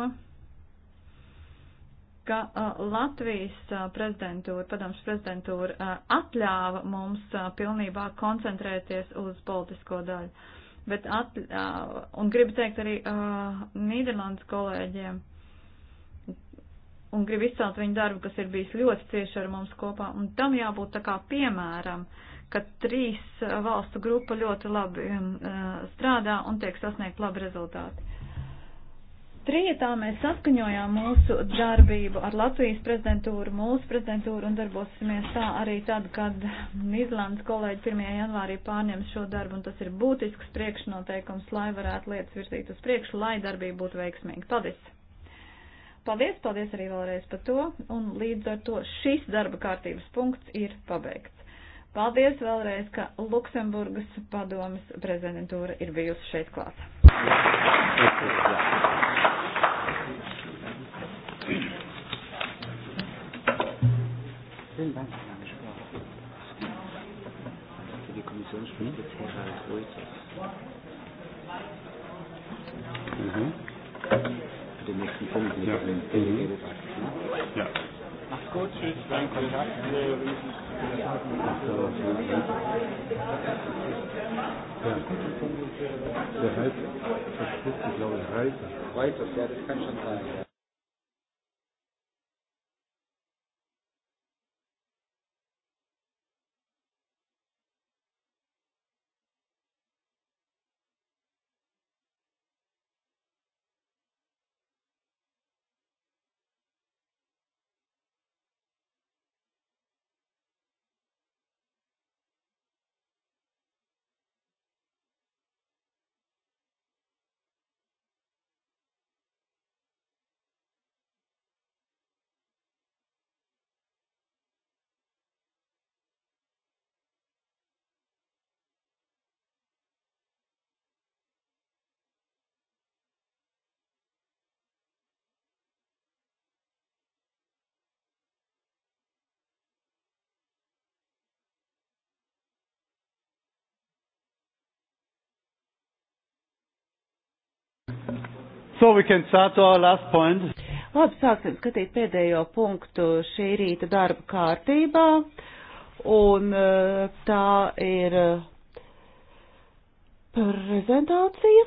ka uh, Latvijas uh, prezidentūra, padoms prezidentūra uh, atļāva mums uh, pilnībā koncentrēties uz politisko daļu. Bet at, uh, un gribu teikt arī uh, Nīderlandes kolēģiem, uh, un grib izcelt viņu darbu, kas ir bijis ļoti cieši ar mums kopā. Un tam jābūt tā kā piemēram, ka trīs uh, valstu grupa ļoti labi um, uh, strādā un tiek sasniegt labi rezultāti. Trietā mēs saskaņojām mūsu darbību ar Latvijas prezidentūru, mūsu prezidentūru un darbosimies tā arī tad, kad Nīderlandes kolēģi 1. janvārī pārņems šo darbu un tas ir būtisks priekšnoteikums, lai varētu lietas virzīt uz priekšu, lai darbība būtu veiksmīga. Paldies! Paldies, paldies arī vēlreiz par to, un līdz ar to šis darba kārtības punkts ir pabeigts. Paldies vēlreiz, ka Luksemburgas padomas prezidentūra ir bijusi šeit klāt. Vielen Dank. Die Kommission spricht jetzt Herr Charles Ruiz. Mhm den nächsten Punkt mit ja. dem mhm. ja. Macht's gut, tschüss, dein Kontakt. Ja. Der Reiter, das ist, glaube ich, Reiter. Reiter, ja, das kann schon sein. Ja. So we can start to our last point. Labi, sāksim skatīt pēdējo punktu šī rīta darba kārtībā. Un eh, tā ir eh, prezentācija.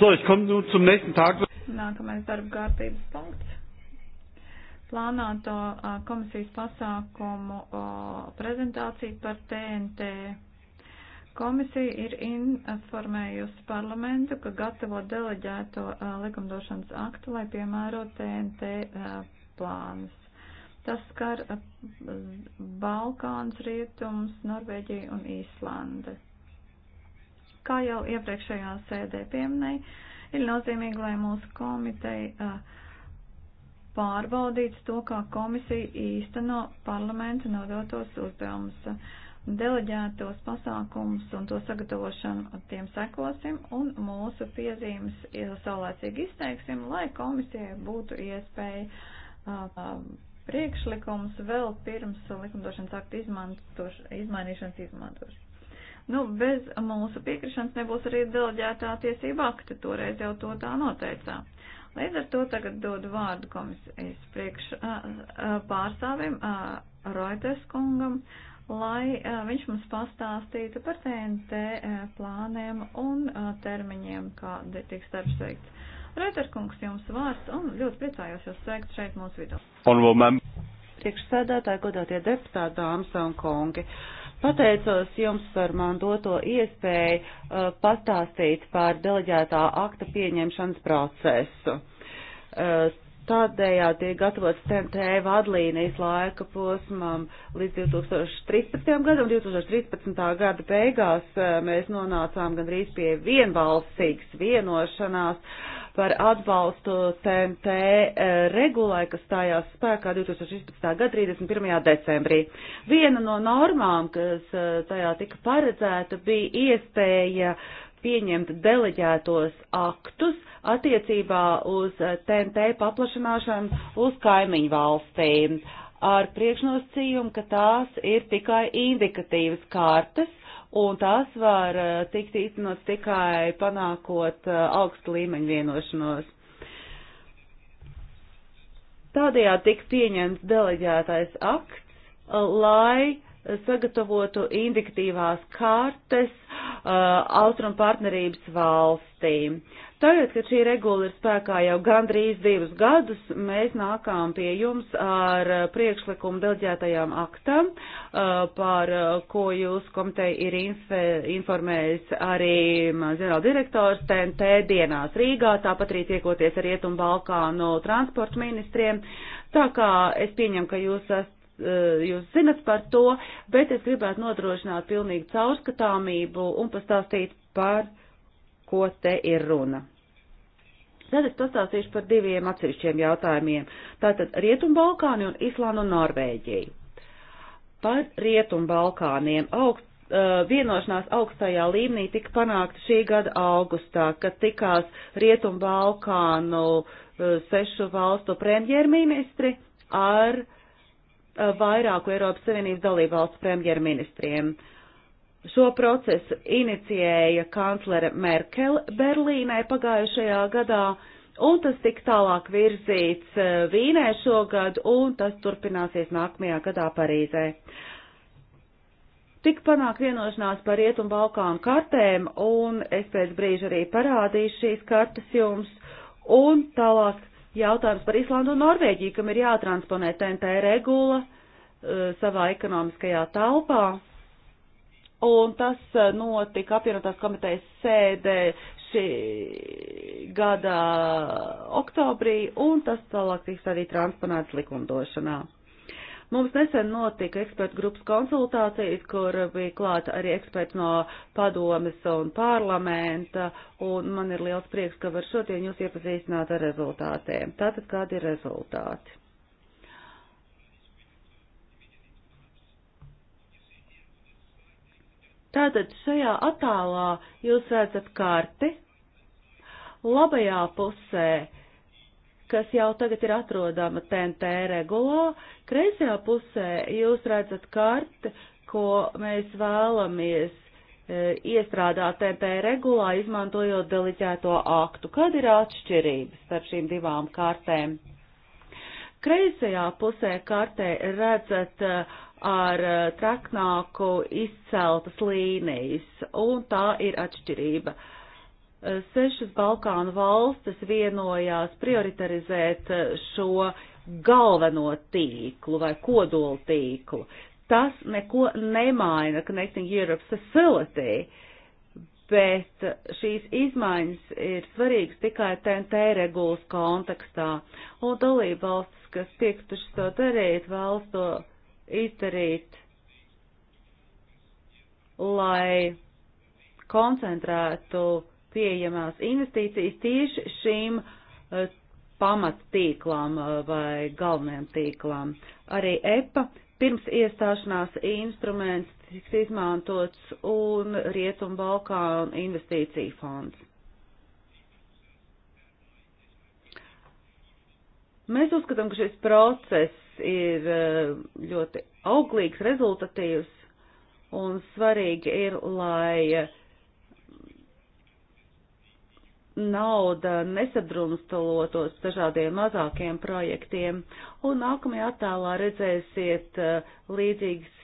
So, ich komme nun zum nächsten Tag. Nākamais darba kārtības punkts. Plānāto komisijas pasākumu prezentāciju par TNT. Komisija ir informējusi parlamentu, ka gatavo deleģēto likumdošanas aktu, lai piemēro TNT plānus. Tas skar Balkāns, Rietums, Norvēģiju un Īslandi kā jau iepriekšējā sēdē pieminēja, ir nozīmīgi, lai mūsu komiteja uh, pārbaudītu to, kā komisija īsteno parlamenta nodotos uzdevumus deleģētos pasākums un to sagatavošanu tiem sekosim un mūsu piezīmes saulēcīgi izteiksim, lai komisijai būtu iespēja uh, priekšlikums vēl pirms likumdošanas aktu izmanīšanas izmantošanas. Nu, bez mūsu piekrišanas nebūs arī deleģētā tiesība akta, toreiz jau to tā noteicām. Līdz ar to tagad dodu vārdu komisijas priekš pārstāvim Reuters kungam, lai viņš mums pastāstītu par TNT plāniem un termiņiem, kā tiks darbs veikts. Reuters kungs jums vārds un ļoti priecājos jūs sveikt šeit mūsu vidū. Priekšsēdētāji, godātie deputāti, dāmas un kungi. Uh, Pateicos jums par man doto iespēju uh, pastāstīt par deleģētā akta pieņemšanas procesu. Uh, Tādējādi tiek gatavots TNT vadlīnijas laika posmam līdz 2013. gadam. 2013. gada beigās uh, mēs nonācām gandrīz pie vienbalsīgas vienošanās par atbalstu TNT eh, regulai, kas stājās spēkā 2016. gada 31. decembrī. Viena no normām, kas eh, tajā tika paredzēta, bija iespēja pieņemt deleģētos aktus attiecībā uz TNT eh, paplašināšanu uz kaimiņu valstīm ar priekšnosacījumu, ka tās ir tikai indikatīvas kārtas, un tās var eh, tikt īstenot tikai panākot eh, augstu līmeņu vienošanos. Tādējādi tika pieņemts deleģētais akts, eh, lai sagatavotu indikatīvās kartes uh, austrumu partnerības valstīm. Uh, Tagad, kad šī regula ir spēkā jau gandrīz divus gadus, mēs nākām pie jums ar uh, priekšlikumu delģētajām aktam, uh, par uh, ko jūs komiteja ir informējis arī mm, ģenerāldirektors TNT dienās Rīgā, tāpat arī tiekoties ar Rietumu Balkānu transportu ministriem. Tā kā es pieņemu, ka jūs esat jūs zinat par to, bet es gribētu nodrošināt pilnīgu caurskatāmību un pastāstīt par uh, ko te ir runa. Tad es pastāstīšu par diviem atsevišķiem jautājumiem. Tātad Rietumbalkāni un Islānu un Norvēģiju. Par Rietumbalkāniem augst, uh, vienošanās augstajā līmenī tika panākta šī gada augustā, kad tikās Rietumbalkānu uh, sešu valstu premjerministri ar uh, vairāku Eiropas Savienības dalību valstu premjerministriem. Uh, Šo procesu inicijēja kanclere Merkel Berlīnai pagājušajā gadā, un tas tik tālāk virzīts eh, Vīnē šogad, un tas turpināsies nākamajā gadā Parīzē. Tik panāk vienošanās par Rietumu Balkānu kartēm, un es pēc brīža arī parādīšu šīs kartas jums, un tālāk jautājums par Islandu un Norvēģiju, kam ir jātransponē TNT regula uh, savā ekonomiskajā telpā un tas eh, notika apvienotās komitejas sēdē šī gada oktobrī, un tas tālāk tiks arī transponēts likumdošanā. Mums nesen notika ekspertu grupas konsultācijas, kur bija klāta arī eksperti no padomes un parlamenta, un man ir liels prieks, ka var šodien jūs iepazīstināt ar rezultātiem. Tātad, kādi ir rezultāti? Tātad šajā attālā jūs redzat karti. Labajā pusē, kas jau tagad ir atrodama TNT regulā, kreisajā pusē jūs redzat karti, ko mēs vēlamies e, iestrādāt TNT regulā, izmantojot deliģēto aktu. Kad ir atšķirības starp šīm divām kartēm? Kreisajā pusē kartē redzat uh, ar eh, traknāku izceltas līnijas, un tā ir atšķirība. Eh, sešas Balkānu valstis vienojās prioritarizēt eh, šo galveno tīklu vai kodolu tīklu. Tas neko nemaina Connecting Europe Facility, bet šīs izmaiņas ir svarīgas tikai TNT regulas kontekstā, un dalība valsts, kas tiekstuši to darīt, vēlas to izdarīt, lai koncentrētu pieejamās investīcijas tieši šīm eh, pamattīklām eh, vai galvenajām tīklām. Arī EPA pirms iestāšanās instruments tiks izmantots un Rietumbalkānu investīcija fonds. Mēs uzskatām, ka šis process ir eh, ļoti auglīgs, rezultatīvs un svarīgi ir, lai eh, nauda nesadrumstalotos dažādiem mazākiem projektiem, un nākamajā attēlā redzēsiet eh, līdzīgas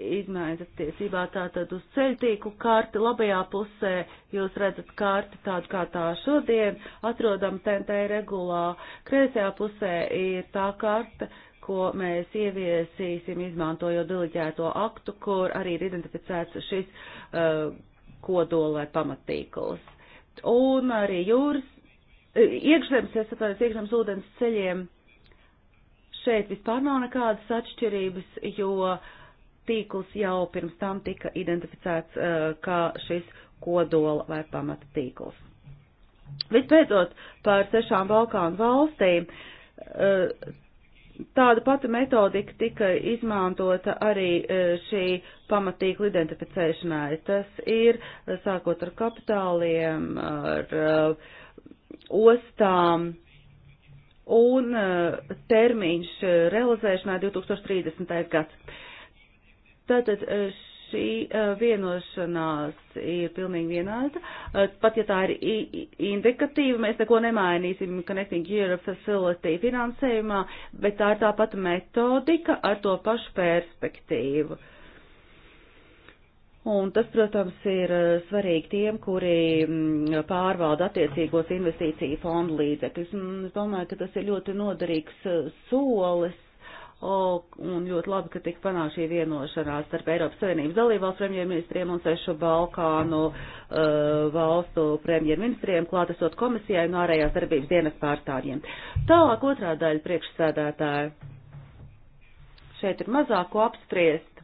izmaiņas tiesībā tātad uz ceļtīku karti. Labajā pusē jūs redzat karti tādu kā tā šodien, atrodam TNT regulā. Kreisajā pusē ir tā karta, ko mēs ieviesīsim izmantojot diliģēto aktu, kur arī ir identificēts šis uh, kodola vai pamatīkls. Un arī jūras, uh, iekšzemes, es atvainojos, iekšzemes ūdens ceļiem šeit vispār nav nekādas atšķirības, jo uh, tīkls jau pirms tam tika identificēts eh, kā šis kodola vai pamata tīkls. Vispēcot par sešām Balkānu valstīm, eh, tāda pati metodika tika izmantota arī eh, šī pamatīkla identificēšanai. Tas ir sākot ar kapitāliem, ar ostām, un termiņš realizēšanai 2030. gads. Tātad eh, šī eh, vienošanās ir pilnīgi vienāda. Eh, pat ja tā ir indikatīva, mēs neko nemainīsim Connecting Europe Facility finansējumā, bet tā ir tāpat metodika ar to pašu perspektīvu. Un tas, protams, ir svarīgi tiem, kuri mm, pārvalda attiecīgos investīciju fondu līdzekļus. Es domāju, ka tas ir ļoti noderīgs solis O, un ļoti labi, ka tika panākt šī vienošanās starp Eiropas Savienības dalībvalstu premjerministriem un sešu Balkānu uh, valstu premjerministriem, klātesot komisijai un ārējās darbības dienas pārstāvjiem. Tālāk otrā daļa priekšsēdētāja. Šeit ir mazāko apspriest.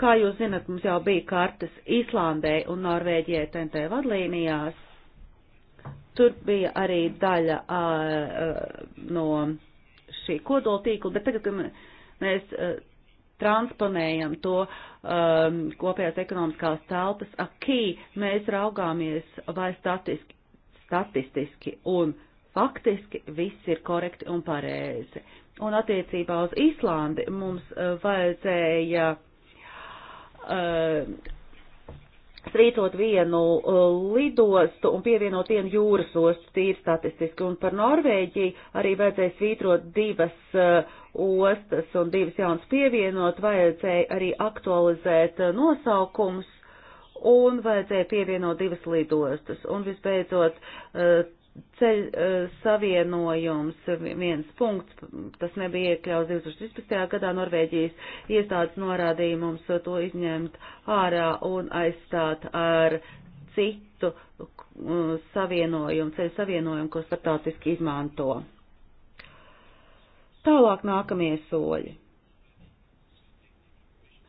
Kā jūs zinat, mums jau bija kartas Īslandē un Norvēģijai TNT vadlīnijās. Tur bija arī daļa uh, uh, no šī kodoltīkla, bet tagad, kad mēs e, transponējam to um, kopējās ekonomiskās telpas akī, mēs raugāmies vai statiski, statistiski un faktiski viss ir korekti un pareizi. Un attiecībā uz Īslandi mums uh, vajadzēja uh, strītot vienu uh, lidostu un pievienot vienu jūras ostu tīri statistiski. Un par Norvēģiju arī vajadzēja svītrot divas uh, ostas un divas jaunas pievienot, vajadzēja arī aktualizēt uh, nosaukums un vajadzēja pievienot divas lidostas. Un visbeidzot, ceļ uh, savienojums, viens punkts, tas nebija iekļauts 2013. gadā, Norvēģijas iestādes norādīja mums to izņemt ārā un aizstāt ar citu uh, savienojumu, ceļu savienojumu, ko starptautiski izmanto. Tālāk nākamie soļi.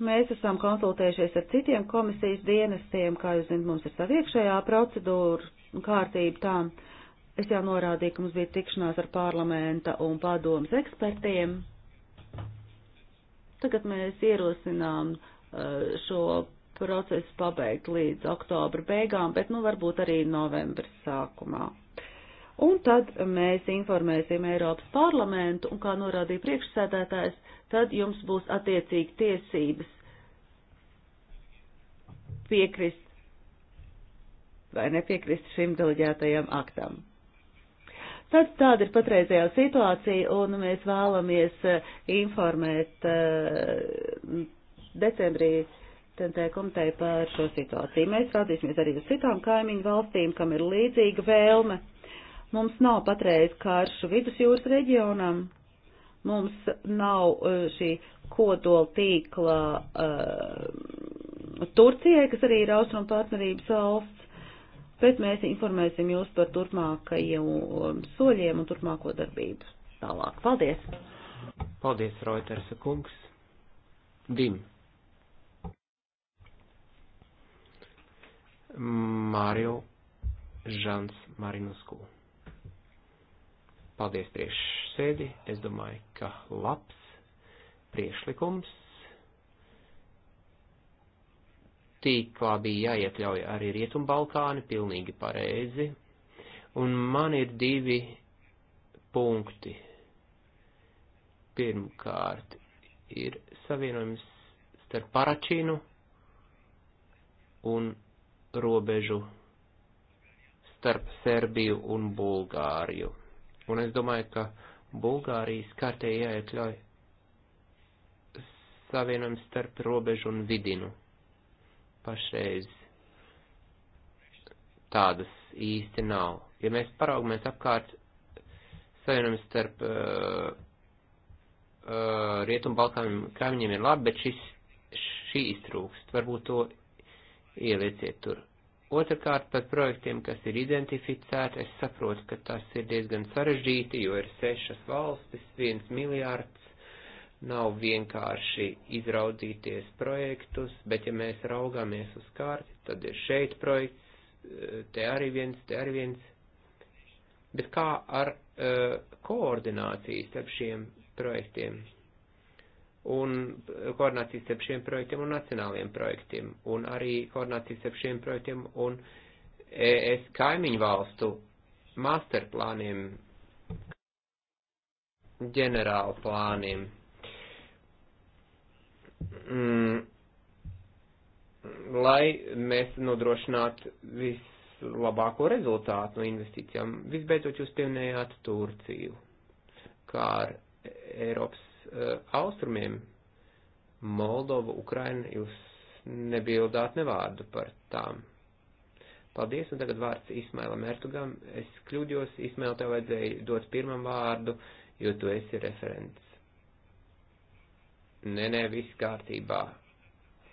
Mēs esam konsultējušies ar citiem komisijas dienestiem, kā jūs zināt, mums ir saviekšējā procedūra un kārtība tām. Uh, Es jau norādīju, ka mums bija tikšanās ar parlamenta un padomas ekspertiem. Tagad mēs ierosinām eh, šo procesu pabeigt līdz oktobra beigām, bet nu varbūt arī novembris sākumā. Un tad mēs informēsim Eiropas parlamentu, un kā norādīja priekšsēdētājs, tad jums būs attiecīgi tiesības piekrist vai nepiekrist šim deleģētajam aktam. Tad tāda ir patreizējā situācija, un mēs vēlamies eh, informēt eh, decembrī TNT komiteju par šo situāciju. Mēs raudīsimies arī uz citām kaimiņu valstīm, kam ir līdzīga vēlme. Mums nav patreiz karšu vidusjūras reģionam, mums nav eh, šī kodola tīkla uh, Turcijai, kas arī ir austrumu partnerības valsts, bet mēs informēsim jūs par turpmākajiem soļiem un turpmāko darbību tālāk. Paldies! Paldies, Reuters kungs! Dim! Mārio Žans Marinusku. Paldies priekšsēdi, es domāju, ka labs priešlikums tīklā bija jāiekļauj arī Rietumbalkāni, pilnīgi pareizi. Un man ir divi punkti. Pirmkārt, ir savienojums starp Paračinu un robežu starp Serbiju un Bulgāriju. Un es domāju, ka Bulgārijas kartē jāiekļauj savienojums starp robežu un vidinu pašreiz tādas īsti nav. Ja mēs paraugamies apkārt, savienojumi starp uh, uh, Rietumbalkāniem kaimiņiem ir labi, bet šis, šī iztrūkst. Varbūt to ielieciet tur. Otrakārt, par projektiem, kas ir identificēti, es saprotu, ka tas ir diezgan sarežģīti, jo ir sešas valstis, viens miljārds Nav vienkārši izraudzīties projektus, bet ja mēs raugāmies uz kārti, tad ir šeit projekts, eh, te arī viens, te arī viens. Bet kā ar uh, koordināciju starp šiem projektiem? Un eh, koordinācijas starp šiem projektiem un nacionāliem projektiem, un arī koordinācijas starp šiem projektiem un ES kaimiņu valstu masterplāniem, ģenerāla plāniem mm, lai mēs nodrošinātu vislabāko rezultātu no investīcijām. Visbeidzot, jūs pieminējāt Turciju, kā ar Eiropas uh, austrumiem Moldova, Ukraina, jūs nebildāt nevārdu par tām. Paldies, un tagad vārds Ismailam Ertugam. Es kļūdījos, Ismail, tev vajadzēja dot pirmam vārdu, jo tu esi referents. Nē, nē, viss kārtībā.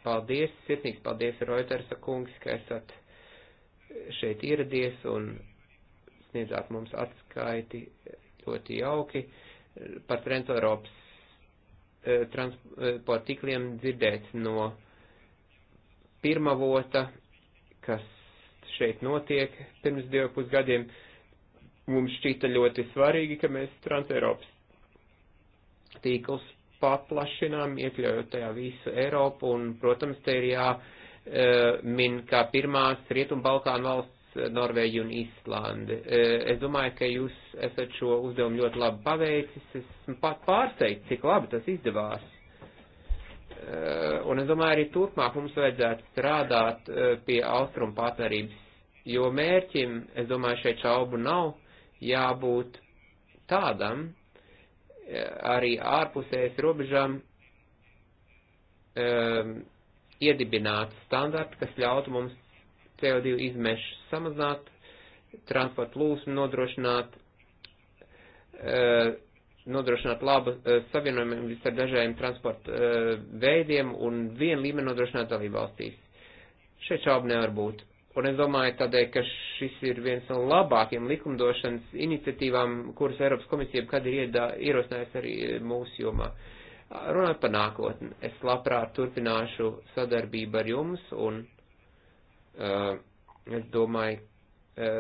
Paldies, sirsnīgs paldies, Reutersa kungs, ka esat šeit ieradies un sniedzāt mums atskaiti ļoti jauki par Transeiropas e, transporta e, tikliem dzirdēt no pirmavota, kas šeit notiek pirms divu pusgadiem. Mums šķita ļoti svarīgi, ka mēs Transeiropas tīkls paplašinām, iekļaujot tajā visu Eiropu, un, protams, te ir jāmin e, kā pirmās Rietumbalkānu valsts e, Norvēģija un Īslande. E, es domāju, ka jūs esat šo uzdevumu ļoti labi paveicis. Esmu pat pārsteigts, cik labi tas izdevās. Un es domāju, arī turpmāk mums vajadzētu strādāt pie austrumu partnerības, jo mērķim, es domāju, šeit šaubu nav jābūt tādam, Eh, arī ārpusējas robežām um, iedibināt standarti, kas ļautu mums CO2 izmešus samazināt, transporta plūsmu nodrošināt, uh, nodrošināt labu uh, savienojumiem ar dažādiem transporta uh, veidiem un vienu līmeni nodrošināt dalībvalstīs. Šeit šaubu nevar būt. Un es domāju tādēļ, ka šis ir viens no labākiem likumdošanas iniciatīvām, kuras Eiropas komisija kad ir iedā, ierosinājusi arī mūsu jomā. Runājot par nākotni, es labprāt turpināšu sadarbību ar jums un uh, es domāju, uh,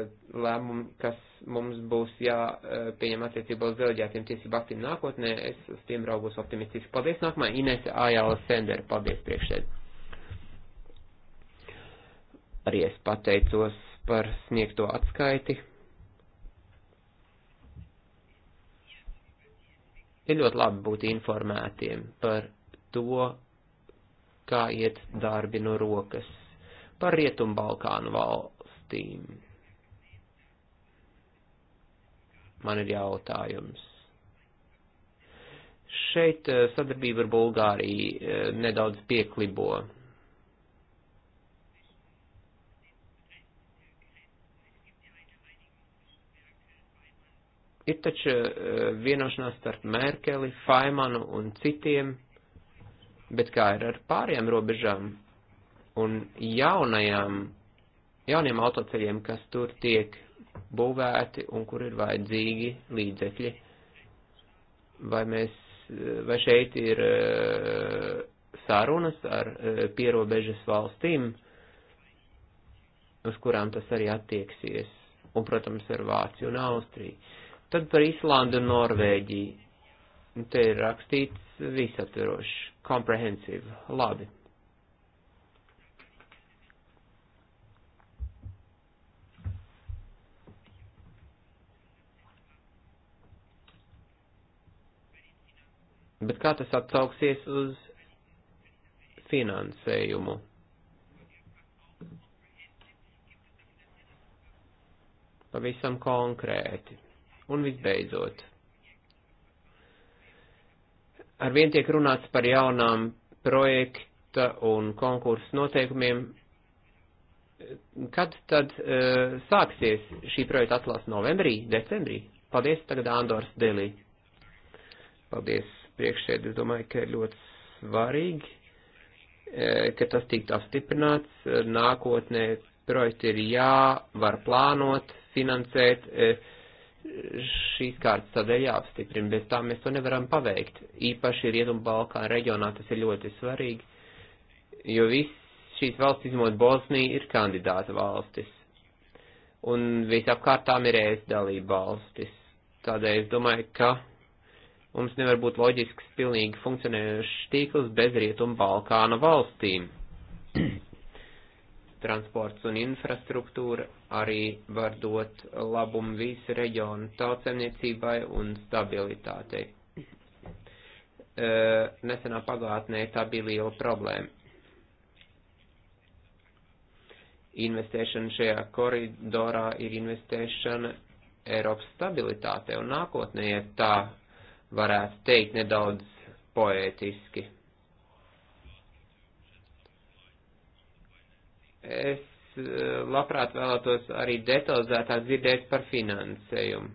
lēmumu, kas mums būs jāpieņem uh, attiecībā uz deleģētiem tiesību aktiem nākotnē, es uz tiem raugos optimistiski. Paldies nākamā Inese Ājāla Sendera. Paldies priekšēd. Arī es pateicos par sniegto atskaiti. Ir ļoti labi būt informētiem par to, kā iet darbi no rokas par Rietumbalkānu valstīm. Man ir jautājums. Šeit eh, sadarbība ar Bulgāriju eh, nedaudz pieklibo, Ir taču e, vienošanās starp Merkeli, Faimanu un citiem, bet kā ir ar pārējām robežām un jaunajām, jauniem autoceļiem, kas tur tiek būvēti un kur ir vajadzīgi līdzekļi? Vai mēs, e, vai šeit ir e, sarunas ar pierobežas valstīm, uz kurām tas arī attieksies, un, protams, ar Vāciju un Austriju? Tad par Islandu un Norvēģiju. Un nu, te ir rakstīts visaptveroši, comprehensive, labi. Bet kā tas atsauksies uz finansējumu? Pavisam konkrēti. Un visbeidzot, ar vien tiek runāts par jaunām projekta un konkursu noteikumiem. Kad tad uh, sāksies šī projekta atklās novembrī, decembrī? Paldies, tagad Andors Delī. Paldies, priekšsēd, es domāju, ka ļoti svarīgi, eh, ka tas tiktu apstiprināts nākotnē projekti ir jāvar plānot, finansēt, eh, šīs kārtas tādēļ jāapstiprina, bez tā mēs to nevaram paveikt. Īpaši Rietumu Balkānu reģionā tas ir ļoti svarīgi, jo viss šīs valsts izmot Bosnija ir kandidāta valstis. Un visapkārtām ir ēst dalība valstis. Tādēļ es domāju, ka mums nevar būt loģisks pilnīgi funkcionējošs tīkls bez Rietumu Balkānu valstīm transports un infrastruktūra arī var dot labumu visu reģionu tautsemniecībai un stabilitātei. E, nesenā pagātnē tā bija liela problēma. Investēšana šajā koridorā ir investēšana Eiropas stabilitātei un nākotnē, ja tā varētu teikt nedaudz poētiski. Es eh, labprāt vēlētos arī detalizētāk dzirdēt par finansējumu.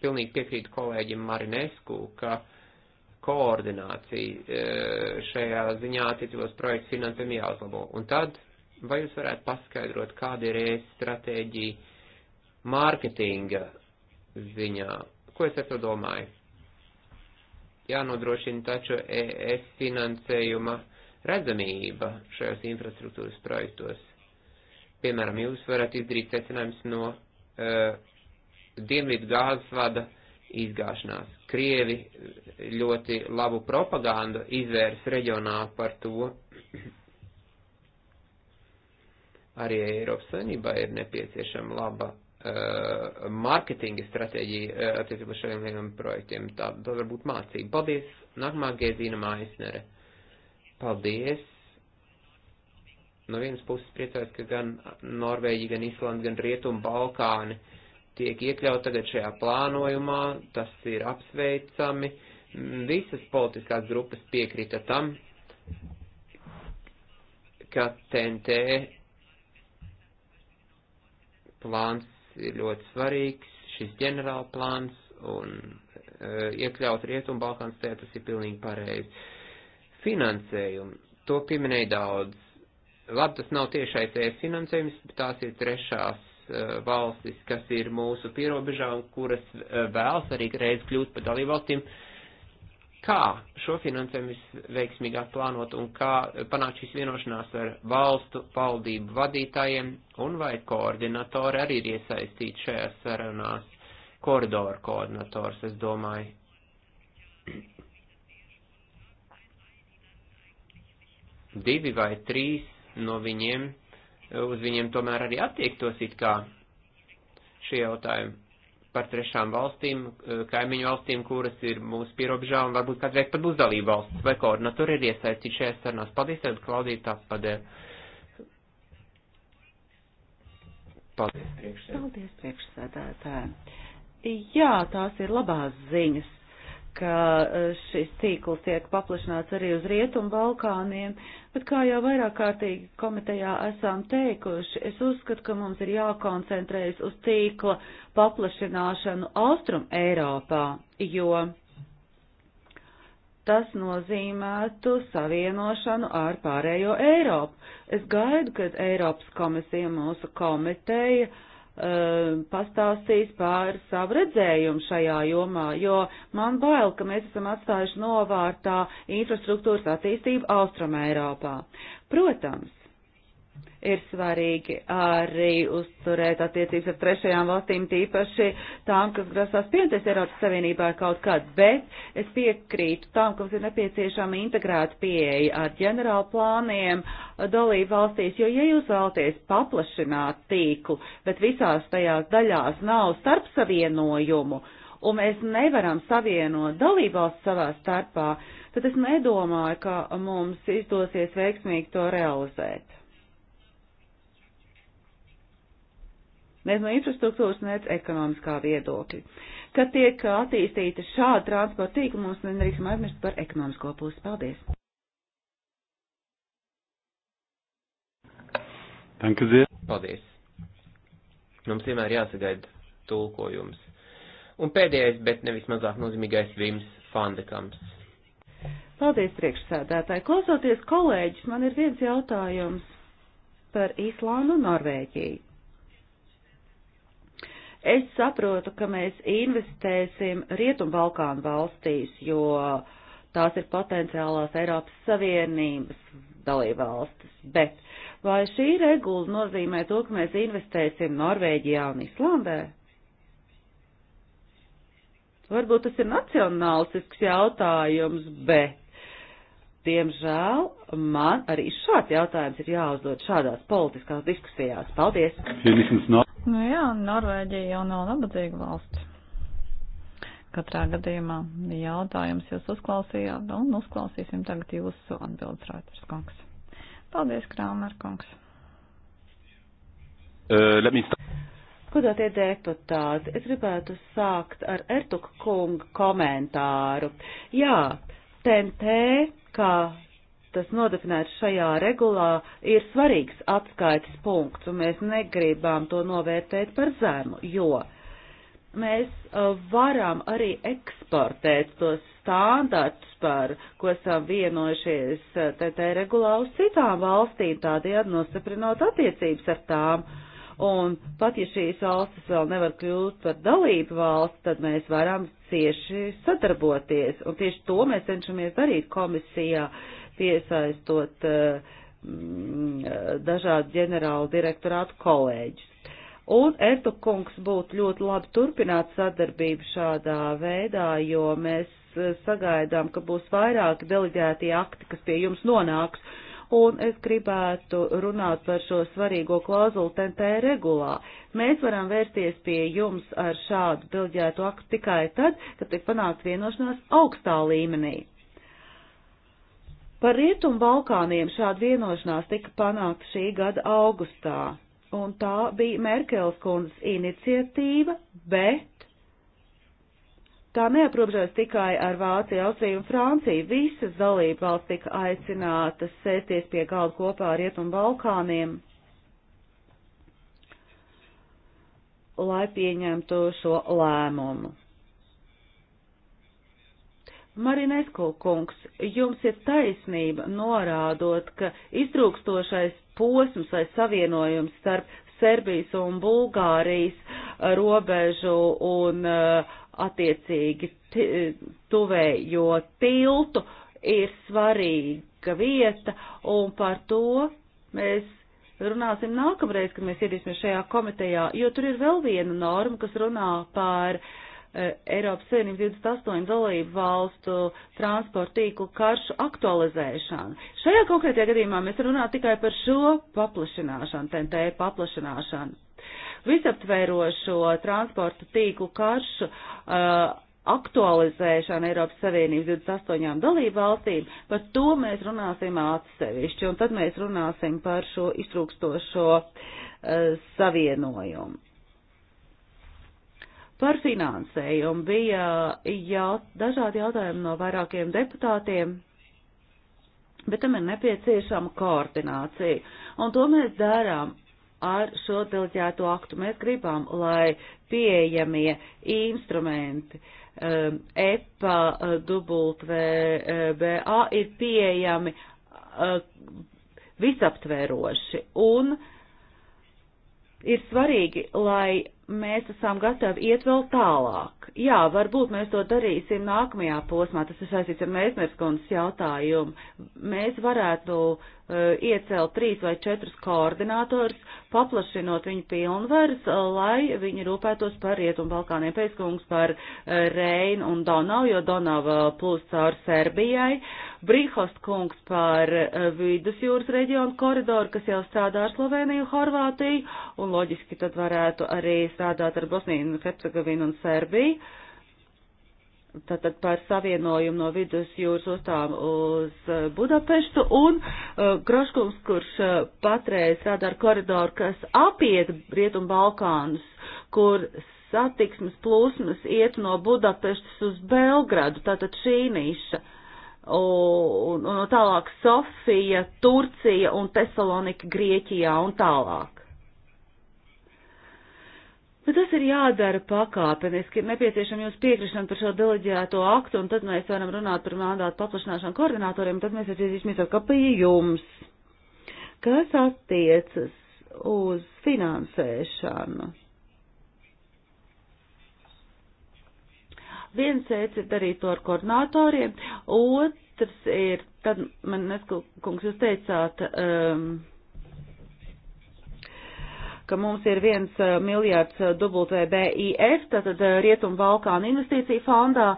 Pilnīgi piekrītu kolēģim Marinesku, ka koordinācija eh, šajā ziņā attiecībos projektu finansējumu jāuzlabo. Un tad, vai jūs varētu paskaidrot, kāda ir ES stratēģija mārketinga ziņā? Ko es ar to domāju? Jānodrošina taču ES finansējuma redzamība šajos infrastruktūras projektos. Piemēram, jūs varat izdarīt secinājumus no uh, Dienvidu gāzes vada izgāšanās. Krievi eh, ļoti labu propagandu izvērs reģionā par to. Arī Eiropas Savienībā ir nepieciešama laba uh, marketinga stratēģija uh, attiecībā šiem vienam projektiem. Tā, tā var būt mācība. Paldies! Nākamā Gēzīna Maisnere. Uh, Paldies! No vienas puses priecājos, ka gan Norvēģija, gan Islanda, gan Rietuma Balkāni tiek iekļaut tagad šajā plānojumā, tas ir apsveicami. Visas politiskās grupas piekrita tam, ka TNT plāns ir ļoti svarīgs, šis ģenerāla plāns un e, iekļaut Rietumbalkāns tajā tas ir pilnīgi pareizi. Finansējumu. To pieminēja daudz. Labi, tas nav tiešais ES finansējums, bet tās ir trešās eh, valstis, kas ir mūsu pierobežā un kuras eh, vēlas arī reiz kļūt par dalībvalstīm, kā šo finansējumu visveiksmīgāk plānot un kā panākt šīs vienošanās ar valstu valdību vadītājiem un vai koordinatori arī ir iesaistīti šajās sarunās, koridoru koordinators, es domāju, divi vai trīs no viņiem, uz viņiem tomēr arī attiektos it kā šie jautājumi par trešām valstīm, eh, kaimiņu valstīm, kuras ir mūsu pierobežā un varbūt kādreiz pat būs dalība valsts vai koordinatori ir iesaistīti šajās sarunās. Paldies, Ed, Klaudija, tās padēļ. Paldies, priekšsēdētāji. Paldies, priekšsēdētāji. Jā, tās ir labās ziņas ka e, šis tīkls tiek paplašināts arī uz Rietumu Balkāniem, bet kā jau vairāk kārtīgi komitejā esam teikuši, es uzskatu, ka mums ir jākoncentrējas uz tīkla paplašināšanu Austrum Eiropā, jo tas nozīmētu savienošanu ar pārējo Eiropu. Es gaidu, kad Eiropas komisija mūsu komiteja uh, Um, pastāstīs pār savu redzējumu šajā jomā, jo man bail, ka mēs esam atstājuši novārtā infrastruktūras attīstību Austrum Eiropā. Protams, ir svarīgi arī uzturēt attiecības ar trešajām valstīm, tīpaši tām, kas grasās pieties Eiropas Savienībā kaut kāds, bet es piekrītu tām, kas ir nepieciešama integrēta pieeja ar ģenerālu plāniem dalību valstīs, jo ja jūs vēlaties paplašināt tīklu, bet visās tajās daļās nav starpsavienojumu, un mēs nevaram savienot dalībvalsts savā starpā, tad es nedomāju, ka mums izdosies veiksmīgi to realizēt. ne no infrastruktūras, ne ekonomiskā viedokļa. Kad tiek attīstīta šāda transporta tīkla, mums nedrīkstam aizmirst par ekonomisko pusi. Paldies! Danke sehr. Paldies. Mums vienmēr jāsagaida tulkojums. Un pēdējais, bet nevis mazāk nozīmīgais, Vims Fandekams. Paldies, priekšsēdētāji. Klausoties kolēģis, man ir viens jautājums par Īslandu un Norvēģiju. Es saprotu, ka mēs investēsim Rietumbalkānu valstīs, jo tās ir potenciālās Eiropas Savienības dalībvalstis, bet vai šī regula nozīmē to, ka mēs investēsim Norvēģijā un Islandē? Varbūt tas ir nacionālistisks jautājums, bet, diemžēl, man arī šāds jautājums ir jāuzdod šādās politiskās diskusijās. Paldies! Nu jā, Norvēģija jau nav nabadzīga valsts. Katrā gadījumā jautājums jūs uzklausījāt un uzklausīsim tagad jūsu atbildes rātars kungs. Paldies, Krāmer kungs. Uh, Godātie deputāti, es gribētu sākt ar Ertuka kunga komentāru. Jā, TNT, kā tas nodefinēts šajā regulā, ir svarīgs atskaites punkts, un mēs negribām to novērtēt par zemu, jo mēs uh, varam arī eksportēt tos standartus, par ko esam vienojušies uh, TT regulā uz citām valstīm, tādējādi nostiprinot attiecības ar tām. Un pat ja šīs valstis vēl nevar kļūt par dalību valsts, tad mēs varam cieši sadarboties. Un tieši to mēs cenšamies darīt komisijā. Uh, piesaistot eh, mm, dažādu ģenerālu direktorātu kolēģus. Un Ertu kungs būtu ļoti labi turpināt sadarbību šādā veidā, jo mēs eh, sagaidām, ka būs vairāki deleģētie akti, kas pie jums nonāks. Un es gribētu runāt par šo svarīgo klauzulu TNT regulā. Mēs varam vērsties pie jums ar šādu deleģētu aktu tikai tad, kad tiek panākt vienošanās augstā līmenī. Par Rietumu Balkāniem šāda vienošanās tika panākta šī gada augustā, un tā bija Merkels kundzes iniciatīva, bet tā neaprobežojas tikai ar Vāciju, Austriju un Franciju. Visas dalība valsts tika aicinātas sēties pie galda kopā ar Rietumu Balkāniem, lai pieņemtu šo lēmumu. Marinesko kungs, jums ir taisnība norādot, ka iztrūkstošais posms vai savienojums starp Serbijas un Bulgārijas uh, robežu un uh, attiecīgi tuvējo tiltu ir svarīga vieta, un par to mēs runāsim nākamreiz, kad mēs iedīsimies šajā komitejā, jo tur ir vēl viena norma, kas runā par uh, Eh, Eiropas Savienības 28 dalību valstu transporta tīklu karšu aktualizēšanu. Šajā konkrētajā gadījumā mēs runājam tikai par šo paplašināšanu, TNT paplašināšanu. Visaptvērošo transporta tīklu karšu uh, eh, aktualizēšana Eiropas Savienības 28 dalību valstīm, par to mēs runāsim atsevišķi, un tad mēs runāsim par šo iztrūkstošo uh, savienojumu. Par finansējumu bija jau dažādi jautājumi no vairākiem deputātiem, bet tam ir nepieciešama koordinācija. Un to mēs darām ar šo delģēto aktu. Mēs gribam, lai pieejamie instrumenti um, EPA, WBA ir pieejami uh, visaptveroši un ir svarīgi, lai mēs esam gatavi iet vēl tālāk. Jā, varbūt mēs to darīsim nākamajā posmā, tas ir saistīts ar Mēsmērs kundzes jautājumu. Mēs varētu uh, Eh, iecelt trīs vai četrus koordinātors, paplašinot viņu pilnvaras, lai viņi rūpētos par Rietumu Balkāniem pēckungs par eh, Reinu un Donavu, jo Donava eh, plūst caur Serbijai, Brīhost kungs par Vidusjūras reģionu koridoru, kas jau strādā ar Sloveniju, Horvātiju, un loģiski tad varētu arī strādāt ar Bosniju, Hercegovinu un Serbiju tātad par savienojumu no vidus jūras ostām uz eh, Budapeštu un uh, Groškungs, kurš uh, patreiz rada ar koridoru, kas apiet Rietumu Balkānus, kur satiksmes plūsmas iet no Budapeštas uz Belgradu, tātad šī niša. Un, un, un tālāk Sofija, Turcija un Tesalonika Grieķijā un tālāk. Bet nu, tas ir jādara pakāpeniski, ir nepieciešama jūs piekrišana par šo deleģēto aktu, un tad mēs varam runāt par mandātu paplašināšanu koordinatoriem, tad mēs atgriezīsimies atkal pie jums, kas attiecas uz finansēšanu. Viens veids ir darīt to ar koordinatoriem, otrs ir, tad man nesku, kungs, jūs teicāt, um, ka mums ir viens eh, miljards eh, WBIF, tātad eh, Rietumu Balkānu investīciju fondā,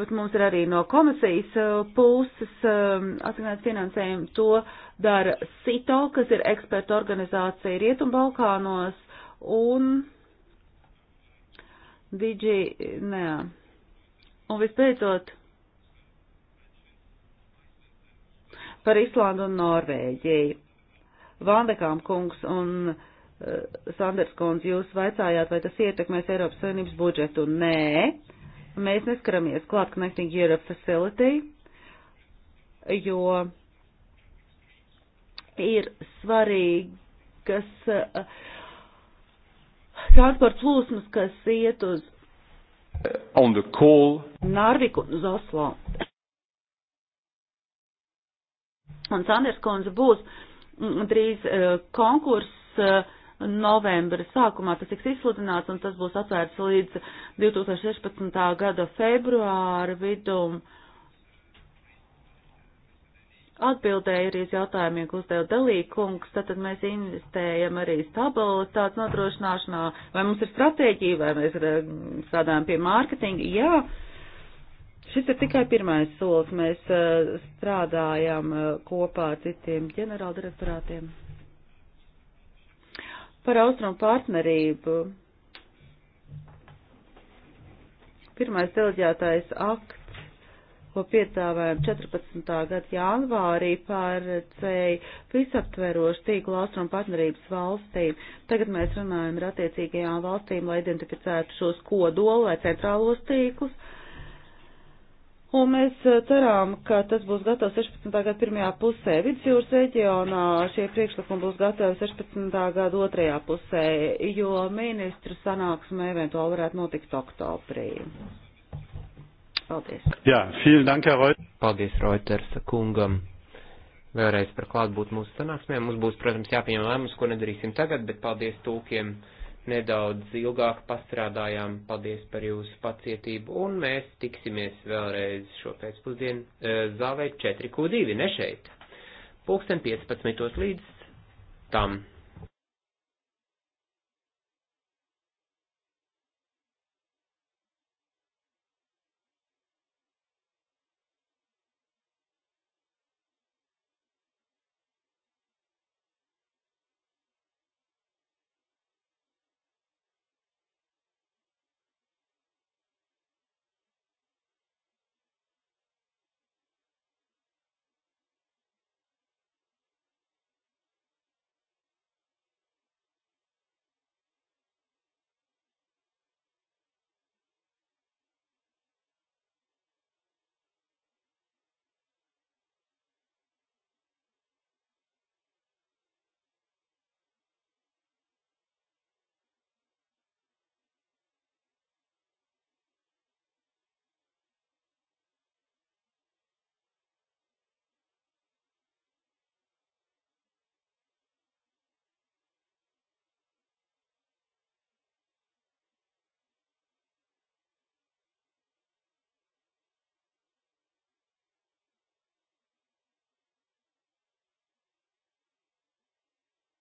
bet mums ir arī no komisijas puses asignēts finansējumu. To dara SITO, kas ir eksperta organizācija Rietumu Balkānos un DG, nē. Un visbeidzot, par Islandu un Norvēģiju. Vandekām kungs un uh, Eh, Sanders Kondz, jūs vaicājāt, vai tas ietekmēs Eiropas Savienības budžetu. Nē, mēs neskaramies klāt Connecting Europe Facility, jo ir svarīgas uh, transporta plūsmas, kas iet uz Nārviku un uz Oslo. Un Sanders Kondz būs mm, drīz uh, konkurss. Uh, novembra sākumā tas tiks izsludināts un tas būs atvērts līdz 2016. gada februāra vidum. Atbildēju arī uz jautājumiem, ko uzdeva dalīkungs, tad mēs investējam arī stabilitātes nodrošināšanā, vai mums ir stratēģija, vai mēs eh, strādājam pie mārketinga. Jā, Šis ir tikai pirmais solis. Mēs eh, strādājam eh, kopā ar citiem ģenerāldirektorātiem. Par austrumu partnerību. Pirmais deleģētais akts, ko piedāvājam 14. gada janvārī, pārcēja visaptverošu tīklu austrumu partnerības valstīm. Tagad mēs runājam ar attiecīgajām valstīm, lai identificētu šos kodolu vai centrālos tīklus Un mēs eh, cerām, ka tas būs gatavs 16. gada pirmajā pusē. Vidusjūras reģionā šie priekšlikumi būs gatavi 16. gada otrajā pusē, jo ministru sanāksme eventuāli varētu notikt oktobrī. Paldies. Jā, vielen dank, Reuters. Paldies Reuters kungam. Vēlreiz par klātbūt mūsu sanāksmēm. Mums būs, protams, jāpieņem lēmums, ko nedarīsim tagad, bet paldies tūkiem nedaudz ilgāk pastrādājām. Paldies par jūsu pacietību, un mēs tiksimies vēlreiz šo pēcpusdienu eh, zālē 4Q2, ne šeit. Pulksten 15. līdz tam.